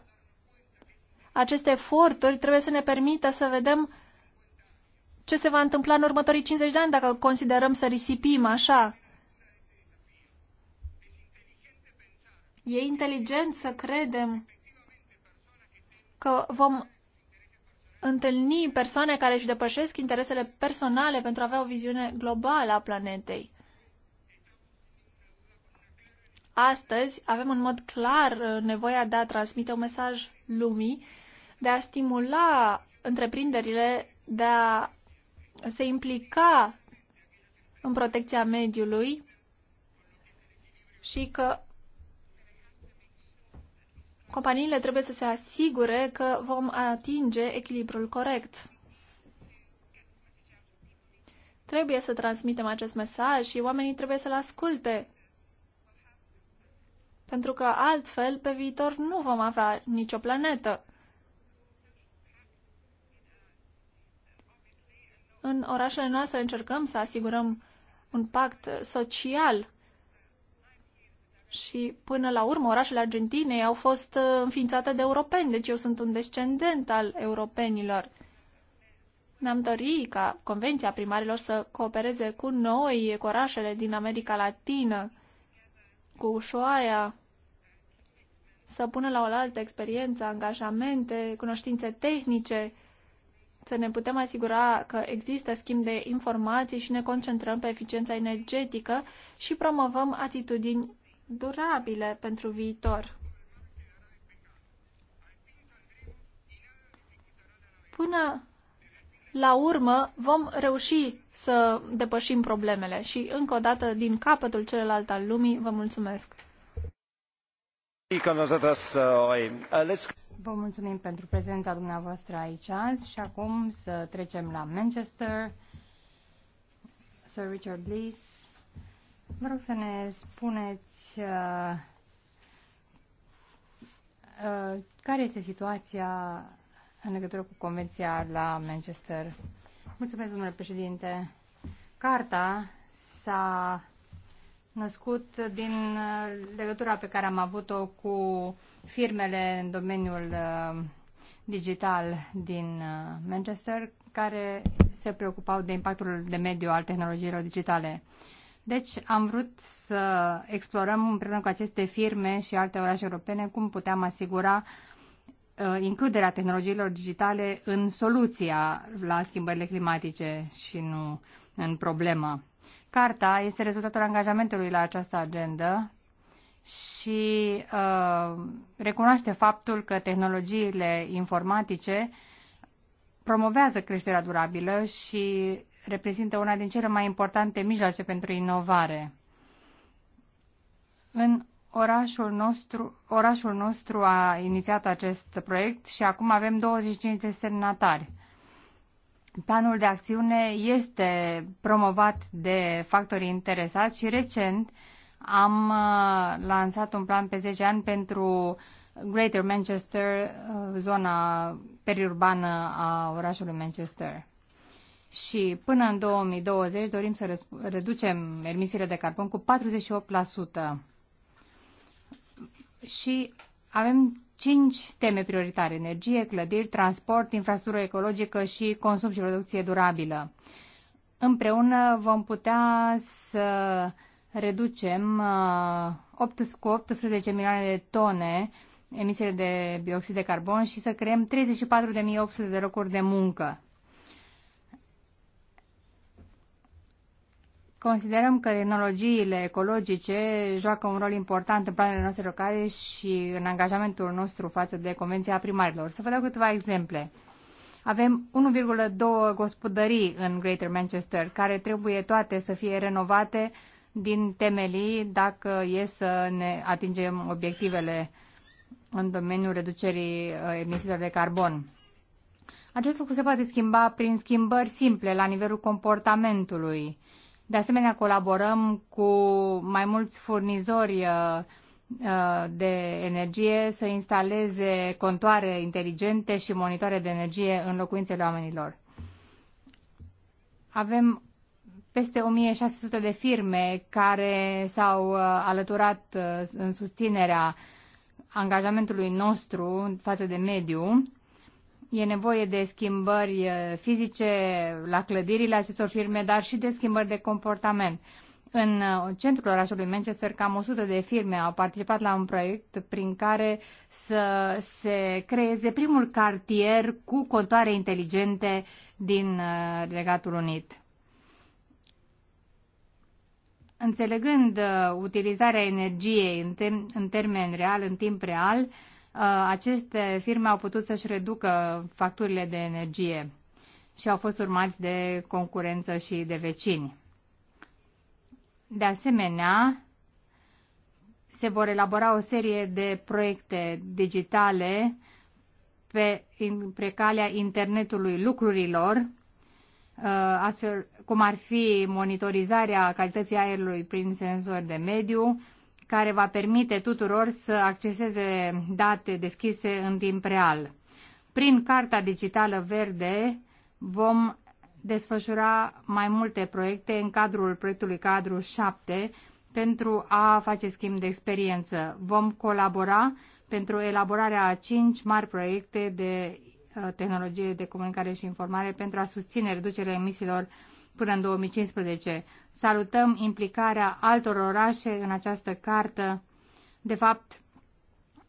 aceste eforturi trebuie să ne permită să vedem ce se va întâmpla în următorii 50 de ani dacă considerăm să risipim așa E inteligent să credem că vom întâlni persoane care își depășesc interesele personale pentru a avea o viziune globală a planetei. Astăzi avem în mod clar uh, nevoia de a transmite un mesaj lumii, de a stimula întreprinderile, de a se implica în protecția mediului și că companiile trebuie să se asigure că vom atinge echilibrul corect. Trebuie să transmitem acest mesaj și oamenii trebuie să-l asculte. Pentru că altfel, pe viitor, nu vom avea nicio planetă. În orașele noastre încercăm să asigurăm un pact social și până la urmă, orașele Argentinei au fost uh, înființate de europeni, deci eu sunt un descendent al europenilor. Ne-am dorit ca Convenția Primarilor să coopereze cu noi, cu orașele din America Latină, cu Ushuaia, să pună la oaltă experiență, angajamente, cunoștințe tehnice, să ne putem asigura că există schimb de informații și ne concentrăm pe eficiența energetică și promovăm atitudini durabile pentru viitor. Până la urmă vom reuși să depășim problemele și încă o dată din capătul celălalt al lumii vă mulțumesc. Vă mulțumim pentru prezența dumneavoastră aici azi și acum să trecem la Manchester. Sir Richard Lees Vă rog să ne spuneți uh, uh, care este situația în legătură cu convenția la Manchester. Mulțumesc, domnule președinte. Carta s-a născut din uh, legătura pe care am avut-o cu firmele în domeniul uh, digital din uh, Manchester, care se preocupau de impactul de mediu al tehnologiilor digitale. Deci am vrut să explorăm împreună cu aceste firme și alte orașe europene cum puteam asigura uh, includerea tehnologiilor digitale în soluția la schimbările climatice și nu în problemă. Carta este rezultatul angajamentului la această agendă și uh, recunoaște faptul că tehnologiile informatice promovează creșterea durabilă și reprezintă una din cele mai importante mijloace pentru inovare. În orașul nostru, orașul nostru a inițiat acest proiect și acum avem 25 de semnatari. Planul de acțiune este promovat de factorii interesați și recent am uh, lansat un plan pe 10 ani pentru Greater Manchester, uh, zona periurbană a orașului Manchester și până în 2020 dorim să reducem emisiile de carbon cu 48%. Și avem cinci teme prioritare. Energie, clădiri, transport, infrastructură ecologică și consum și producție durabilă. Împreună vom putea să reducem 8, uh, cu 18 milioane de tone emisiile de bioxid de carbon și să creăm 34.800 de locuri de muncă. Considerăm că tehnologiile ecologice joacă un rol important în planurile noastre locale și în angajamentul nostru față de Convenția Primarilor. Să vă dau câteva exemple. Avem 1,2 gospodării în Greater Manchester, care trebuie toate să fie renovate din temelii dacă e să ne atingem obiectivele în domeniul reducerii uh, emisiilor de carbon. Acest lucru se poate schimba prin schimbări simple la nivelul comportamentului de asemenea, colaborăm cu mai mulți furnizori uh, uh, de energie să instaleze contoare inteligente și monitoare de energie în locuințele oamenilor. Avem peste 1600 de firme care s-au uh, alăturat în susținerea angajamentului nostru față de mediu E nevoie de schimbări fizice la clădirile acestor firme, dar și de schimbări de comportament. În uh, centrul orașului Manchester, cam 100 de firme au participat la un proiect prin care să se creeze primul cartier cu contoare inteligente din uh, Regatul Unit. Înțelegând uh, utilizarea energiei în, termen real, în timp real, uh, Uh, aceste firme au putut să-și reducă facturile de energie și au fost urmați de concurență și de vecini. De asemenea, se vor elabora o serie de proiecte digitale pe, pe calea internetului lucrurilor, uh, astfel cum ar fi monitorizarea calității aerului prin senzori de mediu, care va permite tuturor să acceseze date deschise în timp real. Prin Carta Digitală Verde vom desfășura mai multe proiecte în cadrul proiectului Cadru 7 pentru a face schimb de experiență. Vom colabora pentru elaborarea a cinci mari proiecte de uh, tehnologie de comunicare și informare pentru a susține reducerea emisiilor până în 2015. Salutăm implicarea altor orașe în această cartă. De fapt,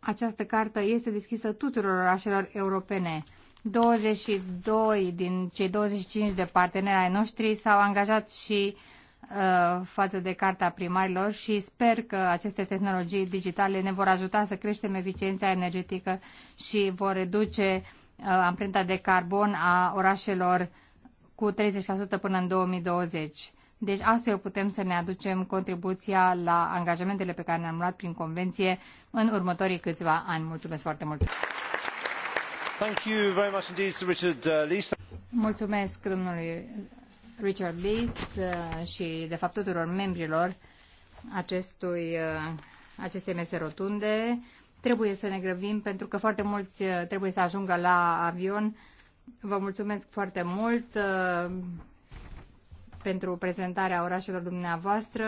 această cartă este deschisă tuturor orașelor europene. 22 din cei 25 de parteneri ai noștri s-au angajat și uh, față de Carta Primarilor și sper că aceste tehnologii digitale ne vor ajuta să creștem eficiența energetică și vor reduce uh, amprenta de carbon a orașelor cu 30% până în 2020. Deci astfel putem să ne aducem contribuția la angajamentele pe care ne am luat prin convenție în următorii câțiva ani. Mulțumesc foarte mult! Thank you very much indeed to Richard uh, Lees. Mulțumesc domnului Richard Lees uh, și de fapt tuturor membrilor acestui, uh, acestei mese rotunde. Trebuie să ne grăbim pentru că foarte mulți trebuie să ajungă la avion. Vă mulțumesc foarte mult uh, pentru prezentarea orașelor dumneavoastră.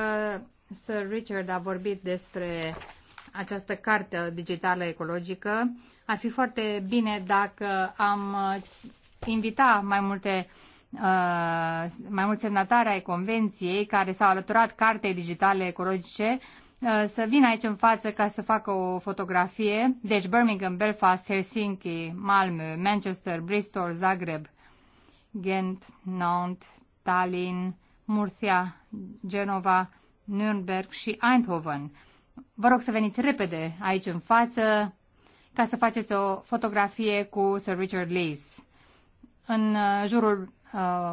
Sir Richard a vorbit despre această carte digitală ecologică. Ar fi foarte bine dacă am uh, invita mai multe uh, mai mulți semnatari ai convenției care s-au alăturat cartei digitale ecologice Uh, să vină aici în față ca să facă o fotografie. Deci Birmingham, Belfast, Helsinki, Malmö, Manchester, Bristol, Zagreb, Ghent, Nantes, Tallinn, Murcia, Genova, Nürnberg și Eindhoven. Vă rog să veniți repede aici în față ca să faceți o fotografie cu Sir Richard Lees. În uh, jurul uh,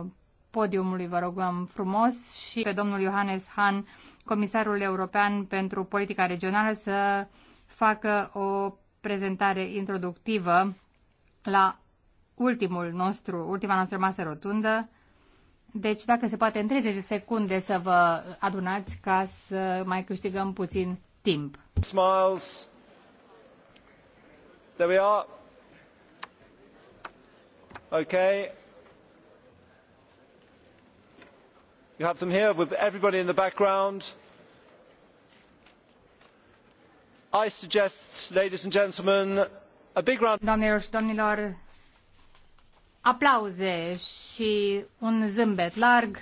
podiumului vă rogăm frumos și pe domnul Johannes Hahn comisarul european pentru politica regională să facă o prezentare introductivă la ultimul nostru, ultima noastră masă rotundă. Deci, dacă se poate, în 30 de secunde să vă adunați ca să mai câștigăm puțin timp. Smiles. There we are. Okay. You have them here with everybody in the background. I suggest, ladies and gentlemen, a big round. Doamnelor și domnilor, aplauze și un zâmbet larg.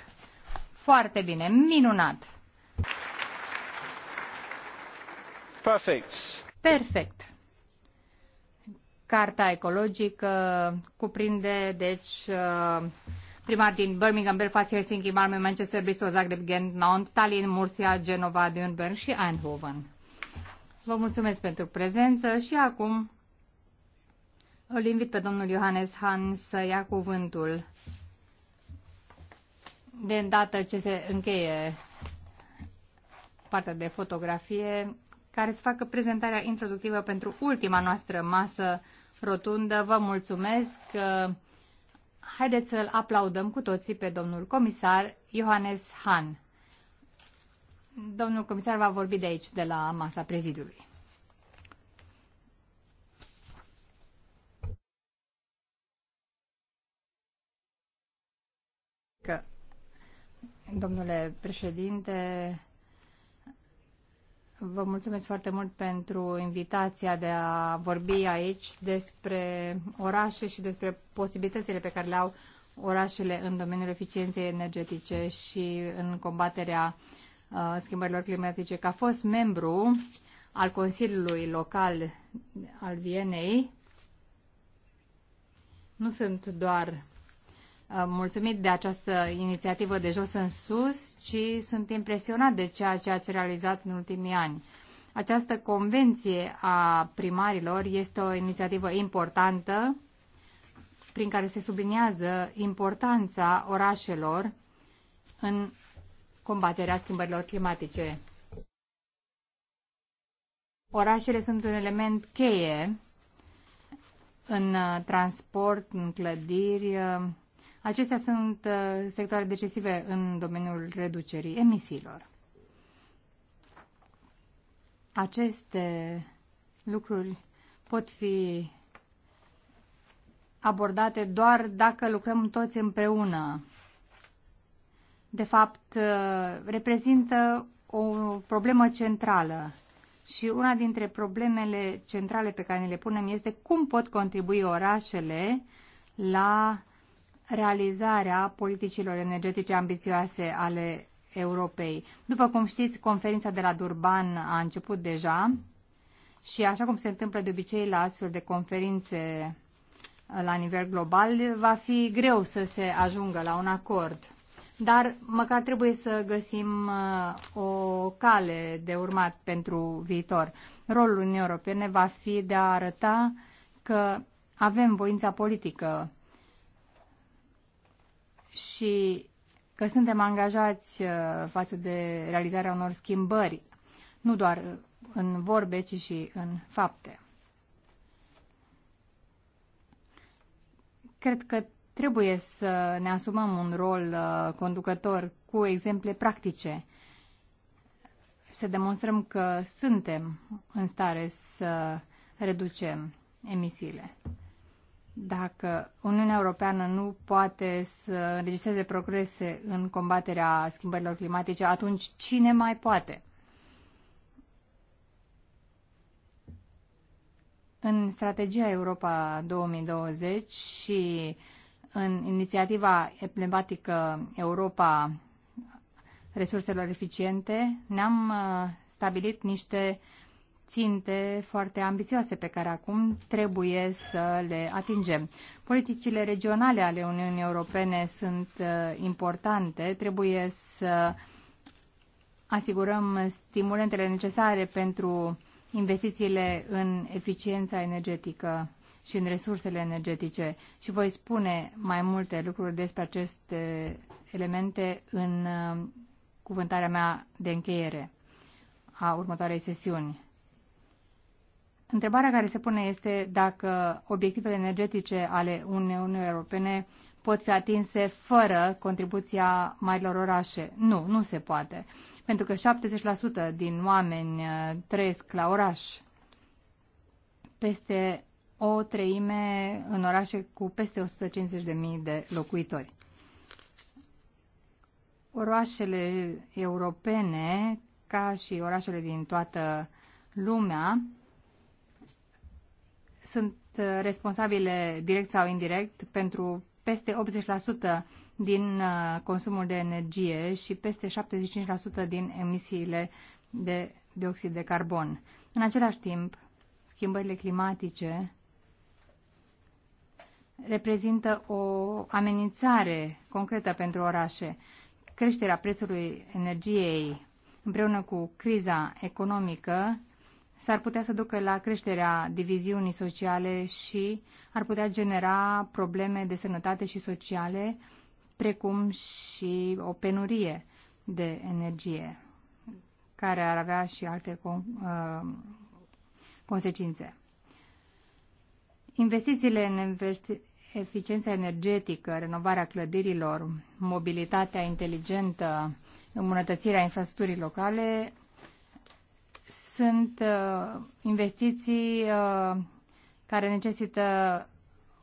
Foarte bine, minunat. Perfect. Perfect. Carta ecologică cuprinde, deci, uh, Primar din Birmingham, Belfast, Helsinki, Malmö, Manchester, Bristol, Zagreb, Ghent, Nantes, Tallinn, Murcia, Genova, Nürnberg și Eindhoven. Vă mulțumesc pentru prezență și acum îl invit pe domnul Johannes Han să ia cuvântul de îndată ce se încheie partea de fotografie, care să facă prezentarea introductivă pentru ultima noastră masă rotundă. Vă mulțumesc! Haideți să-l aplaudăm cu toții pe domnul comisar Johannes Hahn. Domnul comisar va vorbi de aici, de la masa prezidiului. domnule președinte, Vă mulțumesc foarte mult pentru invitația de a vorbi aici despre orașe și despre posibilitățile pe care le au orașele în domeniul eficienței energetice și în combaterea uh, schimbărilor climatice. Ca fost membru al Consiliului Local al Vienei, nu sunt doar Uh, mulțumit de această inițiativă de jos în sus, ci sunt impresionat de ceea ce ați realizat în ultimii ani. Această convenție a primarilor este o inițiativă importantă prin care se subliniază importanța orașelor în combaterea schimbărilor climatice. Orașele sunt un element cheie în uh, transport, în clădiri, uh, Acestea sunt uh, sectoare decisive în domeniul reducerii emisiilor. Aceste lucruri pot fi abordate doar dacă lucrăm toți împreună. De fapt, uh, reprezintă o problemă centrală și una dintre problemele centrale pe care ne le punem este cum pot contribui orașele la realizarea politicilor energetice ambițioase ale Europei. După cum știți, conferința de la Durban a început deja și așa cum se întâmplă de obicei la astfel de conferințe la nivel global, va fi greu să se ajungă la un acord. Dar măcar trebuie să găsim uh, o cale de urmat pentru viitor. Rolul Uniunii Europene va fi de a arăta că avem voința politică și că suntem angajați uh, față de realizarea unor schimbări, nu doar uh, în vorbe, ci și în fapte. Cred că trebuie să ne asumăm un rol uh, conducător cu exemple practice, să demonstrăm că suntem în stare să reducem emisiile. Dacă Uniunea Europeană nu poate să înregistreze progrese în combaterea schimbărilor climatice, atunci cine mai poate? În strategia Europa 2020 și în inițiativa emblematică Europa resurselor eficiente, ne-am uh, stabilit niște ținte foarte ambițioase pe care acum trebuie să le atingem. Politicile regionale ale Uniunii Europene sunt uh, importante, trebuie să asigurăm stimulentele necesare pentru investițiile în eficiența energetică și în resursele energetice și voi spune mai multe lucruri despre aceste elemente în uh, cuvântarea mea de încheiere a următoarei sesiuni. Întrebarea care se pune este dacă obiectivele energetice ale Uniunii Europene pot fi atinse fără contribuția marilor orașe. Nu, nu se poate. Pentru că 70% din oameni uh, trăiesc la oraș. Peste o treime în orașe cu peste 150.000 de locuitori. Orașele europene, ca și orașele din toată lumea, sunt uh, responsabile direct sau indirect pentru peste 80% din uh, consumul de energie și peste 75% din emisiile de dioxid de carbon. În același timp, schimbările climatice reprezintă o amenințare concretă pentru orașe. Creșterea prețului energiei împreună cu criza economică s-ar putea să ducă la creșterea diviziunii sociale și ar putea genera probleme de sănătate și sociale, precum și o penurie de energie, care ar avea și alte uh, consecințe. Investițiile în investi eficiența energetică, renovarea clădirilor, mobilitatea inteligentă, îmbunătățirea infrastructurii locale sunt uh, investiții uh, care necesită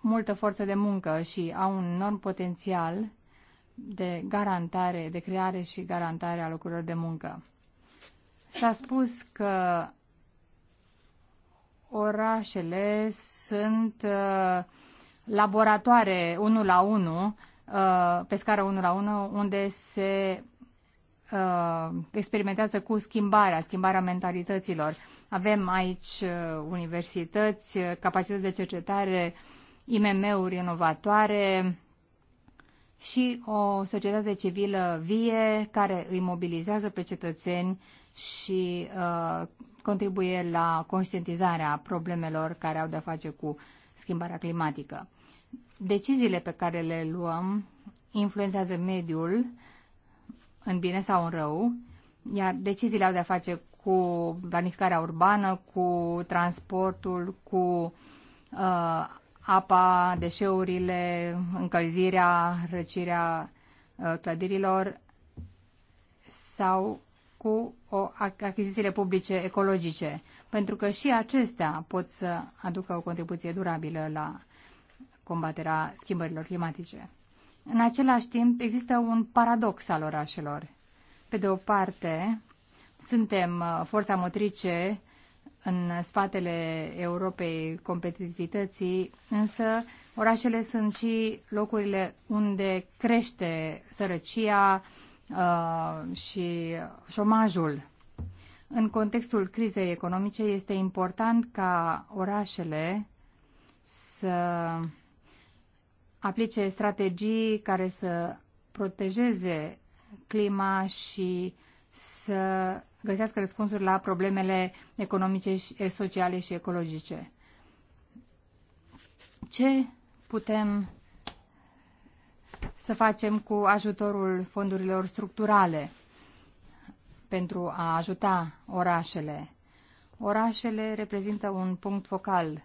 multă forță de muncă și au un enorm potențial de garantare, de creare și garantare a locurilor de muncă. S-a spus că orașele sunt uh, laboratoare 1 la 1, uh, pe scară 1 la 1, unde se uh, experimentează cu schimbarea, schimbarea mentalităților. Avem aici uh, universități, uh, capacități de cercetare, IMM-uri inovatoare și o societate civilă vie care îi mobilizează pe cetățeni și uh, contribuie la conștientizarea problemelor care au de-a face cu schimbarea climatică. Deciziile pe care le luăm influențează mediul în bine sau în rău, iar deciziile au de-a face cu planificarea urbană, cu transportul, cu uh, apa, deșeurile, încălzirea, răcirea uh, clădirilor sau cu o, achizițiile publice ecologice, pentru că și acestea pot să aducă o contribuție durabilă la combaterea schimbărilor climatice. În același timp, există un paradox al orașelor. Pe de o parte, suntem uh, forța motrice în spatele Europei competitivității, însă orașele sunt și locurile unde crește sărăcia uh, și șomajul. În contextul crizei economice este important ca orașele să aplice strategii care să protejeze clima și să găsească răspunsuri la problemele economice, eh, sociale și ecologice. Ce putem să facem cu ajutorul fondurilor structurale pentru a ajuta orașele? Orașele reprezintă un punct focal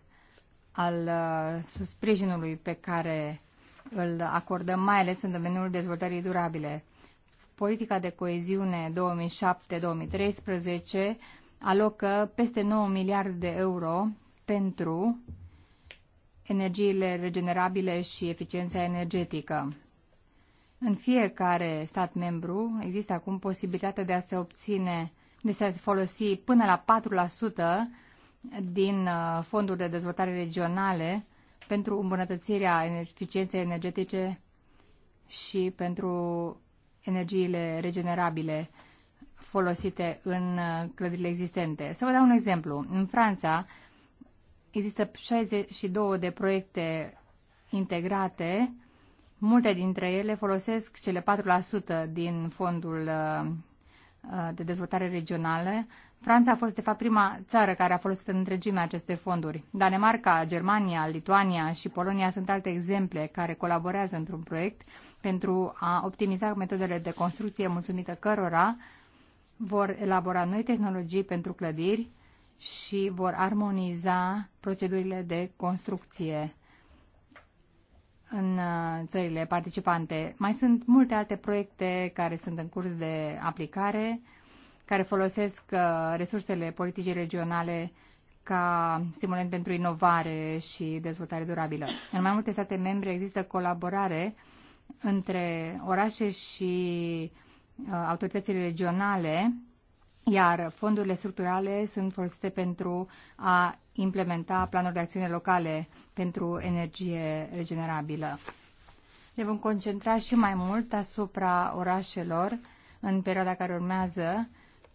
al eh, sprijinului pe care îl acordăm mai ales în domeniul dezvoltării durabile. Politica de coeziune 2007-2013 alocă peste 9 miliarde de euro pentru energiile regenerabile și eficiența energetică. În fiecare stat membru există acum posibilitatea de a se obține, de a se folosi până la 4% din uh, fonduri de dezvoltare regionale pentru îmbunătățirea eficienței energetice și pentru energiile regenerabile folosite în clădirile existente. Să vă dau un exemplu. În Franța există 62 de proiecte integrate. Multe dintre ele folosesc cele 4% din fondul uh, de dezvoltare regională Franța a fost, de fapt, prima țară care a folosit în întregime aceste fonduri. Danemarca, Germania, Lituania și Polonia sunt alte exemple care colaborează într-un proiect pentru a optimiza metodele de construcție mulțumită cărora vor elabora noi tehnologii pentru clădiri și vor armoniza procedurile de construcție în uh, țările participante. Mai sunt multe alte proiecte care sunt în curs de aplicare care folosesc uh, resursele politicii regionale ca stimulant pentru inovare și dezvoltare durabilă. În mai multe state membre există colaborare între orașe și uh, autoritățile regionale, iar fondurile structurale sunt folosite pentru a implementa planuri de acțiune locale pentru energie regenerabilă. Ne vom concentra și mai mult asupra orașelor în perioada care urmează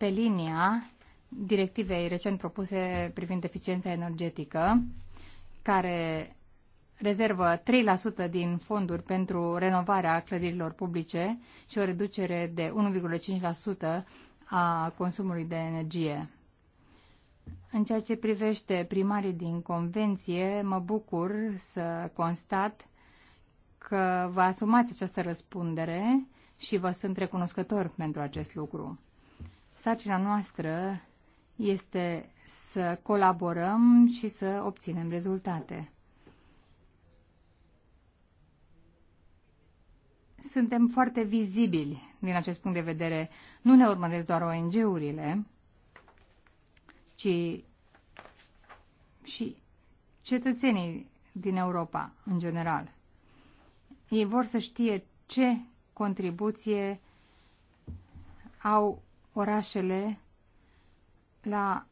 pe linia directivei recent propuse privind eficiența energetică, care rezervă 3% din fonduri pentru renovarea clădirilor publice și o reducere de 1,5% a consumului de energie. În ceea ce privește primarii din convenție, mă bucur să constat că vă asumați această răspundere și vă sunt recunoscător pentru acest lucru. Sarcina noastră este să colaborăm și să obținem rezultate. Suntem foarte vizibili din acest punct de vedere. Nu ne urmăresc doar ONG-urile, ci și cetățenii din Europa în general. Ei vor să știe ce contribuție au orașele la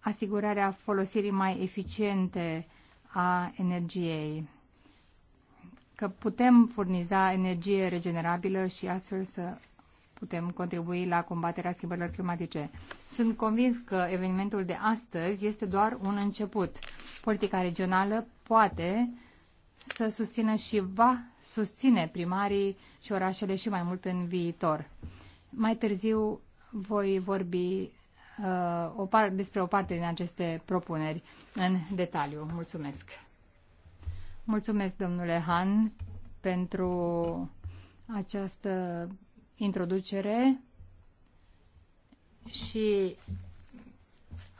asigurarea folosirii mai eficiente a energiei, că putem furniza energie regenerabilă și astfel să putem contribui la combaterea schimbărilor climatice. Sunt convins că evenimentul de astăzi este doar un început. Politica regională poate să susțină și va susține primarii și orașele și mai mult în viitor. Mai târziu voi vorbi uh, o par- despre o parte din aceste propuneri în detaliu. Mulțumesc! Mulțumesc, domnule Han, pentru această introducere și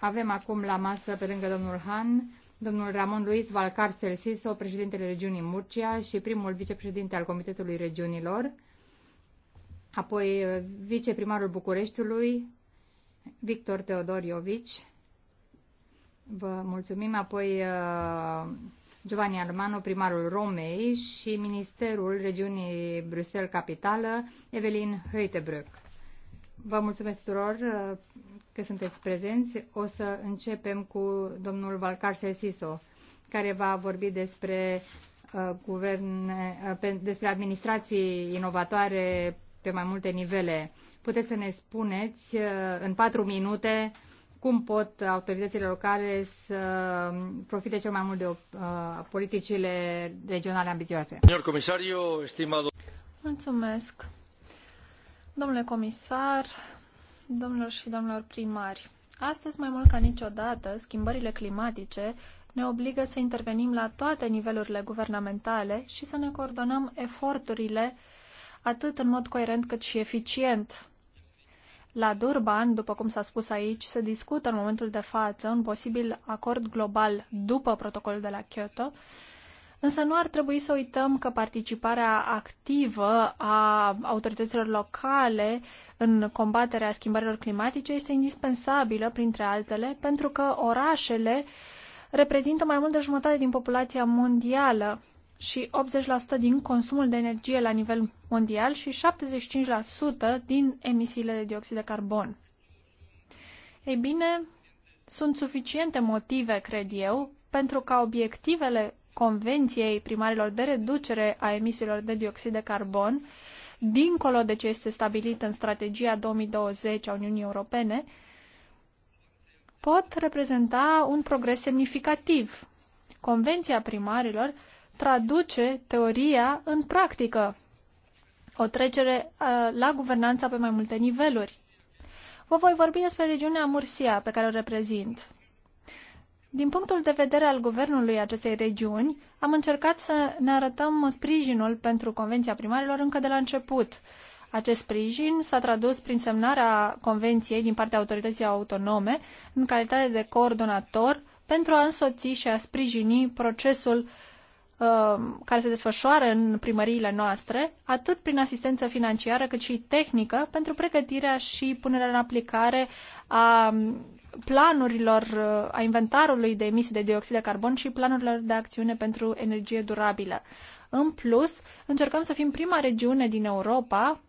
avem acum la masă, pe lângă domnul Han, domnul Ramon Luis Valcarcel Siso, președintele regiunii Murcia și primul vicepreședinte al Comitetului Regiunilor, apoi uh, viceprimarul Bucureștiului, Victor Teodor Iovici. Vă mulțumim. Apoi uh, Giovanni Armano, primarul Romei și Ministerul Regiunii Bruxelles Capitală, Evelin Hăitebrăc. Vă mulțumesc tuturor uh, că sunteți prezenți. O să începem cu domnul Valcar Siso, care va vorbi despre, uh, guverne, uh, pe, despre administrații inovatoare pe mai multe nivele. Puteți să ne spuneți uh, în patru minute cum pot autoritățile locale să profite cel mai mult de uh, politicile regionale ambițioase. Domnul comisariu, estimado. Mulțumesc. Domnule comisar, domnilor și domnilor primari, astăzi mai mult ca niciodată schimbările climatice ne obligă să intervenim la toate nivelurile guvernamentale și să ne coordonăm eforturile uh, atât în mod coerent cât și eficient. La Durban, după cum s-a spus aici, se discută în momentul de față un posibil acord global după protocolul de la Kyoto, Însă nu ar trebui să uităm că participarea activă a autorităților locale în combaterea schimbărilor climatice este indispensabilă, printre altele, pentru că orașele reprezintă mai mult de jumătate din populația mondială și 80% din consumul de energie la nivel mondial și 75% din emisiile de dioxid de carbon. Ei bine, sunt suficiente motive, cred eu, pentru ca obiectivele Convenției primarilor de reducere a emisiilor de dioxid de carbon, dincolo de ce este stabilit în strategia 2020 a Uniunii Europene, pot reprezenta un progres semnificativ. Convenția primarilor traduce teoria în practică, o trecere uh, la guvernanța pe mai multe niveluri. Vă voi vorbi despre regiunea Mursia, pe care o reprezint. Din punctul de vedere al guvernului acestei regiuni, am încercat să ne arătăm sprijinul pentru Convenția Primarilor încă de la început. Acest sprijin s-a tradus prin semnarea Convenției din partea autorității autonome în calitate de coordonator pentru a însoți și a sprijini procesul Uh, care se desfășoară în primăriile noastre, atât prin asistență financiară cât și tehnică, pentru pregătirea și punerea în aplicare a planurilor, uh, a inventarului de emisii de dioxid de carbon și planurilor de acțiune pentru energie durabilă. În plus, încercăm să fim prima regiune din Europa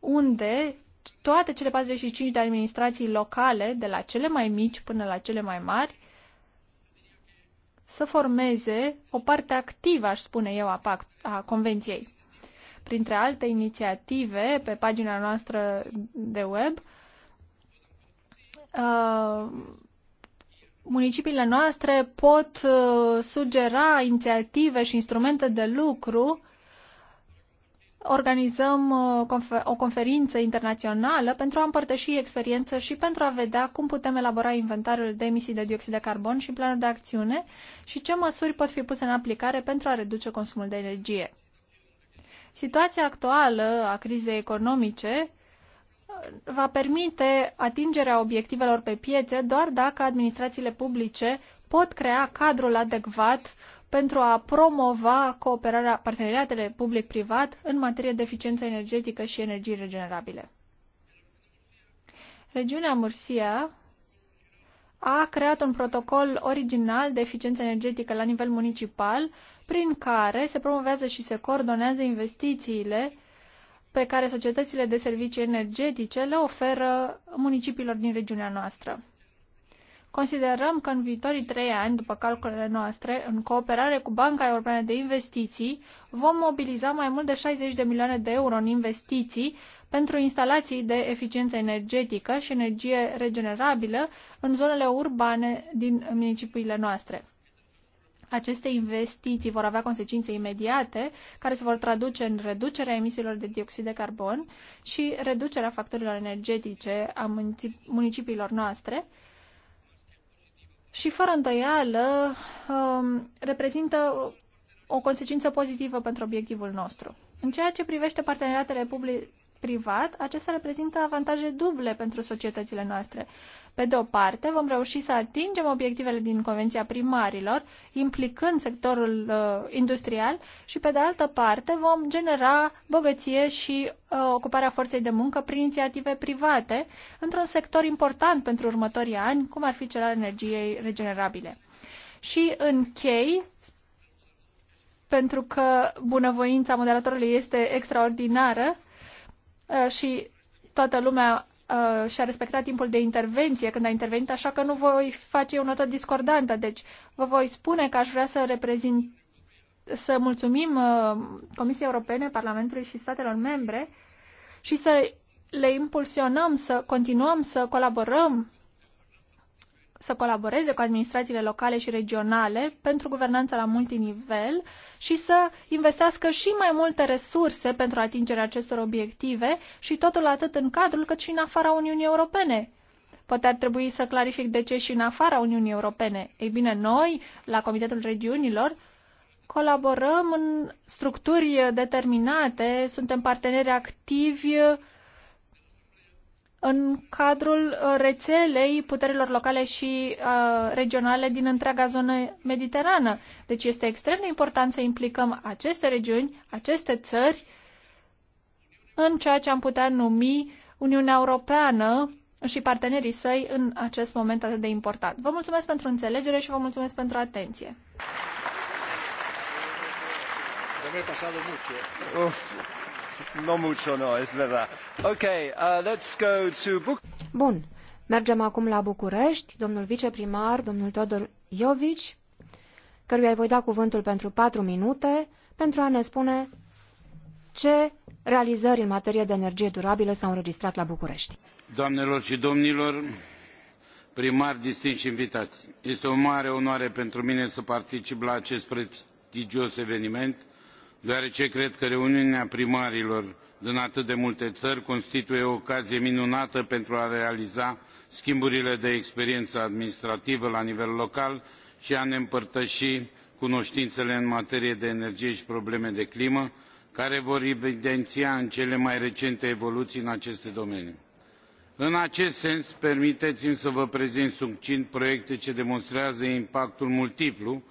unde toate cele 45 de administrații locale, de la cele mai mici până la cele mai mari, să formeze o parte activă, aș spune eu, a, pact, a Convenției. Printre alte inițiative, pe pagina noastră de web, uh, municipiile noastre pot uh, sugera inițiative și instrumente de lucru organizăm uh, o conferință internațională pentru a împărtăși experiență și pentru a vedea cum putem elabora inventarul de emisii de dioxid de carbon și planul de acțiune și ce măsuri pot fi puse în aplicare pentru a reduce consumul de energie. Situația actuală a crizei economice uh, va permite atingerea obiectivelor pe piețe doar dacă administrațiile publice pot crea cadrul adecvat pentru a promova cooperarea, parteneriatele public-privat în materie de eficiență energetică și energii regenerabile. Regiunea Mursia a creat un protocol original de eficiență energetică la nivel municipal, prin care se promovează și se coordonează investițiile pe care societățile de servicii energetice le oferă municipiilor din regiunea noastră. Considerăm că în viitorii trei ani, după calculele noastre, în cooperare cu Banca Europeană de Investiții, vom mobiliza mai mult de 60 de milioane de euro în investiții pentru instalații de eficiență energetică și energie regenerabilă în zonele urbane din municipiile noastre. Aceste investiții vor avea consecințe imediate, care se vor traduce în reducerea emisiilor de dioxid de carbon și reducerea factorilor energetice a municipiilor noastre, și fără îndoială um, reprezintă o consecință pozitivă pentru obiectivul nostru. În ceea ce privește parteneriatele public-privat, acestea reprezintă avantaje duble pentru societățile noastre. Pe de o parte, vom reuși să atingem obiectivele din Convenția Primarilor, implicând sectorul uh, industrial și, pe de altă parte, vom genera bogăție și uh, ocuparea forței de muncă prin inițiative private într-un sector important pentru următorii ani, cum ar fi cel al energiei regenerabile. Și în chei, pentru că bunăvoința moderatorului este extraordinară uh, și toată lumea uh, și-a respectat timpul de intervenție când a intervenit, așa că nu voi face o notă discordantă. Deci vă voi spune că aș vrea să reprezint să mulțumim uh, Comisiei Europene, Parlamentului și statelor membre și să le impulsionăm să continuăm să colaborăm să colaboreze cu administrațiile locale și regionale pentru guvernanța la multinivel și să investească și mai multe resurse pentru atingerea acestor obiective și totul atât în cadrul cât și în afara Uniunii Europene. Poate ar trebui să clarific de ce și în afara Uniunii Europene. Ei bine, noi, la Comitetul Regiunilor, colaborăm în structuri determinate, suntem parteneri activi în cadrul uh, rețelei puterilor locale și uh, regionale din întreaga zonă mediterană. Deci este extrem de important să implicăm aceste regiuni, aceste țări, în ceea ce am putea numi Uniunea Europeană și partenerii săi în acest moment atât de important. Vă mulțumesc pentru înțelegere și vă mulțumesc pentru atenție. Uf. Okay, uh, let's go to Bun. Mergem acum la București. Domnul viceprimar, domnul Todor Iovici, căruia îi voi da cuvântul pentru patru minute, pentru a ne spune ce realizări în materie de energie durabilă s-au înregistrat la București. Doamnelor și domnilor, primari distinși invitați, este o mare onoare pentru mine să particip la acest prestigios eveniment – deoarece cred că reuniunea primarilor din atât de multe ări constituie o ocazie minunată pentru a realiza schimburile de experienă administrativă la nivel local i a ne împărtăi cunotinele în materie de energie i probleme de climă care vor evidenia în cele mai recente evoluii în aceste domenii. în acest sens permitei mi să vă prezint succint proiecte ce demonstrează impactul multiplu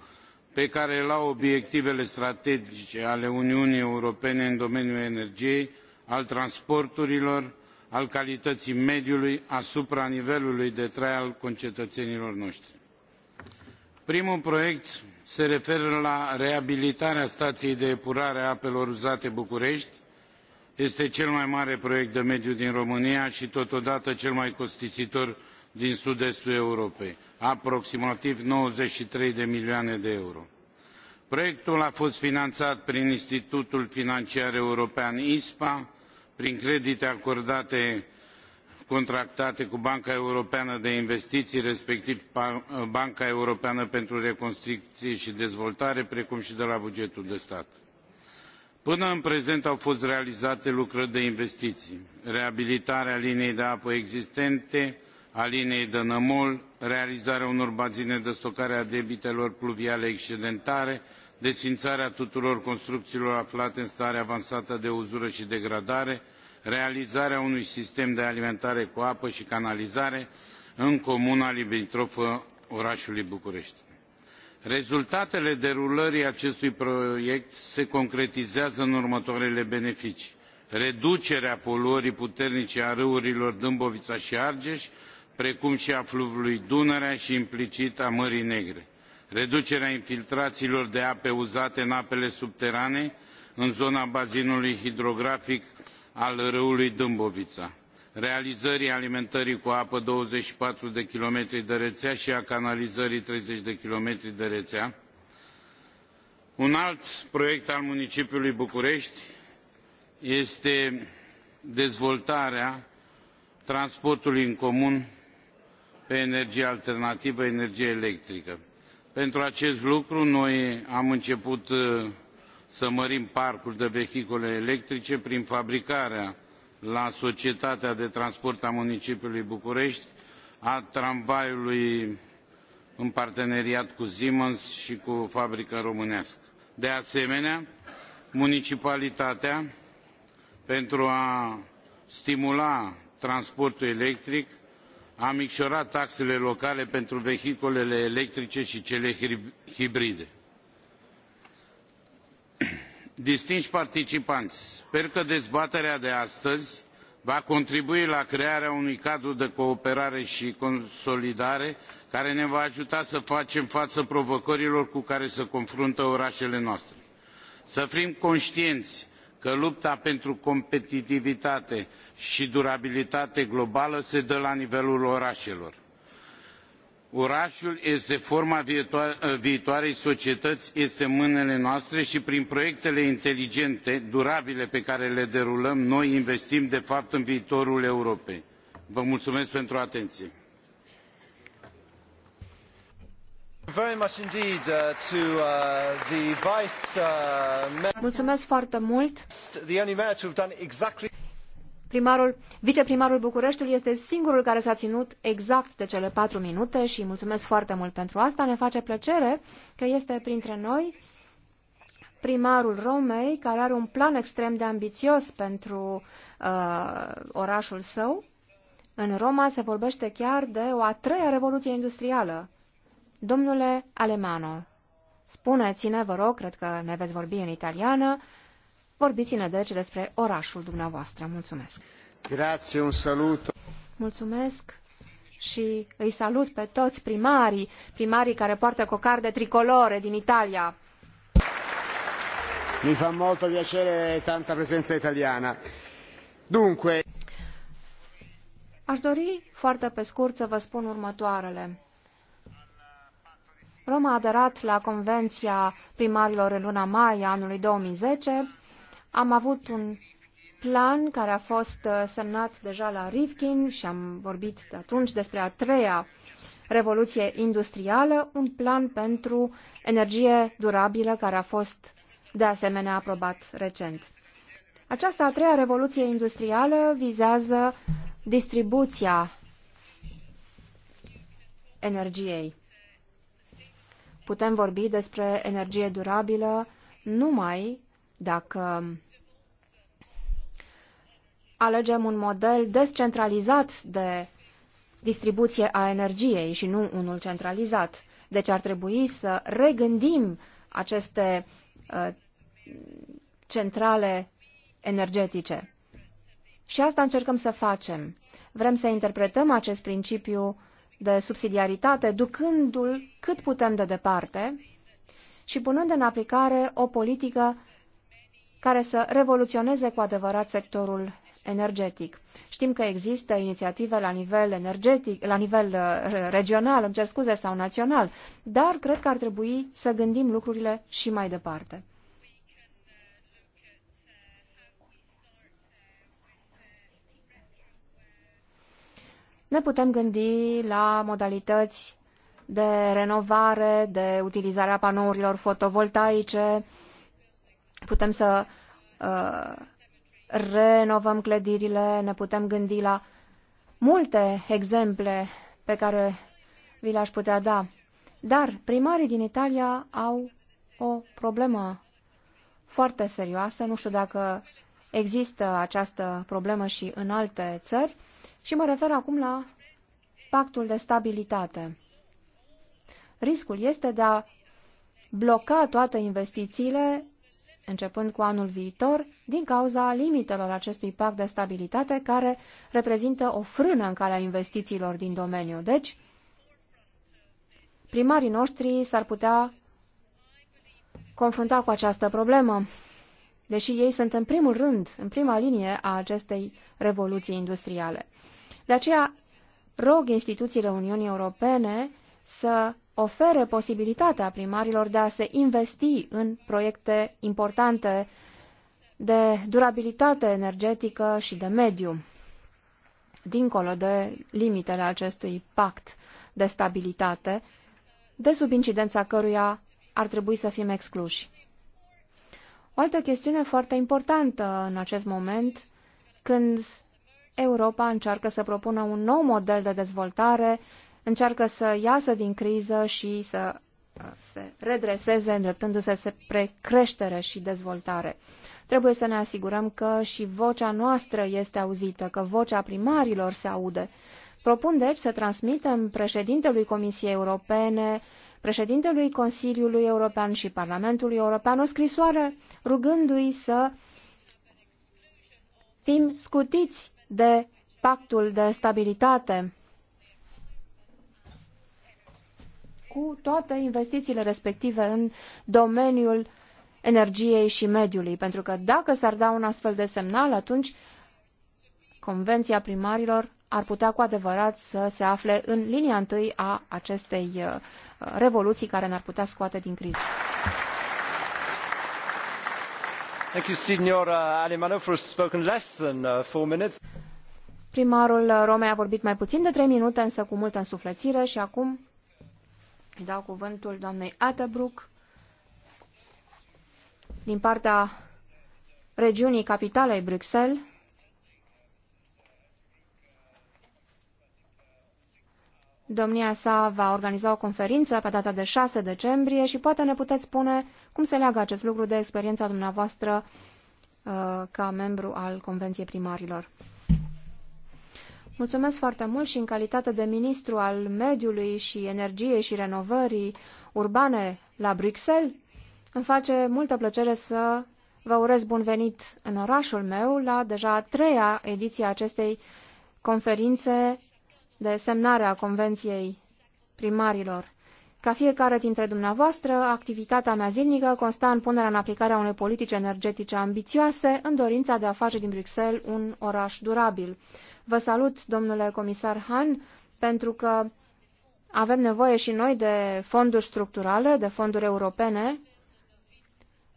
pe care îl au obiectivele strategice ale uniunii europene în domeniul energiei al transporturilor al calității mediului asupra nivelului de trai al concetățenilor noștri. primul proiect se referă la reabilitarea stației de epurare a apelor uzate bucurești este cel mai mare proiect de mediu din românia și totodată cel mai costisitor din sud estul europei aproximativ 93 de milioane de euro. Proiectul a fost finanțat prin Institutul Financiar European ISPA, prin credite acordate contractate cu Banca Europeană de Investiții, respectiv Banca Europeană pentru Reconstrucție și Dezvoltare, precum și de la bugetul de stat. Până în prezent au fost realizate lucrări de investiții, reabilitarea liniei de apă existente, a liniei de nămol, realizarea unor bazine de stocare a debitelor pluviale excedentare desfințarea tuturor construcțiilor aflate în stare avansată de uzură și degradare realizarea unui sistem de alimentare cu apă și canalizare în comuna limitrofă orașului bucurești. rezultatele derulării acestui proiect se concretizează în următoarele beneficii reducerea poluării puternice a râurilor dâmbovița și argeș precum i a fluviului dunărea i implicit a mării negre reducerea infiltraiilor de ape uzate în apele subterane în zona bazinului hidrografic al râului dâmbovița realizării alimentării cu apă douăzeci și patru de km de reea i a canalizării treizeci de km de reea un alt proiect al municipiului bucureti este dezvoltarea transportului în comun pe energie alternativă energie electrică. pentru acest lucru noi am început uh, să mărim parcul de vehicule electrice prin fabricarea la societatea de transport a municipiului bucureti a tramvaiului în parteneriat cu siemens i cu fabrica românească. de asemenea municipalitatea pentru a stimula transportul electric a micșorat taxele locale pentru vehiculele electrice și cele hibride. Distinși participanți, sper că dezbaterea de astăzi va contribui la crearea unui cadru de cooperare și consolidare care ne va ajuta să facem față provocărilor cu care se confruntă orașele noastre. Să fim conștienți că lupta pentru competitivitate i durabilitate globală se dă la nivelul oraelor. oraul este forma viitoarei societăi este în mâinile noastre i prin proiectele inteligente durabile pe care le derulăm noi investim de fapt în viitorul europei. vă mulțumesc pentru atenție. Mulțumesc foarte mult. Primarul, viceprimarul Bucureștiului este singurul care s-a ținut exact de cele patru minute și mulțumesc foarte mult pentru asta. Ne face plăcere că este printre noi primarul Romei, care are un plan extrem de ambițios pentru uh, orașul său. În Roma se vorbește chiar de o a treia revoluție industrială. Domnule Alemano, spuneți-ne, vă rog, cred că ne veți vorbi în italiană, vorbiți-ne deci despre orașul dumneavoastră. Mulțumesc! Grazie, un salut! Mulțumesc! și îi salut pe toți primarii, primarii care poartă cocarde tricolore din Italia. Mi fa molto piacere tanta presenza italiana. Dunque... Aș dori foarte pe scurt să vă spun următoarele. Roma a aderat la Convenția primarilor în luna mai anului 2010. Am avut un plan care a fost uh, semnat deja la Rivkin și am vorbit atunci despre a treia revoluție industrială, un plan pentru energie durabilă care a fost de asemenea aprobat recent. Această a treia revoluție industrială vizează distribuția energiei. Putem vorbi despre energie durabilă numai dacă alegem un model descentralizat de distribuție a energiei și nu unul centralizat. Deci ar trebui să regândim aceste uh, centrale energetice. Și asta încercăm să facem. Vrem să interpretăm acest principiu de subsidiaritate, ducându-l cât putem de departe și punând în aplicare o politică care să revoluționeze cu adevărat sectorul energetic. Știm că există inițiative la nivel energetic, la nivel uh, regional, îmi cer scuze, sau național, dar cred că ar trebui să gândim lucrurile și mai departe. ne putem gândi la modalități de renovare, de utilizarea panourilor fotovoltaice, putem să uh, renovăm clădirile, ne putem gândi la multe exemple pe care vi le-aș putea da. Dar primarii din Italia au o problemă foarte serioasă, nu știu dacă există această problemă și în alte țări, și mă refer acum la pactul de stabilitate. Riscul este de a bloca toate investițiile, începând cu anul viitor, din cauza limitelor acestui pact de stabilitate, care reprezintă o frână în calea investițiilor din domeniu. Deci, primarii noștri s-ar putea confrunta cu această problemă, deși ei sunt în primul rând, în prima linie a acestei revoluții industriale. De aceea rog instituțiile Uniunii Europene să ofere posibilitatea primarilor de a se investi în proiecte importante de durabilitate energetică și de mediu, dincolo de limitele acestui pact de stabilitate, de sub incidența căruia ar trebui să fim excluși. O altă chestiune foarte importantă în acest moment, când Europa încearcă să propună un nou model de dezvoltare, încearcă să iasă din criză și să uh, se redreseze îndreptându-se spre creștere și dezvoltare. Trebuie să ne asigurăm că și vocea noastră este auzită, că vocea primarilor se aude. Propun deci să transmitem președintelui Comisiei Europene, președintelui Consiliului European și Parlamentului European o scrisoare rugându-i să fim scutiți de pactul de stabilitate, cu toate investițiile respective în domeniul energiei și mediului. Pentru că dacă s-ar da un astfel de semnal, atunci Convenția primarilor ar putea cu adevărat să se afle în linia întâi a acestei uh, revoluții care ne-ar putea scoate din criză. Thank you, Signora Alemano, for spoken less than uh, four minutes. Primarul Romei a vorbit mai puțin de trei minute, însă cu multă însuflățire și acum îi dau cuvântul doamnei Atebruc din partea regiunii capitalei Bruxelles. Domnia sa va organiza o conferință pe data de 6 decembrie și poate ne puteți spune cum se leagă acest lucru de experiența dumneavoastră uh, ca membru al Convenției Primarilor. Mulțumesc foarte mult și în calitate de ministru al mediului și energiei și renovării urbane la Bruxelles, îmi face multă plăcere să vă urez bun venit în orașul meu la deja a treia ediție a acestei conferințe de semnare a Convenției Primarilor. Ca fiecare dintre dumneavoastră, activitatea mea zilnică consta în punerea în aplicare a unei politici energetice ambițioase în dorința de a face din Bruxelles un oraș durabil. Vă salut, domnule comisar Han, pentru că avem nevoie și noi de fonduri structurale, de fonduri europene,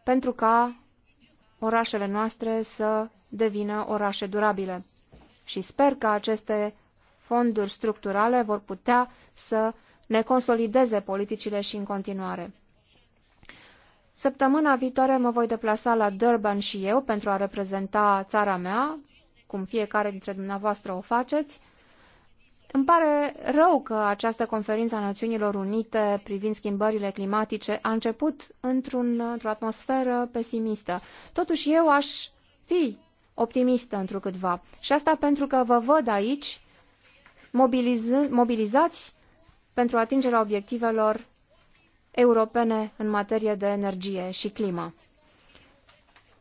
pentru ca orașele noastre să devină orașe durabile. Și sper că aceste fonduri structurale vor putea să ne consolideze politicile și în continuare. Săptămâna viitoare mă voi deplasa la Durban și eu pentru a reprezenta țara mea, cum fiecare dintre dumneavoastră o faceți. Îmi pare rău că această conferință a Națiunilor Unite privind schimbările climatice a început într-un, într-o atmosferă pesimistă. Totuși eu aș fi optimistă întrucâtva. Și asta pentru că vă văd aici mobiliz- mobilizați pentru atingerea obiectivelor europene în materie de energie și climă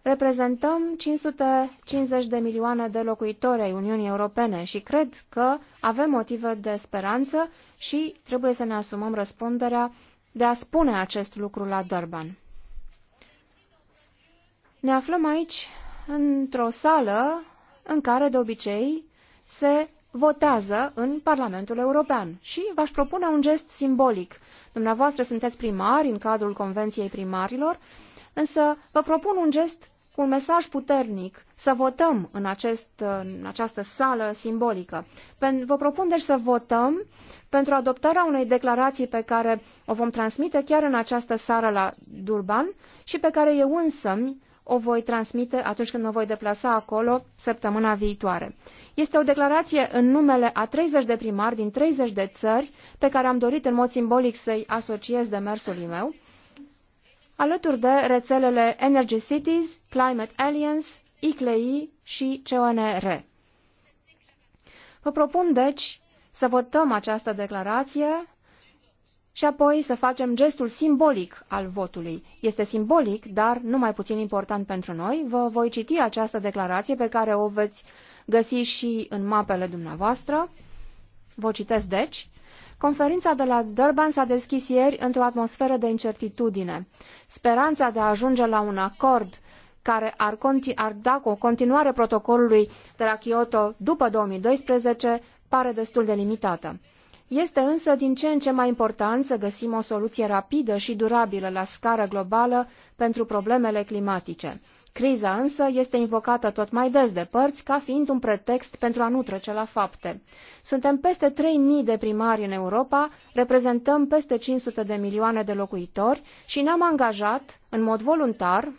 reprezentăm 550 de milioane de locuitori ai Uniunii Europene și cred că avem motive de speranță și trebuie să ne asumăm răspunderea de a spune acest lucru la Durban. Ne aflăm aici într-o sală în care de obicei se votează în Parlamentul European și v-aș propune un gest simbolic. Dumneavoastră sunteți primari în cadrul Convenției Primarilor, însă vă propun un gest cu un mesaj puternic să votăm în, acest, în această sală simbolică. vă propun deci să votăm pentru adoptarea unei declarații pe care o vom transmite chiar în această sală la Durban și pe care eu însă o voi transmite atunci când mă voi deplasa acolo săptămâna viitoare. Este o declarație în numele a 30 de primari din 30 de țări pe care am dorit în mod simbolic să-i asociez demersului meu alături de rețelele Energy Cities, Climate Alliance, ICLEI și CNR. Vă propun, deci, să votăm această declarație și apoi să facem gestul simbolic al votului. Este simbolic, dar nu mai puțin important pentru noi. Vă voi citi această declarație pe care o veți găsi și în mapele dumneavoastră. Vă citesc, deci. Conferința de la Durban s-a deschis ieri într-o atmosferă de incertitudine. Speranța de a ajunge la un acord care ar, ar da o continuare protocolului de la Kyoto după 2012 pare destul de limitată. Este însă din ce în ce mai important să găsim o soluție rapidă și durabilă la scară globală pentru problemele climatice. Criza însă este invocată tot mai des de părți ca fiind un pretext pentru a nu trece la fapte. Suntem peste 3.000 de primari în Europa, reprezentăm peste 500 de milioane de locuitori și ne-am angajat, în mod voluntar,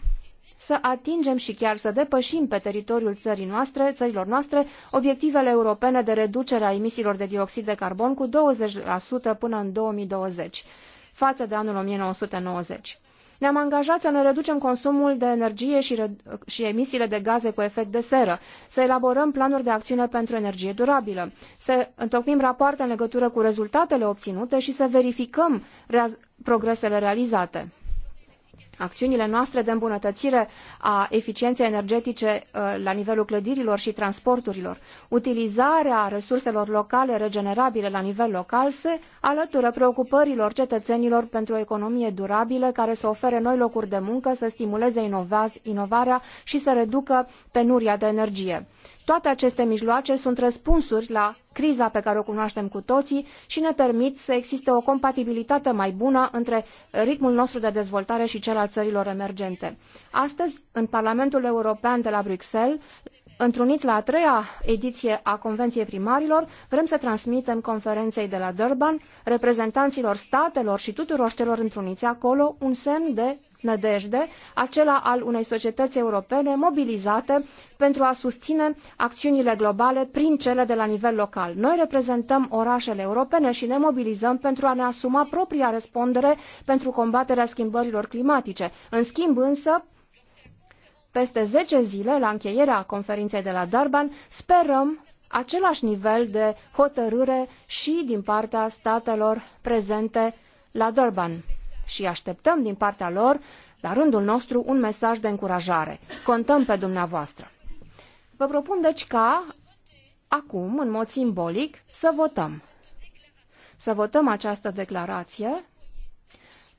să atingem și chiar să depășim pe teritoriul țării noastre, țărilor noastre obiectivele europene de reducere a emisiilor de dioxid de carbon cu 20% până în 2020 față de anul 1990. Ne-am angajat să ne reducem consumul de energie și, și emisiile de gaze cu efect de seră, să elaborăm planuri de acțiune pentru energie durabilă, să întocmim rapoarte în legătură cu rezultatele obținute și să verificăm progresele realizate acțiunile noastre de îmbunătățire a eficienței energetice uh, la nivelul clădirilor și transporturilor, utilizarea resurselor locale regenerabile la nivel local se alătură preocupărilor cetățenilor pentru o economie durabilă care să ofere noi locuri de muncă, să stimuleze inovarea și să reducă penuria de energie. Toate aceste mijloace sunt răspunsuri la criza pe care o cunoaștem cu toții și ne permit să existe o compatibilitate mai bună între ritmul nostru de dezvoltare și cel al țărilor emergente. Astăzi, în Parlamentul European de la Bruxelles, Întruniți la a treia ediție a Convenției Primarilor, vrem să transmitem conferenței de la Durban, reprezentanților statelor și tuturor celor întruniți acolo, un semn de nădejde, acela al unei societăți europene mobilizate pentru a susține acțiunile globale prin cele de la nivel local. Noi reprezentăm orașele europene și ne mobilizăm pentru a ne asuma propria răspundere pentru combaterea schimbărilor climatice. În schimb însă, peste zece zile, la încheierea conferinței de la Durban, sperăm același nivel de hotărâre și din partea statelor prezente la Durban și așteptăm din partea lor, la rândul nostru, un mesaj de încurajare. Contăm pe dumneavoastră. Vă propun deci ca acum, în mod simbolic, să votăm. Să votăm această declarație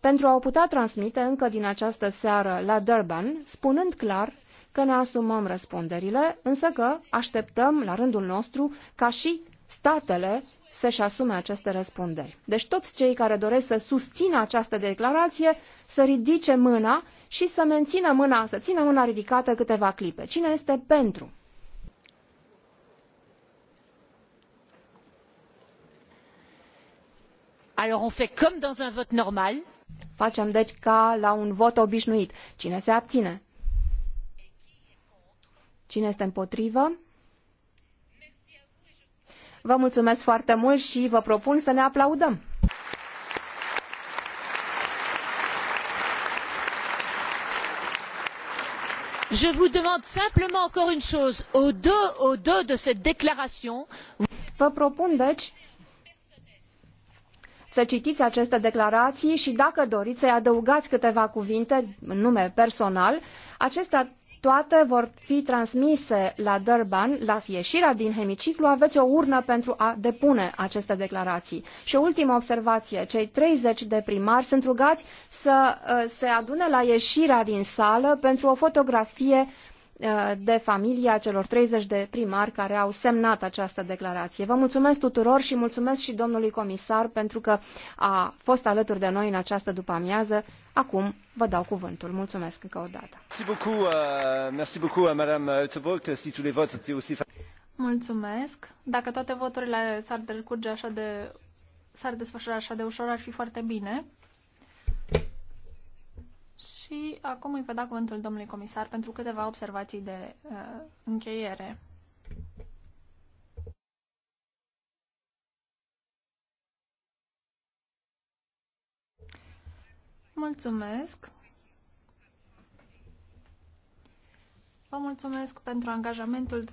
pentru a o putea transmite încă din această seară la Durban, spunând clar că ne asumăm răspunderile, însă că așteptăm la rândul nostru ca și statele să-și asume aceste răspunderi. Deci toți cei care doresc să susțină această declarație, să ridice mâna și să mențină mâna, să țină mâna ridicată câteva clipe. Cine este pentru? Alors on fait comme dans un vote normal. Facem deci ca la un vot obișnuit. Cine se abține? Cine este împotrivă? Vă mulțumesc foarte mult și vă propun să ne aplaudăm. je vous demande simplement encore une chose au dos, au dos de cette déclaration Vă propun, deci, să citiți aceste declarații și, dacă doriți, să-i adăugați câteva cuvinte în nume personal. Acestea toate vor fi transmise la Durban, la ieșirea din hemiciclu, aveți o urnă pentru a depune aceste declarații. Și o ultimă observație, cei 30 de primari sunt rugați să uh, se adune la ieșirea din sală pentru o fotografie Eh, de familia celor 30 de primari care au semnat această declarație. Vă mulțumesc tuturor și mulțumesc și domnului comisar pentru că a fost alături de noi în această după-amiază. Acum vă dau cuvântul. Mulțumesc încă o dată. Euh, mulțumesc. Dacă toate voturile s-ar decurge așa de s-ar desfășura așa de ușor, ar fi foarte bine. Și acum îi vedea cuvântul domnului comisar pentru câteva observații de uh, încheiere. Mulțumesc! Vă mulțumesc pentru angajamentul.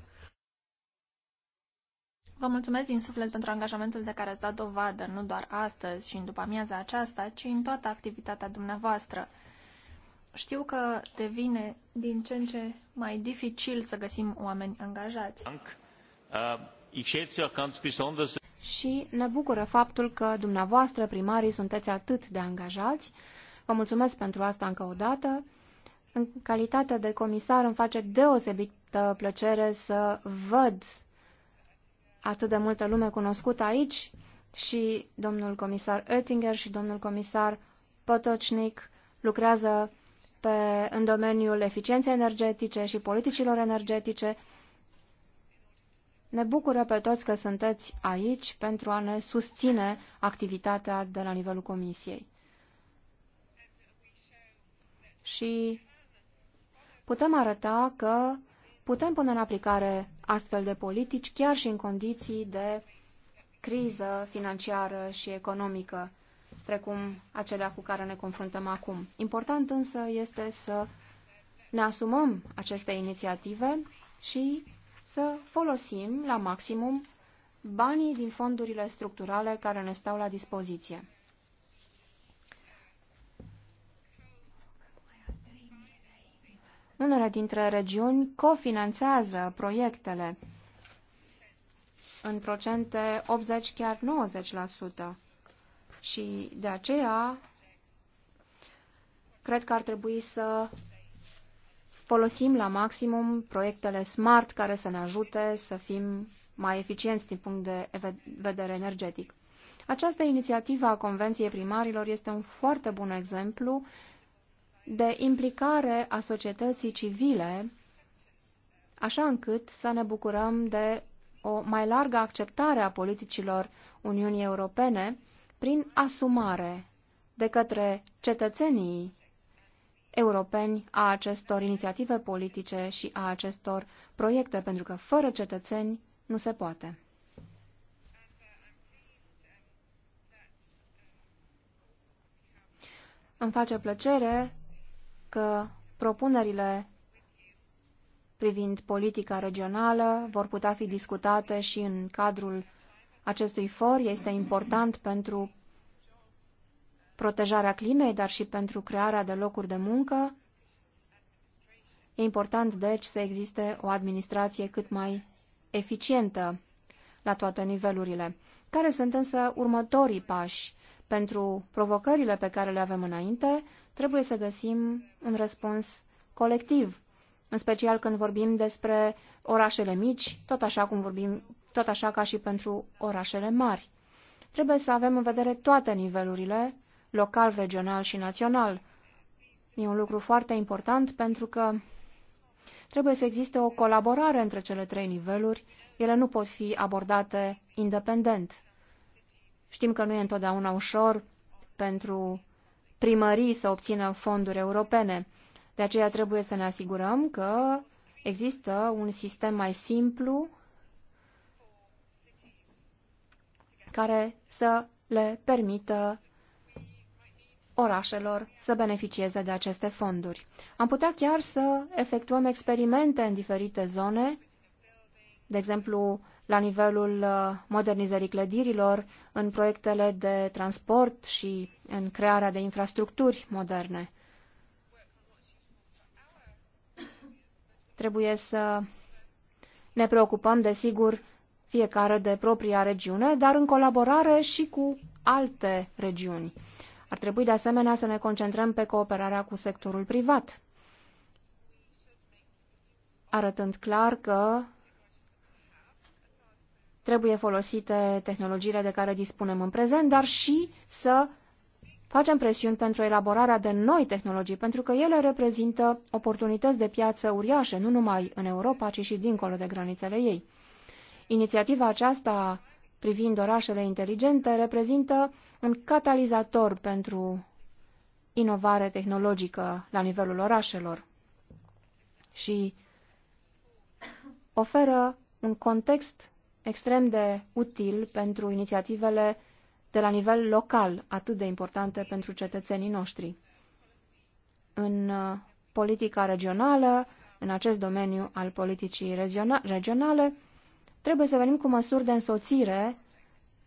Vă mulțumesc din suflet pentru angajamentul de care ați dat dovadă, nu doar astăzi și în după amiaza aceasta, ci în toată activitatea dumneavoastră. Știu că devine din ce în ce mai dificil să găsim oameni angajați. Uh, și ne bucură faptul că dumneavoastră, primarii, sunteți atât de angajați. Vă mulțumesc pentru asta încă o dată. În calitate de comisar îmi face deosebită plăcere să văd atât de multă lume cunoscută aici și domnul comisar Oettinger și domnul comisar Potocnic lucrează pe, în domeniul eficienței energetice și politicilor energetice. Ne bucură pe toți că sunteți aici pentru a ne susține activitatea de la nivelul Comisiei. Și putem arăta că putem pune în aplicare astfel de politici chiar și în condiții de criză financiară și economică precum acelea cu care ne confruntăm acum. Important însă este să ne asumăm aceste inițiative și să folosim la maximum banii din fondurile structurale care ne stau la dispoziție. Unele dintre regiuni cofinanțează proiectele în procente 80 chiar 90%. Și de aceea cred că ar trebui să folosim la maximum proiectele smart care să ne ajute să fim mai eficienți din punct de vedere energetic. Această inițiativă a Convenției Primarilor este un foarte bun exemplu de implicare a societății civile, așa încât să ne bucurăm de o mai largă acceptare a politicilor Uniunii Europene prin asumare de către cetățenii europeni a acestor inițiative politice și a acestor proiecte, pentru că fără cetățeni nu se poate. Îmi face plăcere că propunerile privind politica regională vor putea fi discutate și în cadrul acestui for este important pentru protejarea climei, dar și pentru crearea de locuri de muncă. E important, deci, să existe o administrație cât mai eficientă la toate nivelurile. Care sunt însă următorii pași? Pentru provocările pe care le avem înainte, trebuie să găsim un răspuns colectiv, în special când vorbim despre orașele mici, tot așa cum vorbim tot așa ca și pentru orașele mari. Trebuie să avem în vedere toate nivelurile, local, regional și național. E un lucru foarte important pentru că trebuie să existe o colaborare între cele trei niveluri, ele nu pot fi abordate independent. Știm că nu e întotdeauna ușor pentru primării să obțină fonduri europene, de aceea trebuie să ne asigurăm că există un sistem mai simplu care să le permită orașelor să beneficieze de aceste fonduri. Am putea chiar să efectuăm experimente în diferite zone, de exemplu, la nivelul uh, modernizării clădirilor, în proiectele de transport și în crearea de infrastructuri moderne. Trebuie să ne preocupăm, desigur, fiecare de propria regiune, dar în colaborare și cu alte regiuni. Ar trebui de asemenea să ne concentrăm pe cooperarea cu sectorul privat, arătând clar că trebuie folosite tehnologiile de care dispunem în prezent, dar și să facem presiuni pentru elaborarea de noi tehnologii, pentru că ele reprezintă oportunități de piață uriașe, nu numai în Europa, ci și dincolo de granițele ei. Inițiativa aceasta privind orașele inteligente reprezintă un catalizator pentru inovare tehnologică la nivelul orașelor și oferă un context extrem de util pentru inițiativele de la nivel local, atât de importante pentru cetățenii noștri. În uh, politica regională, în acest domeniu al politicii regionale, Trebuie să venim cu măsuri de însoțire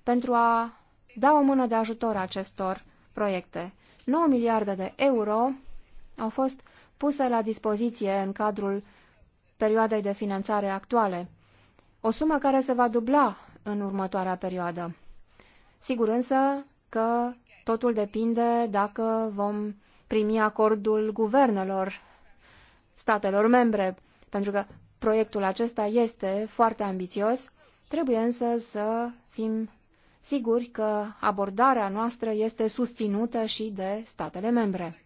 pentru a da o mână de ajutor acestor proiecte. 9 miliarde de euro au fost puse la dispoziție în cadrul perioadei de finanțare actuale, o sumă care se va dubla în următoarea perioadă. Sigur însă că totul depinde dacă vom primi acordul guvernelor statelor membre, pentru că proiectul acesta este foarte ambițios, trebuie însă să fim siguri că abordarea noastră este susținută și de statele membre.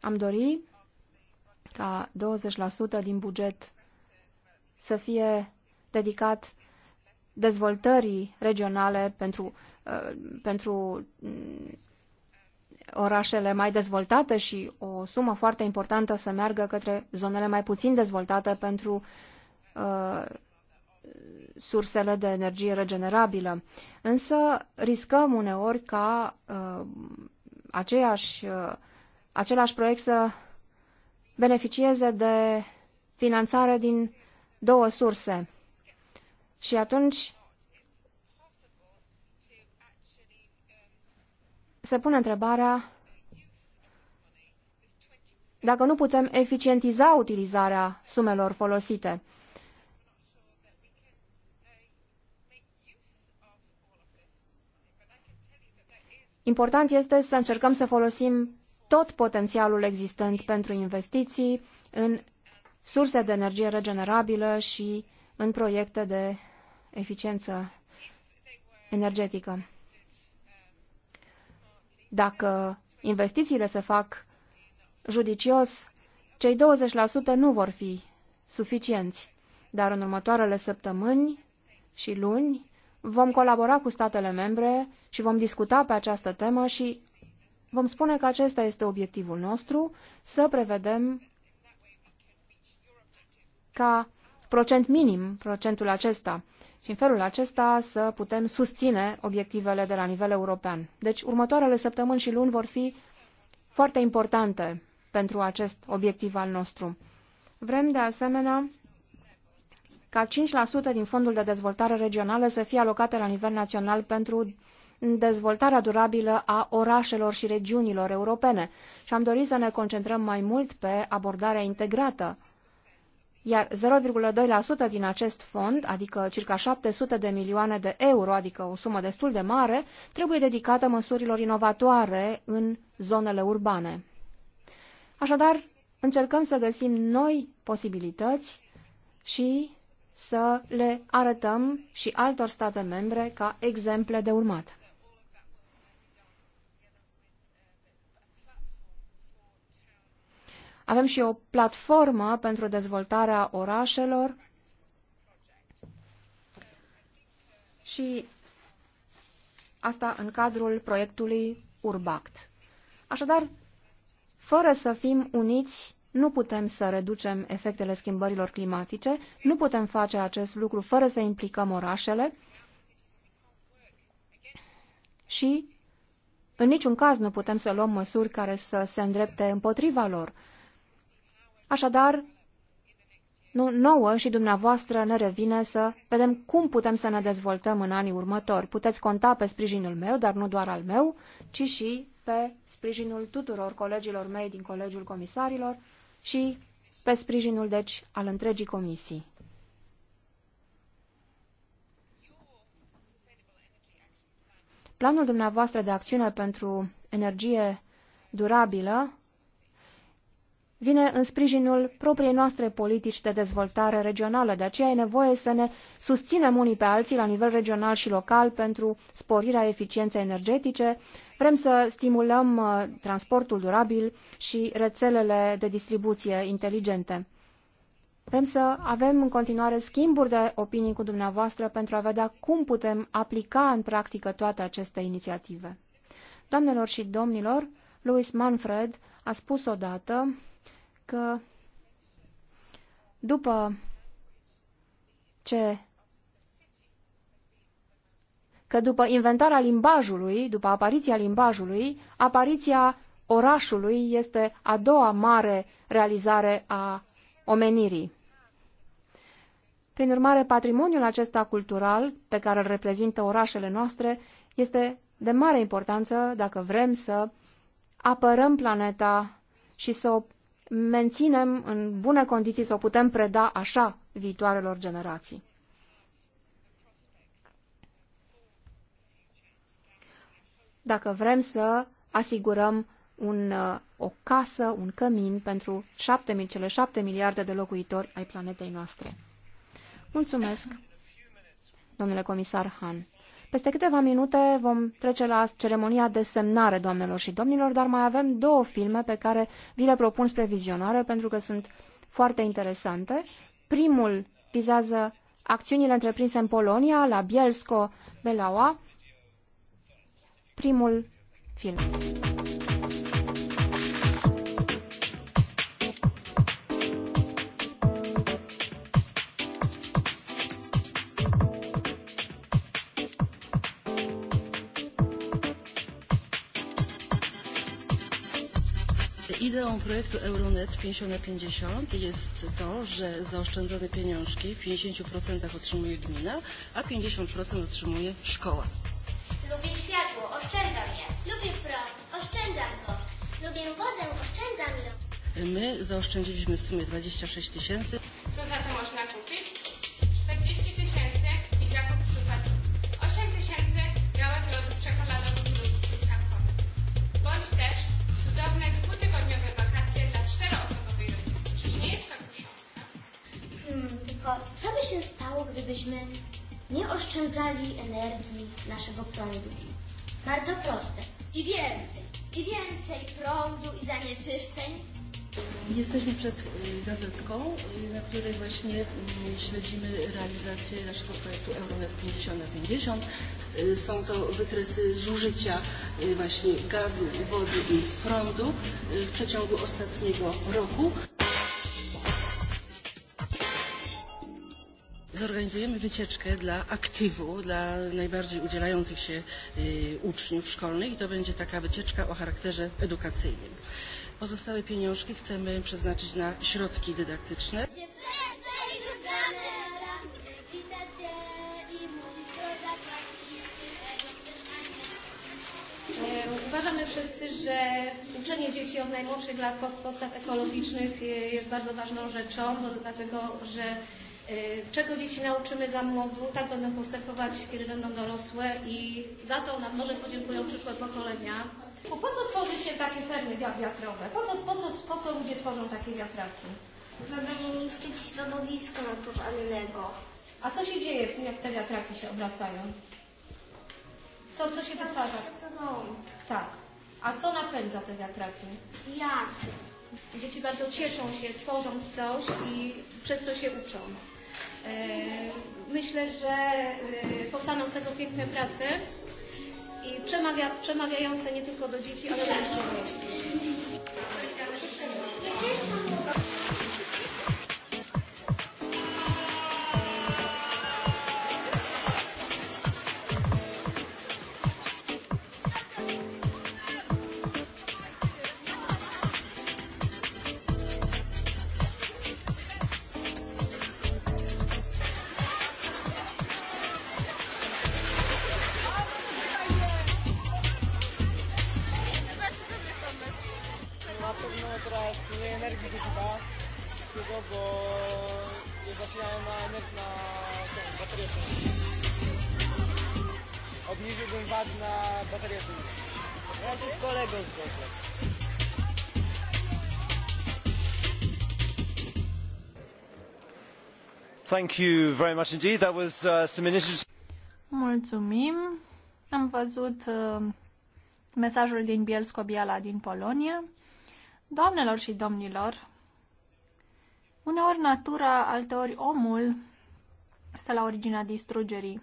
Am dori ca 20% din buget să fie dedicat dezvoltării regionale pentru, uh, pentru orașele mai dezvoltate și o sumă foarte importantă să meargă către zonele mai puțin dezvoltate pentru uh, sursele de energie regenerabilă. Însă riscăm uneori ca uh, aceeași, uh, același proiect să beneficieze de finanțare din două surse. Și atunci se pune întrebarea dacă nu putem eficientiza utilizarea sumelor folosite. Important este să încercăm să folosim tot potențialul existent pentru investiții în surse de energie regenerabilă și în proiecte de eficiență energetică. Dacă investițiile se fac judicios, cei 20% nu vor fi suficienți, dar în următoarele săptămâni și luni vom colabora cu statele membre și vom discuta pe această temă și vom spune că acesta este obiectivul nostru, să prevedem ca procent minim procentul acesta și în felul acesta să putem susține obiectivele de la nivel european. Deci următoarele săptămâni și luni vor fi foarte importante pentru acest obiectiv al nostru. Vrem de asemenea ca 5% din fondul de dezvoltare regională să fie alocate la nivel național pentru dezvoltarea durabilă a orașelor și regiunilor europene și am dorit să ne concentrăm mai mult pe abordarea integrată iar 0,2% din acest fond, adică circa 700 de milioane de euro, adică o sumă destul de mare, trebuie dedicată măsurilor inovatoare în zonele urbane. Așadar, încercăm să găsim noi posibilități și să le arătăm și altor state membre ca exemple de urmat. Avem și o platformă pentru dezvoltarea orașelor și asta în cadrul proiectului Urbact. Așadar, fără să fim uniți, nu putem să reducem efectele schimbărilor climatice, nu putem face acest lucru fără să implicăm orașele și în niciun caz nu putem să luăm măsuri care să se îndrepte împotriva lor. Așadar, nu, nouă și dumneavoastră ne revine să vedem cum putem să ne dezvoltăm în anii următori. Puteți conta pe sprijinul meu, dar nu doar al meu, ci și pe sprijinul tuturor colegilor mei din Colegiul Comisarilor și pe sprijinul, deci, al întregii comisii. Planul dumneavoastră de acțiune pentru energie durabilă vine în sprijinul propriei noastre politici de dezvoltare regională. De aceea e nevoie să ne susținem unii pe alții la nivel regional și local pentru sporirea eficienței energetice. Vrem să stimulăm uh, transportul durabil și rețelele de distribuție inteligente. Vrem să avem în continuare schimburi de opinii cu dumneavoastră pentru a vedea cum putem aplica în practică toate aceste inițiative. Doamnelor și domnilor, Louis Manfred a spus odată că după ce că după inventarea limbajului, după apariția limbajului, apariția orașului este a doua mare realizare a omenirii. Prin urmare, patrimoniul acesta cultural, pe care îl reprezintă orașele noastre, este de mare importanță dacă vrem să apărăm planeta și să o menținem în bune condiții să o putem preda așa viitoarelor generații. Dacă vrem să asigurăm un, uh, o casă, un cămin pentru șapte, cele șapte miliarde de locuitori ai planetei noastre. Mulțumesc, domnule comisar Han. Peste câteva minute vom trece la ceremonia de semnare, doamnelor și domnilor, dar mai avem două filme pe care vi le propun spre vizionare pentru că sunt foarte interesante. Primul vizează acțiunile întreprinse în Polonia, la Bielsko-Belaua, primul film. Ideą projektu Euronet 50-50 jest to, że zaoszczędzone pieniążki w 50% otrzymuje gmina, a 50% otrzymuje szkoła. Lubię światło, oszczędzam je. Lubię prąd, oszczędzam go. Lubię wodę, oszczędzam ją. My zaoszczędziliśmy w sumie 26 tysięcy. energii, naszego prądu. Bardzo proste. I więcej, i więcej prądu i zanieczyszczeń. Jesteśmy przed gazetką, na której właśnie śledzimy realizację naszego projektu Euronet 50 na 50. Są to wykresy zużycia właśnie gazu, wody i prądu w przeciągu ostatniego roku. zorganizujemy wycieczkę dla aktywu, dla najbardziej udzielających się uczniów szkolnych i to będzie taka wycieczka o charakterze edukacyjnym. Pozostałe pieniążki chcemy przeznaczyć na środki dydaktyczne. Uważamy wszyscy, że uczenie dzieci od najmłodszych lat podstaw ekologicznych jest bardzo ważną rzeczą, dlatego że czego dzieci nauczymy za młodu, tak będą postępować, kiedy będą dorosłe i za to nam może podziękują przyszłe pokolenia. Bo po co tworzy się takie fermy wiatrowe? Po co, po co, po co ludzie tworzą takie wiatraki? Żeby nie niszczyć środowiska naturalnego. A co się dzieje, jak te wiatraki się obracają? Co, co się wytwarza? Tak. A co napędza te wiatraki? Jak? Dzieci bardzo cieszą się, tworząc coś i przez co się uczą. Myślę, że powstaną z tego piękne prace i przemawia, przemawiające nie tylko do dzieci, ale również do dorosłych. thank you very much indeed. That was uh, some initiatives. Mulțumim. Am văzut uh, mesajul din Bielsko-Biala din Polonia. Doamnelor și domnilor, uneori natura, alteori omul stă la originea distrugerii.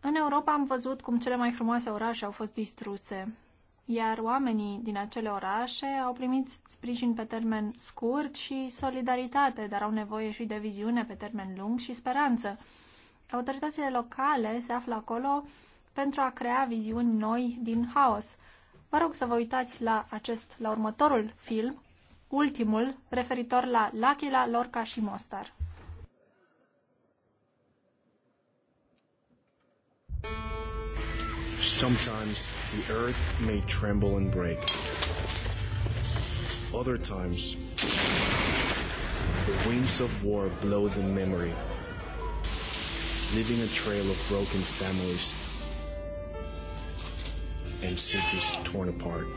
În Europa am văzut cum cele mai frumoase orașe au fost distruse iar oamenii din acele orașe au primit sprijin pe termen scurt și solidaritate, dar au nevoie și de viziune pe termen lung și speranță. Autoritățile locale se află acolo pentru a crea viziuni noi din haos. Vă rog să vă uitați la acest, la următorul film, ultimul, referitor la Lachila, Lorca și Mostar. Sometimes the earth may tremble and break. Other times, the winds of war blow the memory, leaving a trail of broken families and cities torn apart.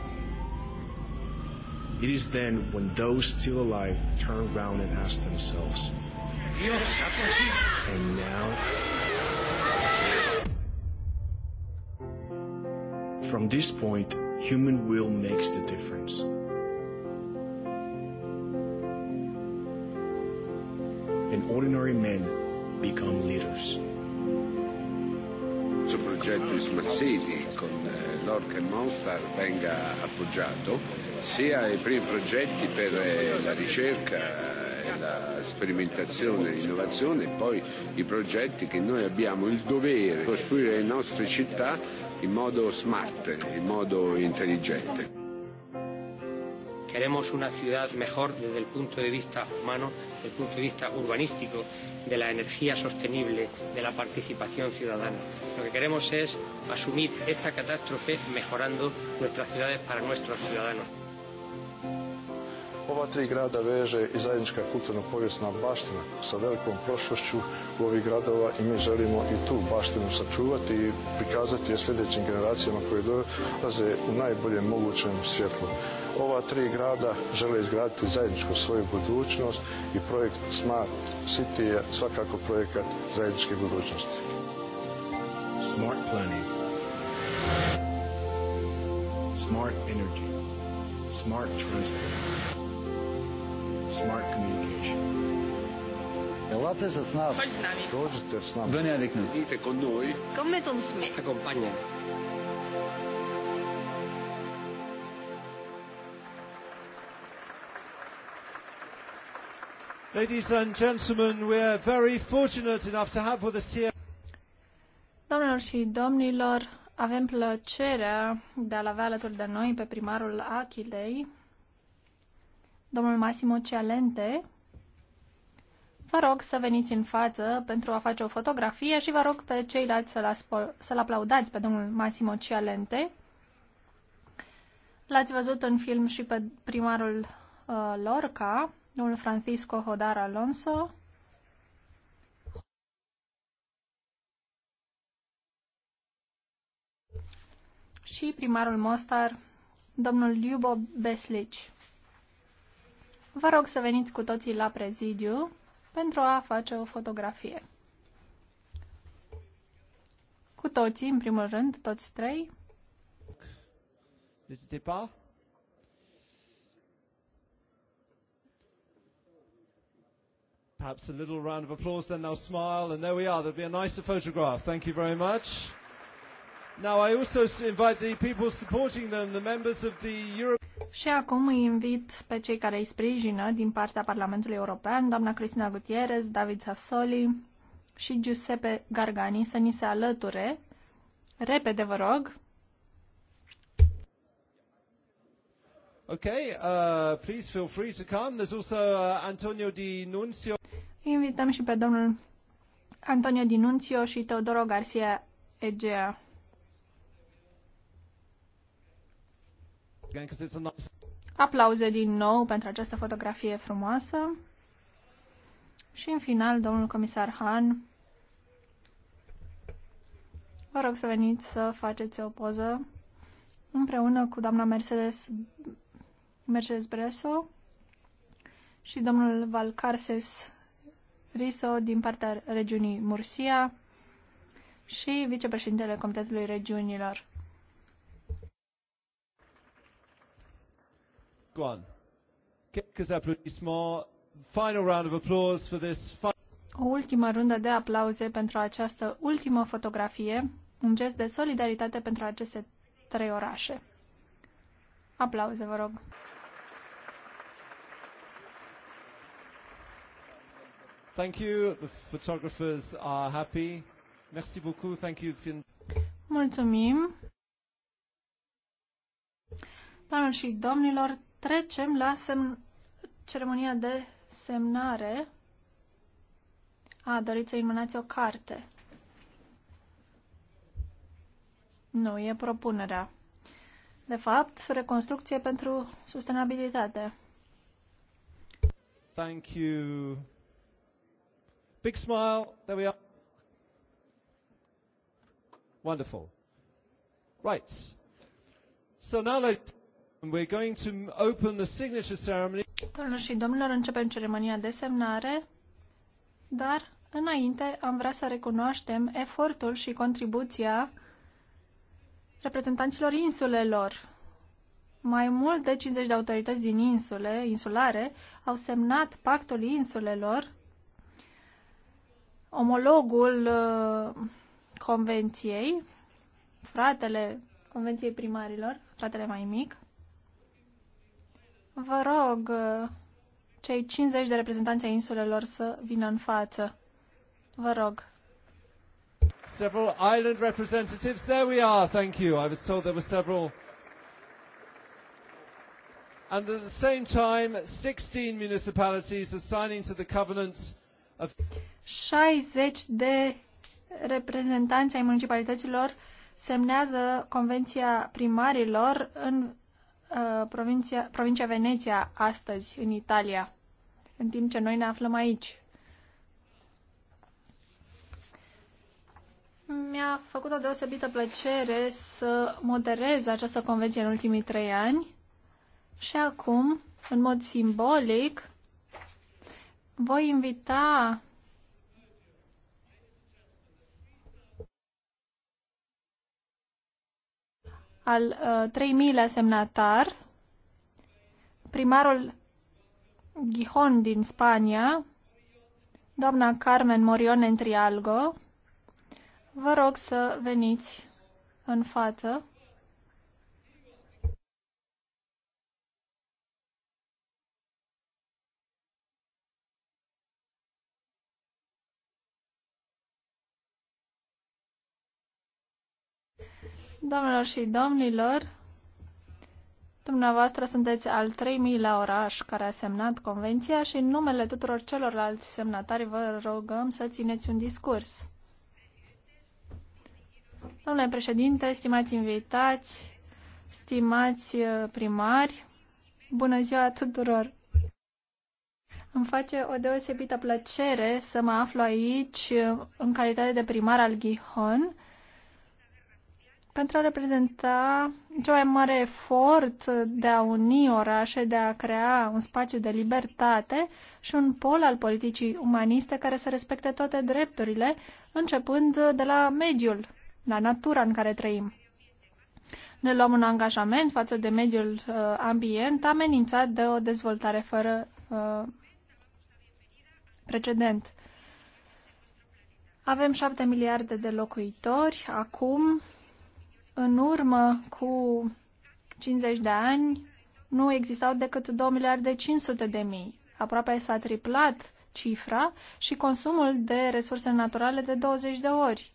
It is then when those still alive turn around and ask themselves, and now From this point, human will makes the difference. And ordinary men become leaders. Questo progetto di Ismazzetti con eh, Lorca e Mostar venga appoggiato sia ai primi progetti per eh, la ricerca la sperimentazione e l'innovazione e poi i progetti che noi abbiamo il dovere di costruire le nostre città in modo smart, in modo intelligente. Queremos una ciudad mejor desde el punto de vista humano, desde el punto de vista urbanístico, de la energía sostenible, de la participación ciudadana. Lo que queremos es asumir esta catástrofe mejorando nuestras ciudades para nuestros ciudadanos. Ova tri grada veže i zajednička kulturno-povijesna baština sa velikom prošlošću u ovih gradova i mi želimo i tu baštinu sačuvati i prikazati je sljedećim generacijama koje dolaze u najboljem mogućem svjetlu. Ova tri grada žele izgraditi zajedničku svoju budućnost i projekt Smart City je svakako projekat zajedničke budućnosti. Smart planning. Smart energy. Smart transport smart communication. Venite con noi. Come con sme. Accompagnami. Ladies and gentlemen, we are very fortunate enough to have with us here. Domnilor și domnilor, avem plăcerea de a-l avea alături de noi pe primarul Achilei, Domnul Massimo Cialente, vă rog să veniți în față pentru a face o fotografie și vă rog pe ceilalți să-l, să aplaudați pe domnul Massimo Cialente. L-ați văzut în film și pe primarul uh, Lorca, domnul Francisco Hodar Alonso, și primarul Mostar, domnul Liubo Beslici. Vă rog să veniți cu toții la prezidiu pentru a face o fotografie. Cu toții, în primul rând, toți trei. N'hésitez pas. Perhaps a little round of applause, then they'll smile, and there we are. There'll be a nicer photograph. Thank you very much. Now, I also invite the people supporting them, the members of the Europe. Și acum îi invit pe cei care îi sprijină din partea Parlamentului European, doamna Cristina Gutierrez, David Sassoli și Giuseppe Gargani să ni se alăture. Repede, vă rog. Okay, uh, please feel free to come. There's also uh, Antonio Di Nunzio. Invităm și pe domnul Antonio Di Nunzio și Teodoro Garcia Egea. again, it's a nice... Aplauze din nou pentru această fotografie frumoasă. Și în final, domnul comisar Han, vă rog să veniți să faceți o poză împreună cu doamna Mercedes, Mercedes Bresso și domnul Valcarces Riso din partea regiunii Mursia și vicepreședintele Comitetului Regiunilor. Go on. Quelques applaudissements. Final round of applause for this. O ultimă rundă de aplauze pentru această ultimă fotografie, un gest de solidaritate pentru aceste trei orașe. Aplauze, vă rog. Thank you. The photographers are happy. Merci beaucoup. Thank you. Mulțumim. Doamnelor și domnilor, Trecem la semn... ceremonia de semnare. A, doriți să îi o carte. Nu, e propunerea. De fapt, reconstrucție pentru sustenabilitate. Thank you. Big smile. There we are. Wonderful. Right. So now let's We're going to open the signature ceremony. și domnilor, începem ceremonia de semnare, dar înainte am vrea să recunoaștem efortul și contribuția reprezentanților insulelor. Mai mult de 50 de autorități din insule, insulare, au semnat pactul insulelor, omologul uh, convenției, fratele convenției primarilor, fratele mai mic, Vă rog, uh, cei 50 de reprezentanți ai insulelor să vină în față. Vă rog. Several island representatives. There we are. Thank you. I was told there were several. And at the same time, 16 municipalities are signing to the covenants of 60 de reprezentanți ai municipalităților semnează Convenția Primarilor în Uh, provincia, provincia Veneția astăzi în Italia, în timp ce noi ne aflăm aici. Mi-a făcut o deosebită plăcere să moderez această convenție în ultimii trei ani și acum, în mod simbolic, voi invita al 3000-lea uh, semnatar, primarul Gijon din Spania, doamna Carmen Morion Entrialgo, vă rog să veniți în față. Doamnelor și domnilor, dumneavoastră sunteți al 3000-lea oraș care a semnat convenția și în numele tuturor celorlalți semnatari vă rugăm să țineți un discurs. Domnule președinte, stimați invitați, stimați uh, primari, bună ziua tuturor! Îmi face o deosebită plăcere să mă aflu aici uh, în calitate de primar al Gihon, pentru a reprezenta cel mai mare efort de a uni orașe, de a crea un spațiu de libertate și un pol al politicii umaniste care să respecte toate drepturile, începând de la mediul, la natura în care trăim. Ne luăm un angajament față de mediul uh, ambient amenințat de o dezvoltare fără uh, precedent. Avem șapte miliarde de locuitori acum în urmă cu 50 de ani nu existau decât 2 miliarde 500 de mii. Aproape s-a triplat cifra și consumul de resurse naturale de 20 de ori.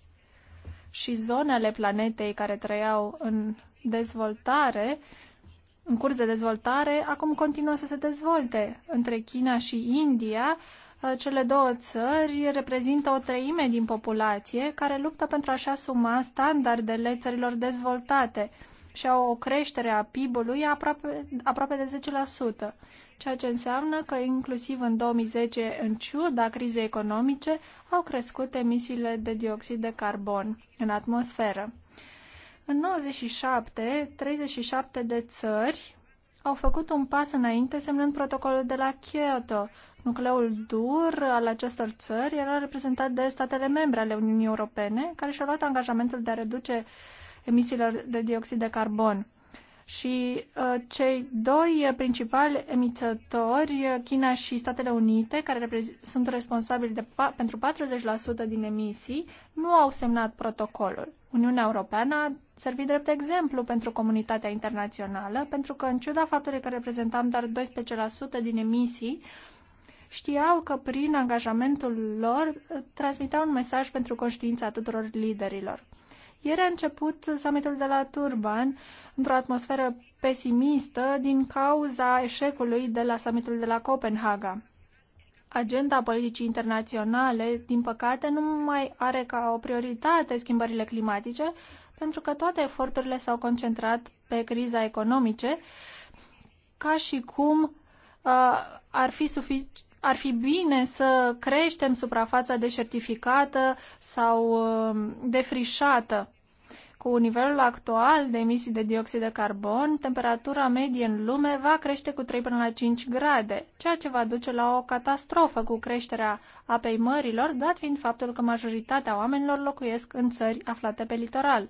Și zonele planetei care trăiau în dezvoltare, în curs de dezvoltare, acum continuă să se dezvolte. Între China și India, Uh, cele două țări reprezintă o treime din populație care luptă pentru a-și asuma standardele țărilor dezvoltate și au o creștere a PIB-ului aproape, aproape de 10%, ceea ce înseamnă că inclusiv în 2010, în ciuda crizei economice, au crescut emisiile de dioxid de carbon în atmosferă. În 97, 37 de țări au făcut un pas înainte semnând protocolul de la Kyoto. Nucleul dur al acestor țări era reprezentat de statele membre ale Uniunii Europene, care și-au luat angajamentul de a reduce emisiilor de dioxid de carbon. Și uh, cei doi principali emițători, China și Statele Unite, care sunt responsabili de pentru 40% din emisii, nu au semnat protocolul. Uniunea Europeană a servit drept exemplu pentru comunitatea internațională, pentru că, în ciuda faptului că reprezentam doar 12% din emisii, știau că prin angajamentul lor transmiteau un mesaj pentru conștiința tuturor liderilor. Ieri a început summitul de la Turban într-o atmosferă pesimistă din cauza eșecului de la summitul de la Copenhaga agenda politicii internaționale, din păcate, nu mai are ca o prioritate schimbările climatice, pentru că toate eforturile s-au concentrat pe criza economice, ca și cum uh, ar, fi sufic- ar fi bine să creștem suprafața deșertificată sau uh, defrișată. Cu nivelul actual de emisii de dioxid de carbon, temperatura medie în lume va crește cu 3 până la 5 grade, ceea ce va duce la o catastrofă cu creșterea apei mărilor, dat fiind faptul că majoritatea oamenilor locuiesc în țări aflate pe litoral.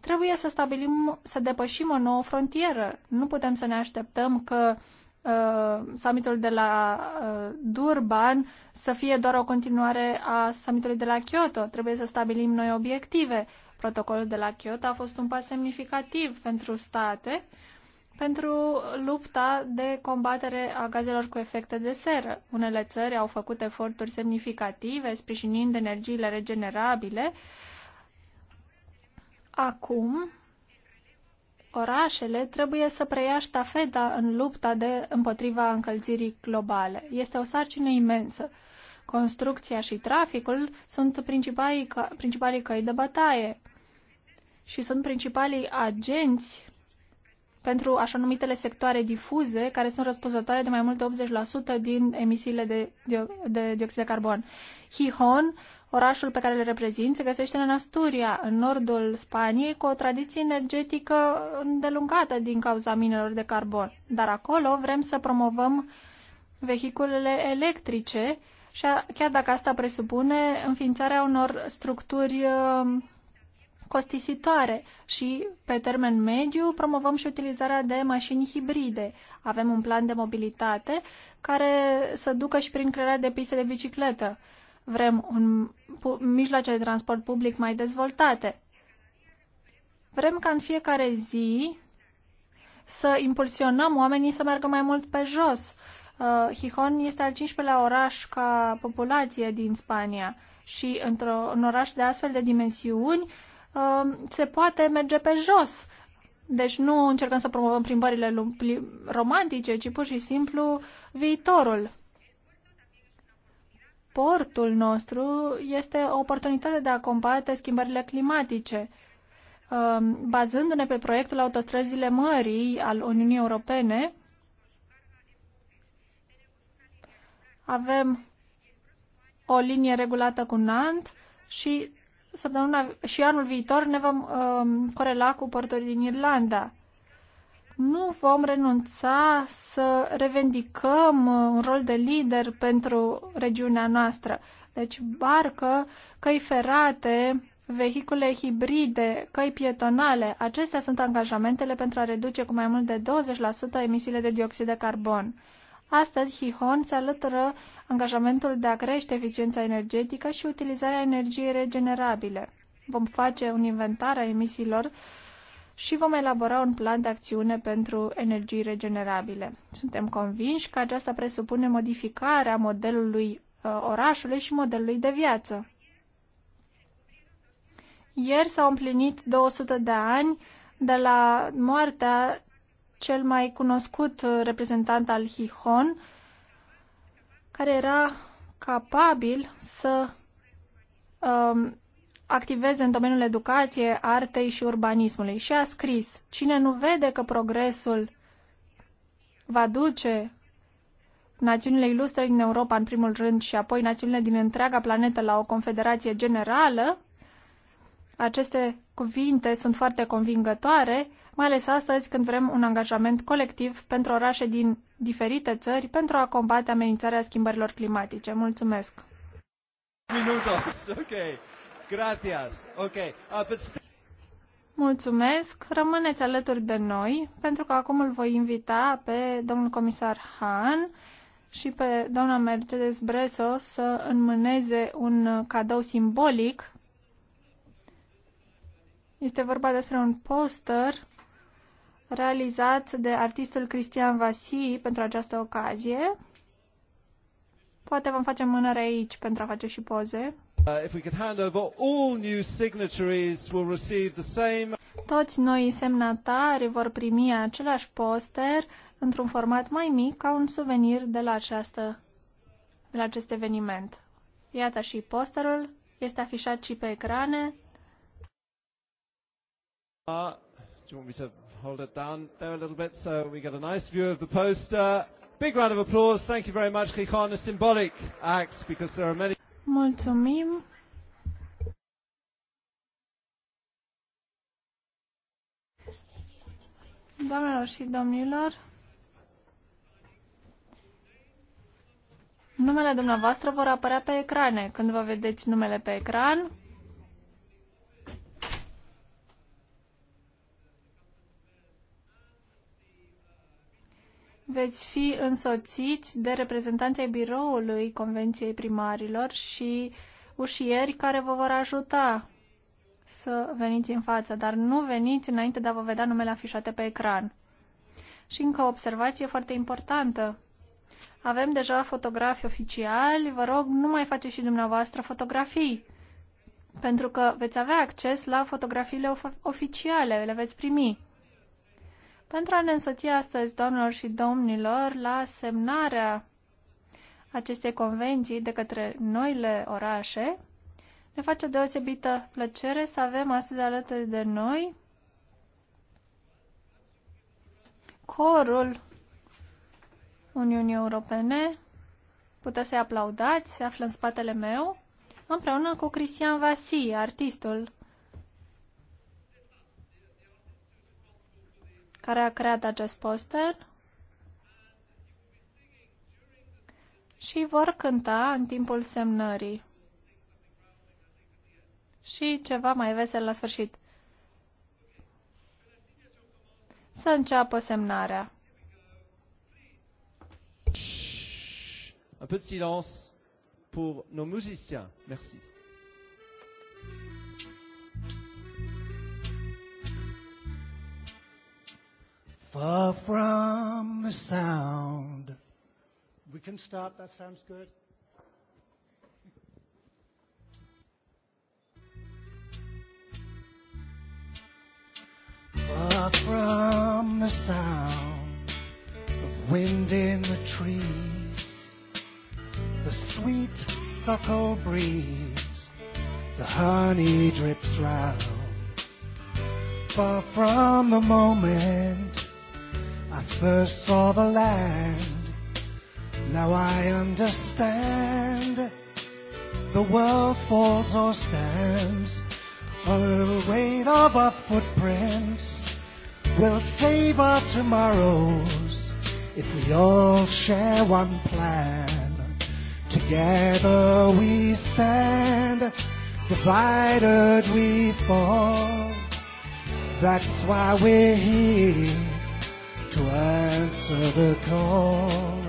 Trebuie să stabilim, să depășim o nouă frontieră. Nu putem să ne așteptăm că uh, summitul de la uh, Durban să fie doar o continuare a summitului de la Kyoto. Trebuie să stabilim noi obiective Protocolul de la Kyoto a fost un pas semnificativ pentru state pentru lupta de combatere a gazelor cu efecte de seră. Unele țări au făcut eforturi semnificative sprijinind energiile regenerabile. Acum, orașele trebuie să preia ștafeta în lupta de împotriva încălzirii globale. Este o sarcină imensă. Construcția și traficul sunt principalii, principalii căi de bătaie și sunt principalii agenți pentru așa numitele sectoare difuze, care sunt răspunzătoare de mai mult de 80% din emisiile de, de, de dioxid de carbon. Hihon, orașul pe care îl reprezint, se găsește în Asturia, în nordul Spaniei, cu o tradiție energetică îndelungată din cauza minelor de carbon. Dar acolo vrem să promovăm vehiculele electrice, și chiar dacă asta presupune înființarea unor structuri uh, costisitoare și, pe termen mediu, promovăm și utilizarea de mașini hibride. Avem un plan de mobilitate care să ducă și prin crearea de piste de bicicletă. Vrem un mijloace de transport public mai dezvoltate. Vrem ca în fiecare zi să impulsionăm oamenii să meargă mai mult pe jos. Uh, Hihon este al 15-lea oraș ca populație din Spania și într-un oraș de astfel de dimensiuni Um, se poate merge pe jos. Deci nu încercăm să promovăm plimbările romantice, ci pur și simplu viitorul. Portul nostru este o oportunitate de a combate schimbările climatice. Um, bazându-ne pe proiectul Autostrăzile Mării al Uniunii Europene, avem o linie regulată cu Nant și săptămâna și anul viitor ne vom uh, corela cu portorii din Irlanda. Nu vom renunța să revendicăm uh, un rol de lider pentru regiunea noastră. Deci barcă, căi ferate, vehicule hibride, căi pietonale, acestea sunt angajamentele pentru a reduce cu mai mult de 20% emisiile de dioxid de carbon. Astăzi, Hihon se alătură angajamentul de a crește eficiența energetică și utilizarea energiei regenerabile. Vom face un inventar a emisiilor și vom elabora un plan de acțiune pentru energii regenerabile. Suntem convinși că aceasta presupune modificarea modelului uh, orașului și modelului de viață. Ieri s-au împlinit 200 de ani de la moartea cel mai cunoscut uh, reprezentant al Hihon, care era capabil să um, activeze în domeniul educației, artei și urbanismului și a scris Cine nu vede că progresul va duce națiunile ilustre din Europa în primul rând și apoi națiunile din întreaga planetă la o confederație generală, aceste cuvinte sunt foarte convingătoare, mai ales astăzi când vrem un angajament colectiv pentru orașe din diferite țări pentru a combate amenințarea schimbărilor climatice. Mulțumesc! Minutos, ok. Gracias. Ok. Uh, but... Mulțumesc! Rămâneți alături de noi, pentru că acum îl voi invita pe domnul comisar Han și pe doamna Mercedes Breso să înmâneze un cadou simbolic. Este vorba despre un poster realizat de artistul Cristian Vasii pentru această ocazie. Poate vom face mânări aici pentru a face și poze. Uh, Toți noi semnatari vor primi același poster într-un format mai mic ca un suvenir de la, această, de la acest eveniment. Iată și posterul, este afișat și pe ecrane. Uh, do you want me to hold it down there a little bit so we get a nice view of the poster. Big round of applause. Thank you very much, Kikon. A symbolic act because there are many. Mulțumim. Doamnelor și domnilor, numele dumneavoastră vor apărea pe ecrane. Când vă vedeți numele pe ecran, veți fi însoțiți de reprezentanții biroului Convenției Primarilor și ușieri care vă vor ajuta să veniți în față, dar nu veniți înainte de a vă vedea numele afișate pe ecran. Și încă o observație foarte importantă. Avem deja fotografii oficiali, vă rog, nu mai faceți și dumneavoastră fotografii, pentru că veți avea acces la fotografiile of- oficiale, le veți primi pentru a ne însoți astăzi, domnilor și domnilor, la semnarea acestei convenții de către noile orașe. Ne face deosebită plăcere să avem astăzi alături de noi corul Uniunii Europene. Puteți să-i aplaudați, se află în spatele meu, împreună cu Cristian Vasi, artistul care a creat acest poster și vor cânta în timpul semnării. Și ceva mai vesel la sfârșit. Să înceapă semnarea. Un peu de silence pour nos musiciens. Merci. Far from the sound. We can start, that sounds good. Far from the sound of wind in the trees, the sweet suckle breeze, the honey drips round. Far from the moment I first saw the land. Now I understand. The world falls or stands. A little weight of our footprints will save our tomorrows if we all share one plan. Together we stand, divided we fall. That's why we're here to answer the call.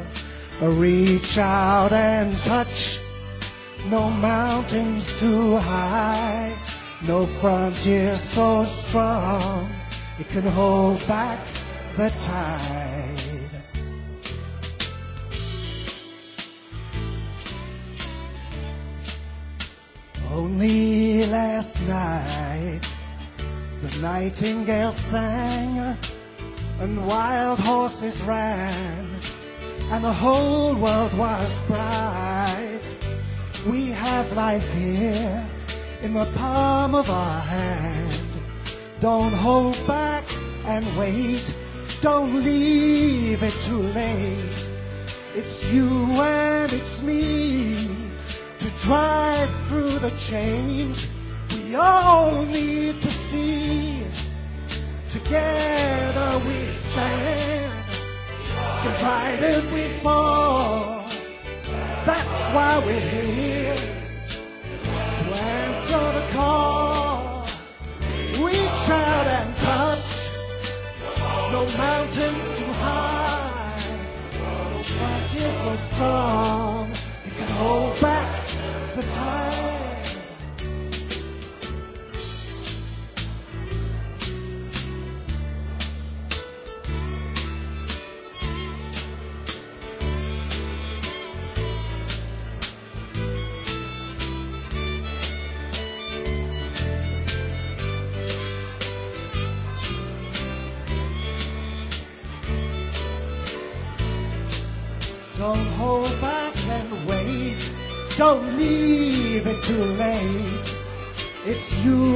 Reach out and touch, no mountains too high, no frontier so strong it can hold back the tide. Only last night the nightingale sang and wild horses ran, and the whole world was bright. We have life here in the palm of our hand. Don't hold back and wait. Don't leave it too late. It's you and it's me to drive through the change we all need to see. Together we stand. Divided we fall. That's why we're here. To answer the call. Reach out and touch. No mountains too high. No frontiers so strong. You can hold back the tide. too late. It's you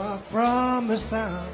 far from the sound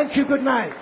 Thank you. Good night.